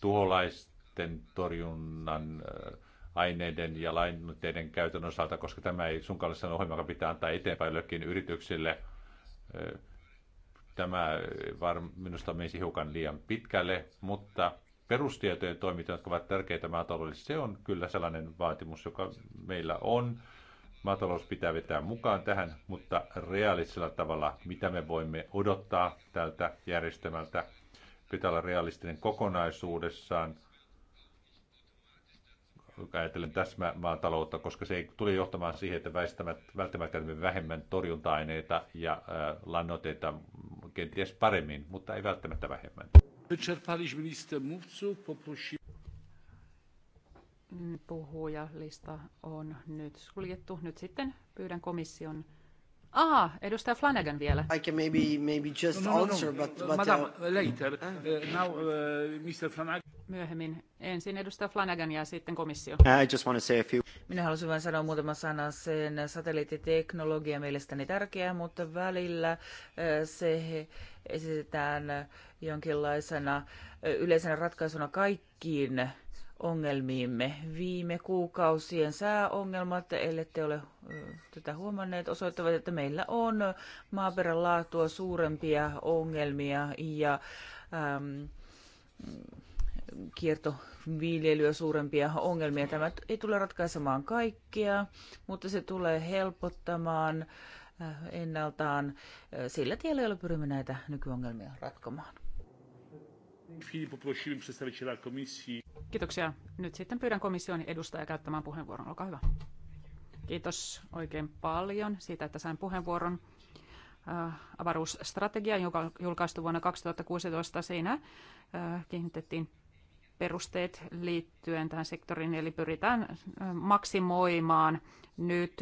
tuholaisten torjunnan äh, aineiden ja lainteiden käytön osalta, koska tämä ei sun ole sellainen ohjelma, joka pitää antaa eteenpäin jollekin yrityksille. Tämä var, minusta menisi hiukan liian pitkälle, mutta perustietojen toiminta, jotka ovat tärkeitä maataloudelle, se on kyllä sellainen vaatimus, joka meillä on. Maatalous pitää vetää mukaan tähän, mutta realistisella tavalla, mitä me voimme odottaa tältä järjestelmältä, pitää olla realistinen kokonaisuudessaan – ajatellen maataloutta, koska se ei johtamaan siihen, että välttämättä vähemmän torjunta-aineita ja äh, lannoitteita kenties paremmin, mutta ei välttämättä vähemmän. Puhujalista on nyt suljettu. Nyt sitten pyydän komission Ah, edustaja Flanagan vielä. I can maybe, maybe just no, no, answer, no, no. but... but Madam, uh, uh, later. Uh, now, uh, Mr. Flanagan. Myöhemmin. Ensin edustaja Flanagan ja sitten komissio. I just want to say a few... Minä halusin vain sanoa muutama sana sen. Satelliittiteknologia mielestäni tärkeää, mutta välillä uh, se esitetään jonkinlaisena uh, yleisenä ratkaisuna kaikkiin ongelmiimme. Viime kuukausien sääongelmat, ellette ole tätä huomanneet, osoittavat, että meillä on maaperän laatua suurempia ongelmia ja äm, kiertoviljelyä suurempia ongelmia. Tämä ei tule ratkaisemaan kaikkea, mutta se tulee helpottamaan äh, ennaltaan sillä tiellä, jolla pyrimme näitä nykyongelmia ratkomaan. Kiitoksia. Nyt sitten pyydän komission edustajaa käyttämään puheenvuoron. Olkaa hyvä. Kiitos oikein paljon siitä, että sain puheenvuoron. Äh, avaruusstrategia, joka julkaistu vuonna 2016, siinä äh, kiinnitettiin perusteet liittyen tähän sektoriin, eli pyritään äh, maksimoimaan nyt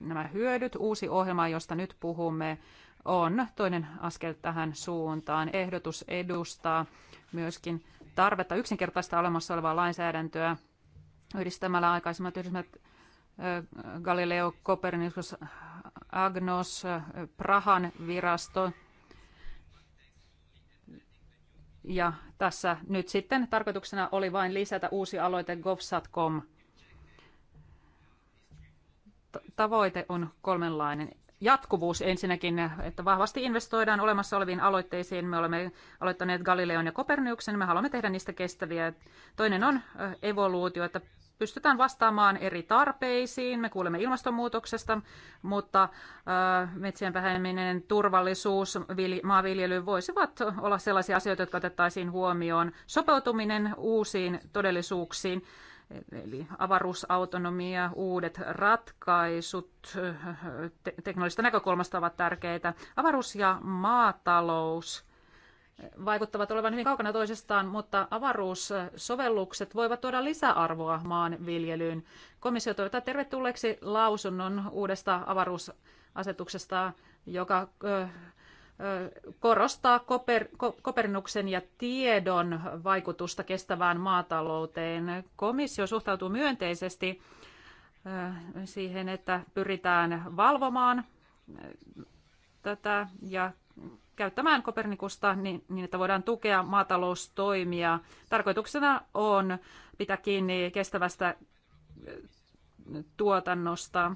nämä hyödyt. Uusi ohjelma, josta nyt puhumme, on toinen askel tähän suuntaan. Ehdotus edustaa myöskin tarvetta yksinkertaista olemassa olevaa lainsäädäntöä yhdistämällä aikaisemmat yhdistämät Galileo, Copernicus, Agnos, Prahan virasto. Ja tässä nyt sitten tarkoituksena oli vain lisätä uusi aloite govsat.com. Tavoite on kolmenlainen jatkuvuus ensinnäkin, että vahvasti investoidaan olemassa oleviin aloitteisiin. Me olemme aloittaneet Galileon ja Koperniuksen, me haluamme tehdä niistä kestäviä. Toinen on evoluutio, että pystytään vastaamaan eri tarpeisiin. Me kuulemme ilmastonmuutoksesta, mutta metsien väheneminen, turvallisuus, maanviljely voisivat olla sellaisia asioita, jotka otettaisiin huomioon. Sopeutuminen uusiin todellisuuksiin Eli avaruusautonomia, uudet ratkaisut teknologisesta näkökulmasta ovat tärkeitä. Avaruus ja maatalous vaikuttavat olevan hyvin kaukana toisestaan, mutta avaruussovellukset voivat tuoda lisäarvoa maanviljelyyn. Komissio toivottaa tervetulleeksi lausunnon uudesta avaruusasetuksesta, joka korostaa Koper, Kopernuksen ja tiedon vaikutusta kestävään maatalouteen. Komissio suhtautuu myönteisesti siihen, että pyritään valvomaan tätä ja käyttämään Kopernikusta niin, niin, että voidaan tukea maataloustoimia. Tarkoituksena on pitää kiinni kestävästä tuotannosta.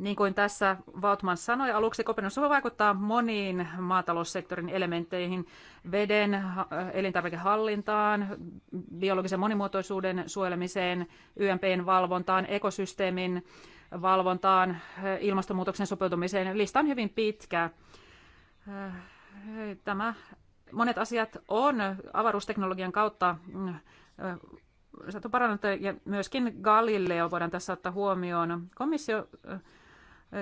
Niin kuin tässä Vautman sanoi aluksi, voi vaikuttaa moniin maataloussektorin elementteihin, veden, elintarvikehallintaan, biologisen monimuotoisuuden suojelemiseen, YMPn valvontaan, ekosysteemin valvontaan, ilmastonmuutoksen sopeutumiseen. Lista on hyvin pitkä. Äh, tämä, monet asiat on avaruusteknologian kautta äh, saatu parannettua ja myöskin Galileo voidaan tässä ottaa huomioon. Komissio äh,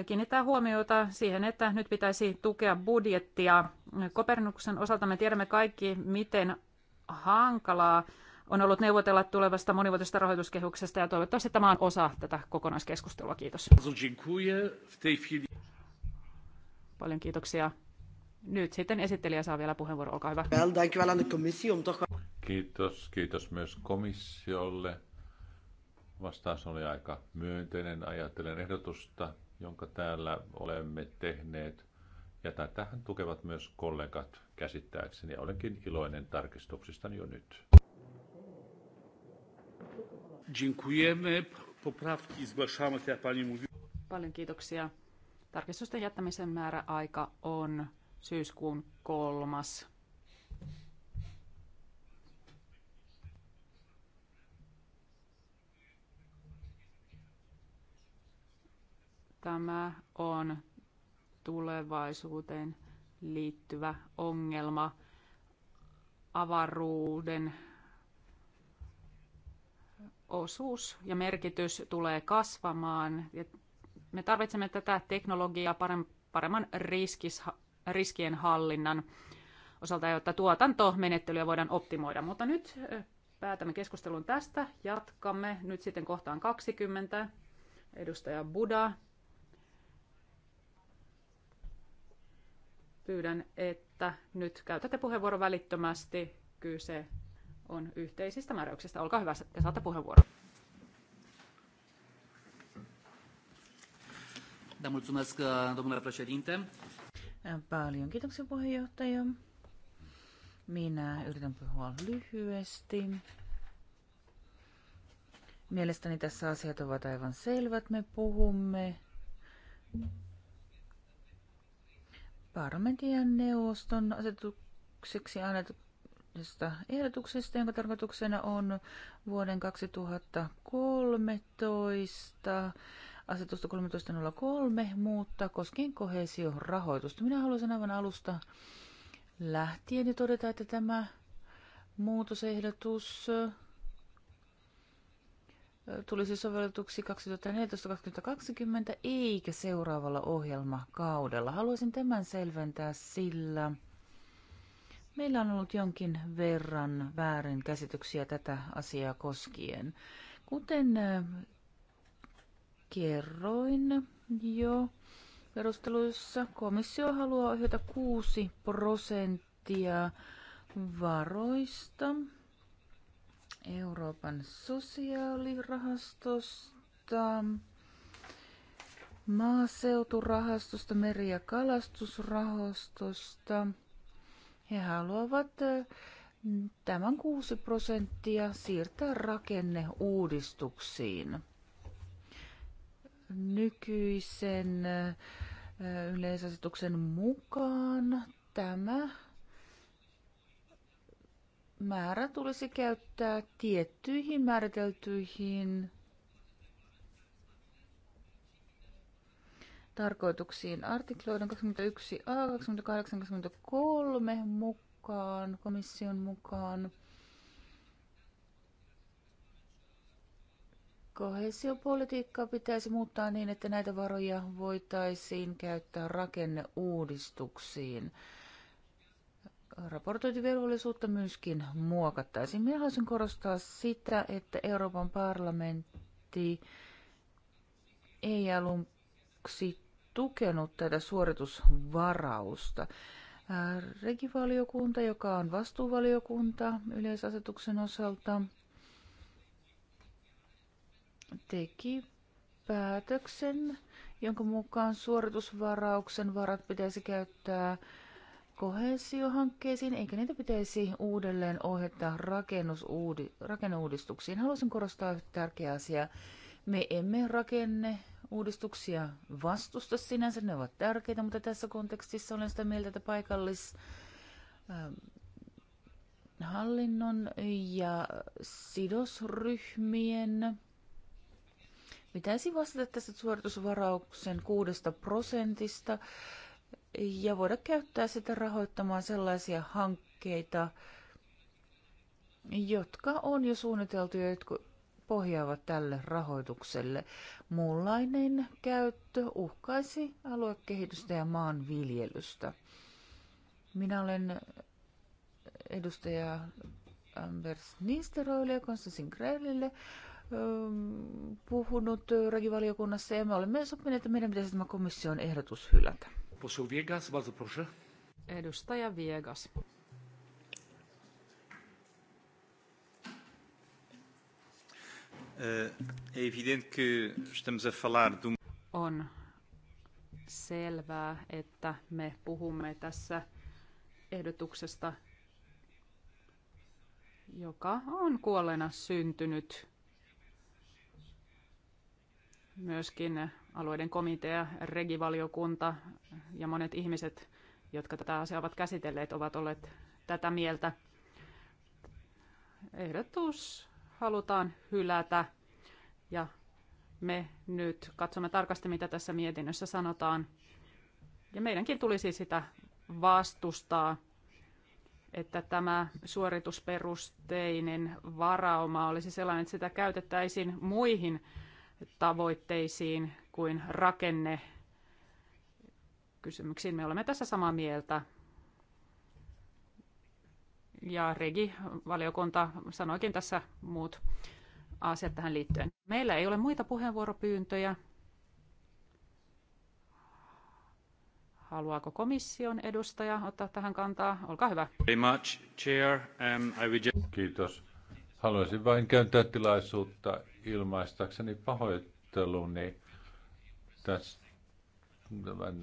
kiinnittää huomiota siihen, että nyt pitäisi tukea budjettia. Kopernuksen osalta me tiedämme kaikki, miten hankalaa on ollut neuvotella tulevasta monivuotisesta rahoituskehyksestä ja toivottavasti tämä on osa tätä kokonaiskeskustelua. Kiitos. Paljon kiitoksia. Nyt sitten esittelijä saa vielä puheenvuoron, olkaa hyvä. Kiitos, kiitos myös komissiolle. Vastaus oli aika myönteinen, ajattelen ehdotusta jonka täällä olemme tehneet. Ja tätähän tukevat myös kollegat käsittääkseni. Olenkin iloinen tarkistuksistani jo nyt. Dziękujemy. Poprawki zgłaszamy, jak pani Paljon kiitoksia. Tarkistusten jättämisen määrä aika on syyskuun kolmas Tämä on tulevaisuuteen liittyvä ongelma avaruuden osuus ja merkitys tulee kasvamaan. Me tarvitsemme tätä teknologiaa paremman riskis, riskien hallinnan osalta, jotta tuotantomenettelyä voidaan optimoida. Mutta nyt päätämme keskustelun tästä. Jatkamme nyt sitten kohtaan 20. Edustaja Buda pyydän, että nyt käytätte puheenvuoro välittömästi. Kyse on yhteisistä määräyksistä. Olkaa hyvä, te saatte puheenvuoron. Da, mulțumesc, domnule președinte. Paljon kiitoksia puheenjohtaja. Minä yritän puhua lyhyesti. Mielestäni tässä asiat ovat aivan selvät. Me puhumme parlamentin ja neuvoston asetukseksi annetusta ehdotuksesta, jonka tarkoituksena on vuoden 2013 asetusta 13.03 muuttaa koskien kohesiorahoitusta. Minä haluaisin aivan alusta lähtien todeta, että tämä muutosehdotus tulisi sovelletuksi 2014-2020 eikä seuraavalla ohjelmakaudella. Haluaisin tämän selventää, sillä meillä on ollut jonkin verran väärinkäsityksiä tätä asiaa koskien. Kuten kerroin jo perusteluissa, komissio haluaa ohjata 6 prosenttia varoista Euroopan sosiaalirahastosta, maaseuturahastosta, meri- ja kalastusrahastosta. He haluavat eh, tämän 6 prosenttia siirtää rakenneuudistuksiin. Nykyisen eh, yleisasetuksen mukaan tämä määrä tulisi käyttää tiettyihin määriteltyihin tarkoituksiin artikloiden 21a, 28, mukaan, komission mukaan. Kohesiopolitiikkaa pitäisi muuttaa niin, että näitä varoja voitaisiin käyttää rakenneuudistuksiin raportointivelvollisuutta myöskin muokattaisiin. Minä haluaisin korostaa sitä, että Euroopan parlamentti ei aluksi tukenut tätä suoritusvarausta. Äh, regivaliokunta, joka on vastuuvaliokunta yleisasetuksen osalta, teki päätöksen, jonka mukaan suoritusvarauksen varat pitäisi käyttää kohesiohankkeisiin, eikä niitä pitäisi uudelleen ohjata rakennusuudi- rakenneuudistuksiin. Haluaisin korostaa yhtä tärkeää asiaa. Me emme rakenne uudistuksia vastusta sinänsä, ne ovat tärkeitä, mutta tässä kontekstissa olen sitä mieltä, että paikallis ähm, hallinnon ja sidosryhmien pitäisi vastata tästä suoritusvarauksen kuudesta prosentista ja voida käyttää sitä rahoittamaan sellaisia hankkeita, jotka on jo suunniteltu ja jotka pohjaavat tälle rahoitukselle. Muunlainen käyttö uhkaisi aluekehitystä ja maanviljelystä. Minä olen edustaja Anders Niisteroille ja Konstantin Grelille puhunut regivaliokunnassa ja me olemme sopineet, että meidän pitäisi tämä komission ehdotus hylätä. Poseł Viegas, bardzo proszę. Edustaja Viegas. E, um on selvää, että me puhumme tässä ehdotuksesta, joka on kuolleena syntynyt myöskin alueiden komitea, regivaliokunta ja monet ihmiset, jotka tätä asiaa ovat käsitelleet, ovat olleet tätä mieltä. Ehdotus halutaan hylätä ja me nyt katsomme tarkasti, mitä tässä mietinnössä sanotaan. Ja meidänkin tulisi sitä vastustaa, että tämä suoritusperusteinen varauma olisi sellainen, että sitä käytettäisiin muihin tavoitteisiin kuin rakenne kysymyksiin. Me olemme tässä samaa mieltä. Ja Regi-valiokunta sanoikin tässä muut asiat tähän liittyen. Meillä ei ole muita puheenvuoropyyntöjä. Haluaako komission edustaja ottaa tähän kantaa? Olkaa hyvä. Very much, chair. Um, I just... Kiitos. Haluaisin vain käyttää tilaisuutta ilmaistakseni pahoitteluni tässä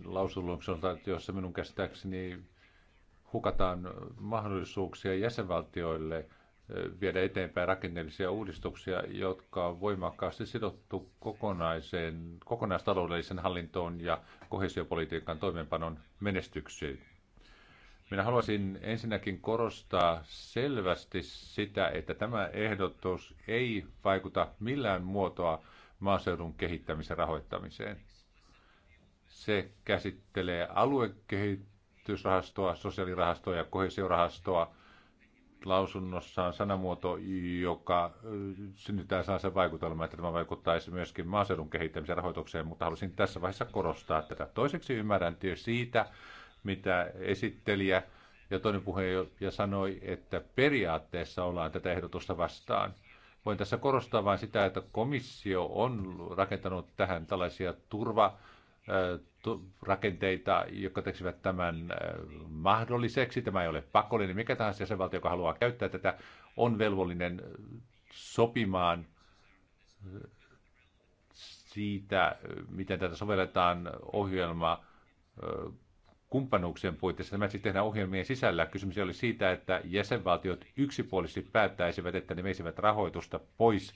lausunnolta, jossa minun käsittääkseni hukataan mahdollisuuksia jäsenvaltioille viedä eteenpäin rakenteellisia uudistuksia, jotka on voimakkaasti sidottu kokonaiseen, kokonaistaloudellisen hallintoon ja kohesiopolitiikan toimeenpanon menestykseen. Minä haluaisin ensinnäkin korostaa selvästi sitä, että tämä ehdotus ei vaikuta millään muotoa maaseudun kehittämisen rahoittamiseen. Se käsittelee aluekehitysrahastoa, sosiaalirahastoa ja kohesiorahastoa lausunnossaan sanamuoto, joka synnyttää sellaisen vaikutelman, että tämä vaikuttaisi myöskin maaseudun kehittämisen rahoitukseen, mutta halusin tässä vaiheessa korostaa tätä. Toiseksi ymmärrän työ siitä, mitä esittelijä ja toinen puheenjohtaja sanoi, että periaatteessa ollaan tätä ehdotusta vastaan. Voin tässä korostaa vain sitä, että komissio on rakentanut tähän tällaisia turva rakenteita, jotka tekisivät tämän mahdolliseksi. Tämä ei ole pakollinen. Mikä tahansa jäsenvaltio, joka haluaa käyttää tätä, on velvollinen sopimaan siitä, miten tätä sovelletaan ohjelma kumppanuuksien puitteissa. Tämä siis tehdään ohjelmien sisällä. Kysymys oli siitä, että jäsenvaltiot yksipuolisesti päättäisivät, että ne veisivät rahoitusta pois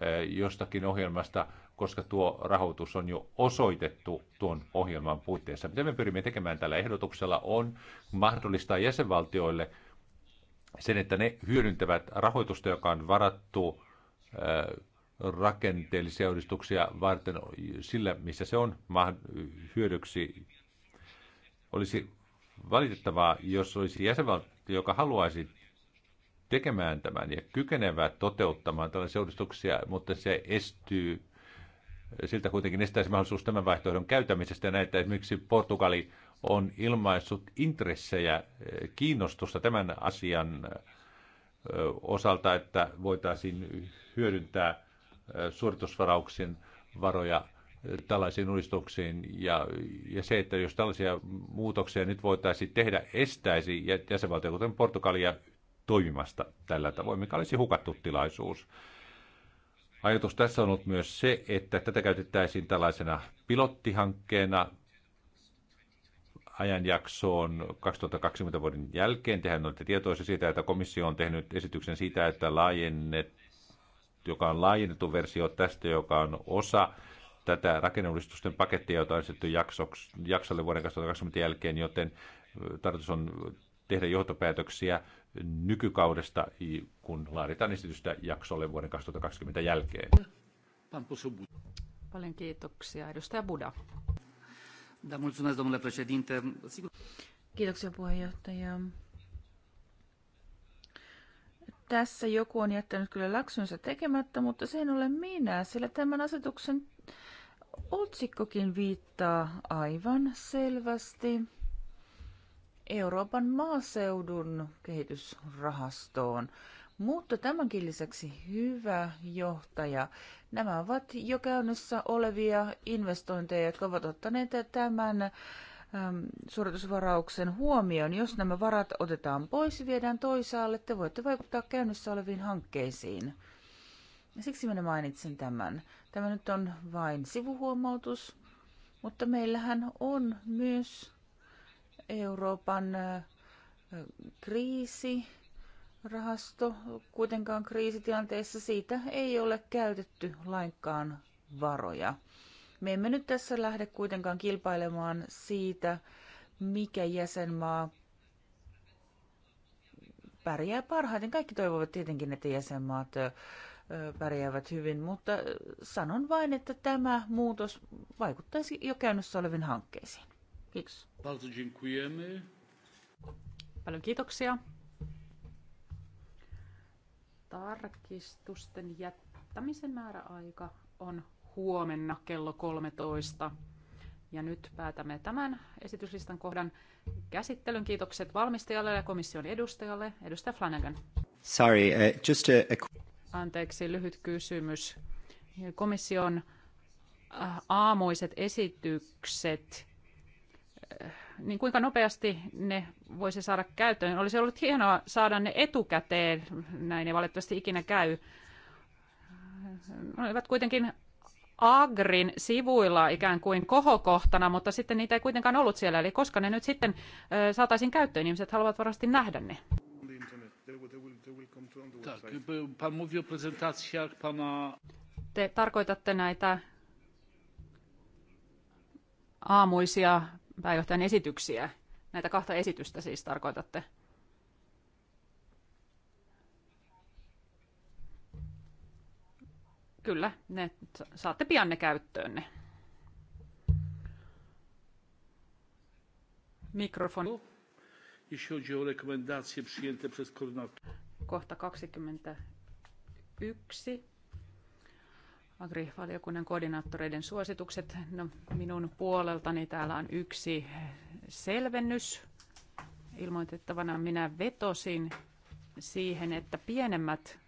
eh, jostakin ohjelmasta, koska tuo rahoitus on jo osoitettu tuon ohjelman puitteissa. Mitä me pyrimme tekemään tällä ehdotuksella on mahdollistaa jäsenvaltioille sen, että ne hyödyntävät rahoitusta, joka on varattu eh, rakenteellisia uudistuksia varten sillä, missä se on hyödyksi olisi valitettavaa, jos olisi jäsenvaltio, joka haluaisi tekemään tämän ja kykenevää toteuttamaan tällaisia uudistuksia, mutta se estyy, siltä kuitenkin estäisi mahdollisuus tämän vaihtoehdon käytämisestä ja näitä esimerkiksi Portugali on ilmaissut intressejä, eh, kiinnostusta tämän asian eh, osalta, että voitaisiin hyödyntää eh, suoritusvarauksien varoja tällaisiin uudistuksiin. Ja, ja se, että jos tällaisia muutoksia nyt voitaisiin tehdä, estäisi jäsenvaltio, kuten Portugalia, toimimasta tällä tavoin, mikä olisi hukattu tilaisuus. Ajatus tässä on ollut myös se, että tätä käytettäisiin tällaisena pilottihankkeena ajanjaksoon 2020 vuoden jälkeen. Tehän olette tietoisia siitä, että komissio on tehnyt esityksen siitä, että laajennet, joka on laajennettu versio tästä, joka on osa tätä rakenneuudistusten pakettia, jota on esitetty jaksolle vuoden 2020 jälkeen, joten tarkoitus on tehdä johtopäätöksiä nykykaudesta, kun laaditaan esitystä jaksolle vuoden 2020 jälkeen. Paljon kiitoksia. Edustaja Buda. Kiitoksia puheenjohtaja. Tässä joku on jättänyt kyllä läksynsä tekemättä, mutta sen olen minä, sillä tämän asetuksen Otsikkokin viittaa aivan selvästi Euroopan maaseudun kehitysrahastoon. Mutta tämänkin lisäksi hyvä johtaja. Nämä ovat jo käynnissä olevia investointeja, jotka ovat ottaneet tämän äm, suoritusvarauksen huomioon. Jos nämä varat otetaan pois ja viedään toisaalle, te voitte vaikuttaa käynnissä oleviin hankkeisiin. Ja siksi minä mainitsen tämän. Tämä nyt on vain sivuhuomautus, mutta meillähän on myös Euroopan kriisi, rahasto kuitenkaan kriisitilanteessa siitä ei ole käytetty lainkaan varoja. Me emme nyt tässä lähde kuitenkaan kilpailemaan siitä, mikä jäsenmaa pärjää parhaiten. Kaikki toivovat tietenkin, että jäsenmaat pärjäävät hyvin, mutta sanon vain, että tämä muutos vaikuttaisi jo käynnissä oleviin hankkeisiin. Kiitos. Paljon kiitoksia. Tarkistusten jättämisen määräaika on huomenna kello 13. Ja nyt päätämme tämän esityslistan kohdan käsittelyn. Kiitokset valmistajalle ja komission edustajalle. Edustaja Flanagan. Sorry, uh, just a, a... Anteeksi, lyhyt kysymys. Komission äh, aamuiset esitykset, äh, niin kuinka nopeasti ne voisi saada käyttöön? Olisi ollut hienoa saada ne etukäteen, näin ei valitettavasti ikinä käy. Ne olivat kuitenkin Agrin sivuilla ikään kuin kohokohtana, mutta sitten niitä ei kuitenkaan ollut siellä. Eli koska ne nyt sitten äh, saataisiin käyttöön, ihmiset haluavat varmasti nähdä ne. Tak, pan mówi o prezentacjach pana... Te tarkoitatte näitä aamuisia pääjohtajan esityksiä. Näitä kahta esitystä siis tarkoitatte. Kyllä, ne saatte pian ne käyttöönne. Mikrofoni jeśli chodzi o rekomendacje przyjęte przez koordynatorów. Kohta 21. Agri-valiokunnan koordinaattoreiden suositukset. No, minun puoleltani täällä on yksi selvennys ilmoitettavana. Minä vetosin siihen, että pienemmät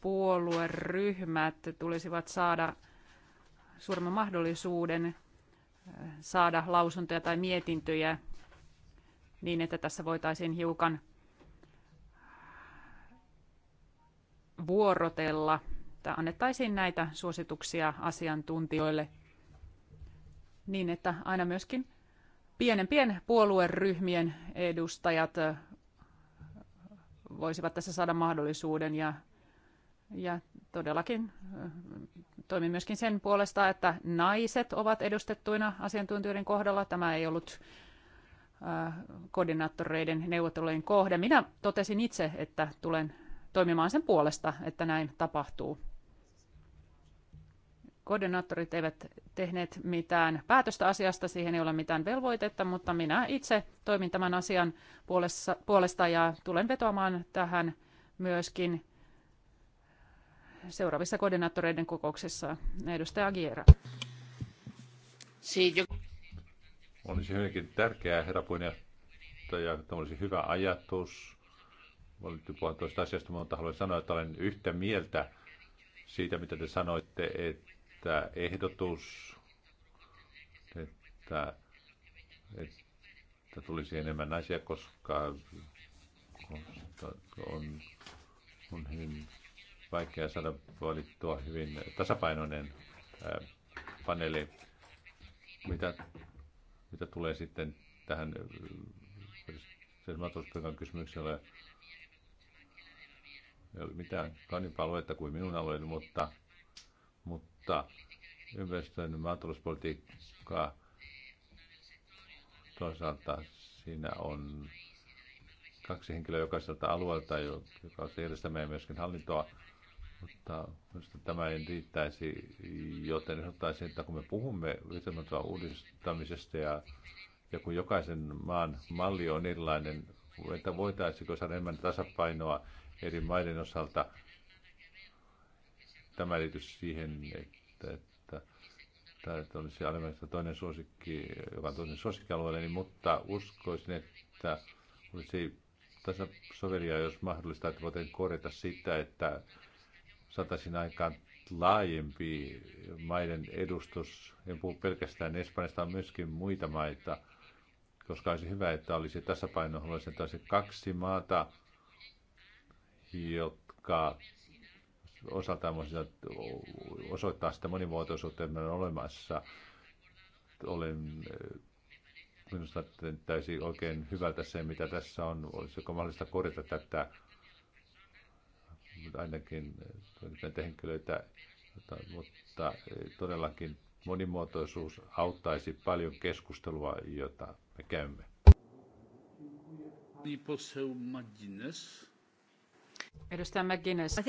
puolueryhmät tulisivat saada suuremman mahdollisuuden äh, saada lausuntoja tai mietintöjä niin, että tässä voitaisiin hiukan vuorotella tai annettaisiin näitä suosituksia asiantuntijoille niin, että aina myöskin pienempien puolueryhmien edustajat voisivat tässä saada mahdollisuuden ja, ja todellakin toimin myöskin sen puolesta, että naiset ovat edustettuina asiantuntijoiden kohdalla. Tämä ei ollut Äh, koordinaattoreiden neuvottelujen kohde. Minä totesin itse, että tulen toimimaan sen puolesta, että näin tapahtuu. Koordinaattorit eivät tehneet mitään päätöstä asiasta, siihen ei ole mitään velvoitetta, mutta minä itse toimin tämän asian puolesta ja tulen vetoamaan tähän myöskin seuraavissa koordinaattoreiden kokouksissa. Edustaja Agiera. Olisi hyvinkin tärkeää, herra puheenjohtaja, että olisi hyvä ajatus. nyt puhunut tuosta asiasta, mutta haluan sanoa, että olen yhtä mieltä siitä, mitä te sanoitte, että ehdotus, että, että tulisi enemmän naisia, koska on, on hyvin vaikea saada valittua hyvin tasapainoinen paneeli. Mitä mitä tulee sitten tähän sen maatalouspöydän kysymykseen, ei ole mitään kauniimpaa kuin minun alueeni, mutta, mutta ympäristön maatalouspolitiikkaa toisaalta siinä on kaksi henkilöä jokaiselta alueelta, joka on järjestämään myöskin hallintoa mutta minusta tämä ei riittäisi, joten sanotaan että kun me puhumme lisämatoa uudistamisesta ja, ja kun jokaisen maan malli on erilainen, että voitaisiinko saada enemmän tasapainoa eri maiden osalta. Tämä liittyy siihen, että, että, että, että olisi alemmaista toinen suosikki, joka on toinen suosikkialueelle, niin, mutta uskoisin, että olisi tässä sovelia, jos mahdollista, että voitaisiin korjata sitä, että saataisiin aikaan laajempi maiden edustus. En puhu pelkästään Espanjasta, vaan myöskin muita maita, koska olisi hyvä, että olisi tasapaino. Haluaisin, että olisi kaksi maata, jotka osaltaan osoittaa sitä monimuotoisuutta, jota on olemassa. Olen minusta täysin oikein hyvältä se, mitä tässä on. Olisiko mahdollista korjata tätä ainakin näitä eh, henkilöitä, mutta eh, todellakin monimuotoisuus auttaisi paljon keskustelua, jota me käymme. Edustaja McGuinness.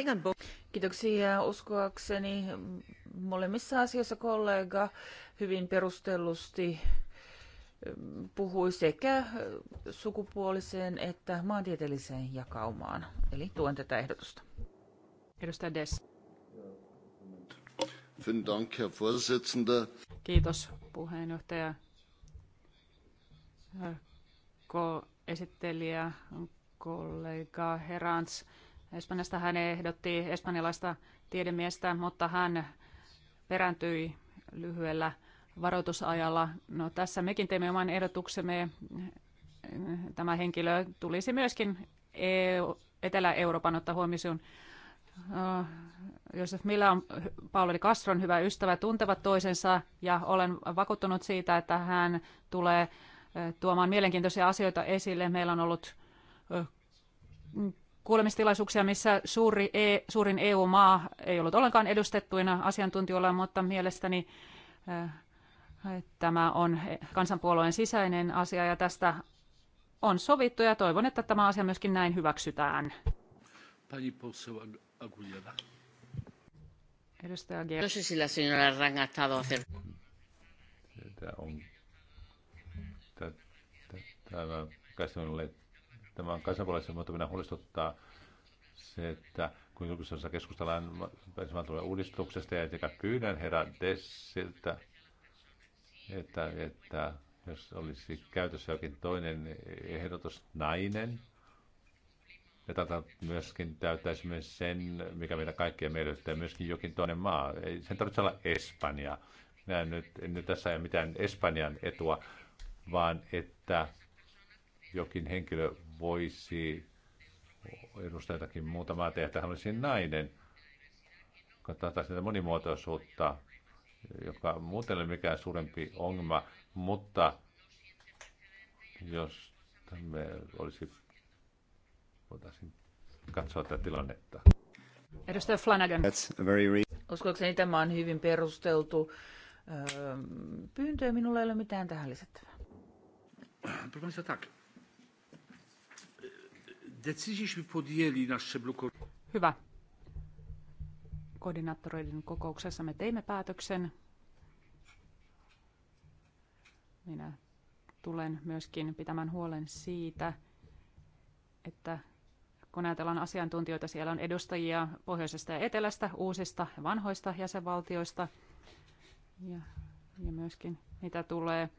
Kiitoksia uskoakseni. Molemmissa asioissa kollega hyvin perustellusti puhui sekä sukupuoliseen että maantieteelliseen jakaumaan. Eli tuen tätä ehdotusta. Edustaja Des. Kiitos puheenjohtaja. Ko esittelijä kollega Herans Espanjasta hän ehdotti espanjalaista tiedemiestä, mutta hän perääntyi lyhyellä varoitusajalla. No, tässä mekin teemme oman ehdotuksemme. Tämä henkilö tulisi myöskin EU, Etelä-Euroopan ottaa huomioon. Uh, Josef Milla on Pauli Castron hyvä ystävä, tuntevat toisensa ja olen vakuuttunut siitä, että hän tulee uh, tuomaan mielenkiintoisia asioita esille. Meillä on ollut uh, kuulemistilaisuuksia, missä suuri e, suurin EU-maa ei ollut ollenkaan edustettuina asiantuntijoilla, mutta mielestäni Tämä on kansanpuolueen sisäinen asia ja tästä on sovittu ja toivon, että tämä asia myöskin näin hyväksytään. Pani Edustaja no Aguilera. on tämä tämä on kansanpuolueen mutta huolestuttaa se, että kun julkisuudessa keskustellaan pääsemään uudistuksesta ja pyydän herra Dessiltä että, että jos olisi käytössä jokin toinen ehdotus, nainen, ja tätä myöskin täyttäisi myös sen, mikä meidän kaikkia miellyttää, myöskin jokin toinen maa. Ei, sen tarvitse olla Espanja. Näin nyt, nyt tässä ei ole mitään Espanjan etua, vaan että jokin henkilö voisi edustaa jotakin muuta maata, ja että hän olisi nainen. Katsotaan sitä monimuotoisuutta, joka muuten ei ole mikään suurempi ongelma, mutta jos me olisi, voitaisiin katsoa tätä tilannetta. Edustaja Flanagan. That's very Uskoakseni tämä on hyvin perusteltu ähm, pyyntö ja minulla ei ole mitään tähän lisättävää. Hyvä koordinaattoreiden kokouksessa me teimme päätöksen. Minä tulen myöskin pitämään huolen siitä, että kun ajatellaan asiantuntijoita, siellä on edustajia pohjoisesta ja etelästä, uusista ja vanhoista jäsenvaltioista ja, ja myöskin mitä tulee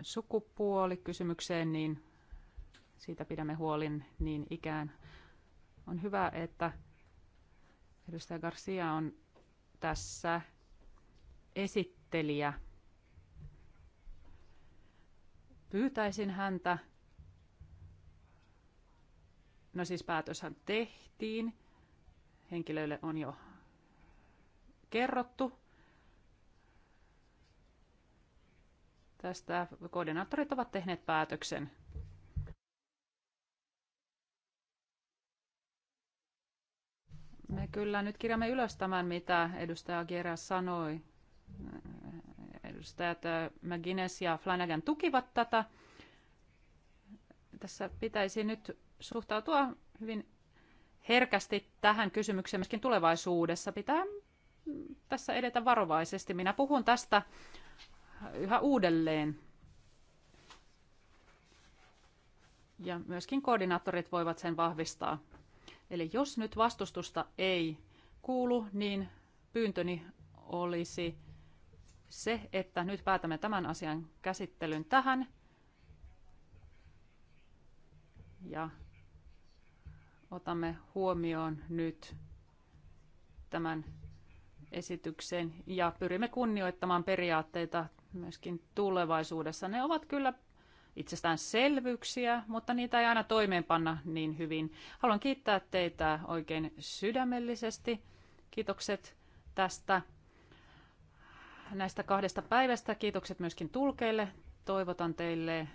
sukupuolikysymykseen, niin siitä pidämme huolin niin ikään. On hyvä, että Edustaja Garcia on tässä esittelijä. Pyytäisin häntä. No siis päätöshän tehtiin. Henkilöille on jo kerrottu. Tästä koordinaattorit ovat tehneet päätöksen. Me kyllä nyt kirjaamme ylös tämän, mitä edustaja Gera sanoi. Edustajat äh, McGuinness ja Flanagan tukivat tätä. Tässä pitäisi nyt suhtautua hyvin herkästi tähän kysymykseen myöskin tulevaisuudessa. Pitää tässä edetä varovaisesti. Minä puhun tästä yhä uudelleen. Ja myöskin koordinaattorit voivat sen vahvistaa. Eli jos nyt vastustusta ei kuulu, niin pyyntöni olisi se, että nyt päätämme tämän asian käsittelyn tähän. Ja otamme huomioon nyt tämän esityksen ja pyrimme kunnioittamaan periaatteita myöskin tulevaisuudessa. Ne ovat kyllä itsestäänselvyyksiä, mutta niitä ei aina toimeenpanna niin hyvin. Haluan kiittää teitä oikein sydämellisesti. Kiitokset tästä näistä kahdesta päivästä. Kiitokset myöskin tulkeille. Toivotan teille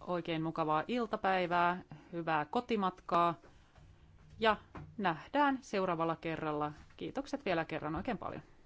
oikein mukavaa iltapäivää, hyvää kotimatkaa ja nähdään seuraavalla kerralla. Kiitokset vielä kerran oikein paljon.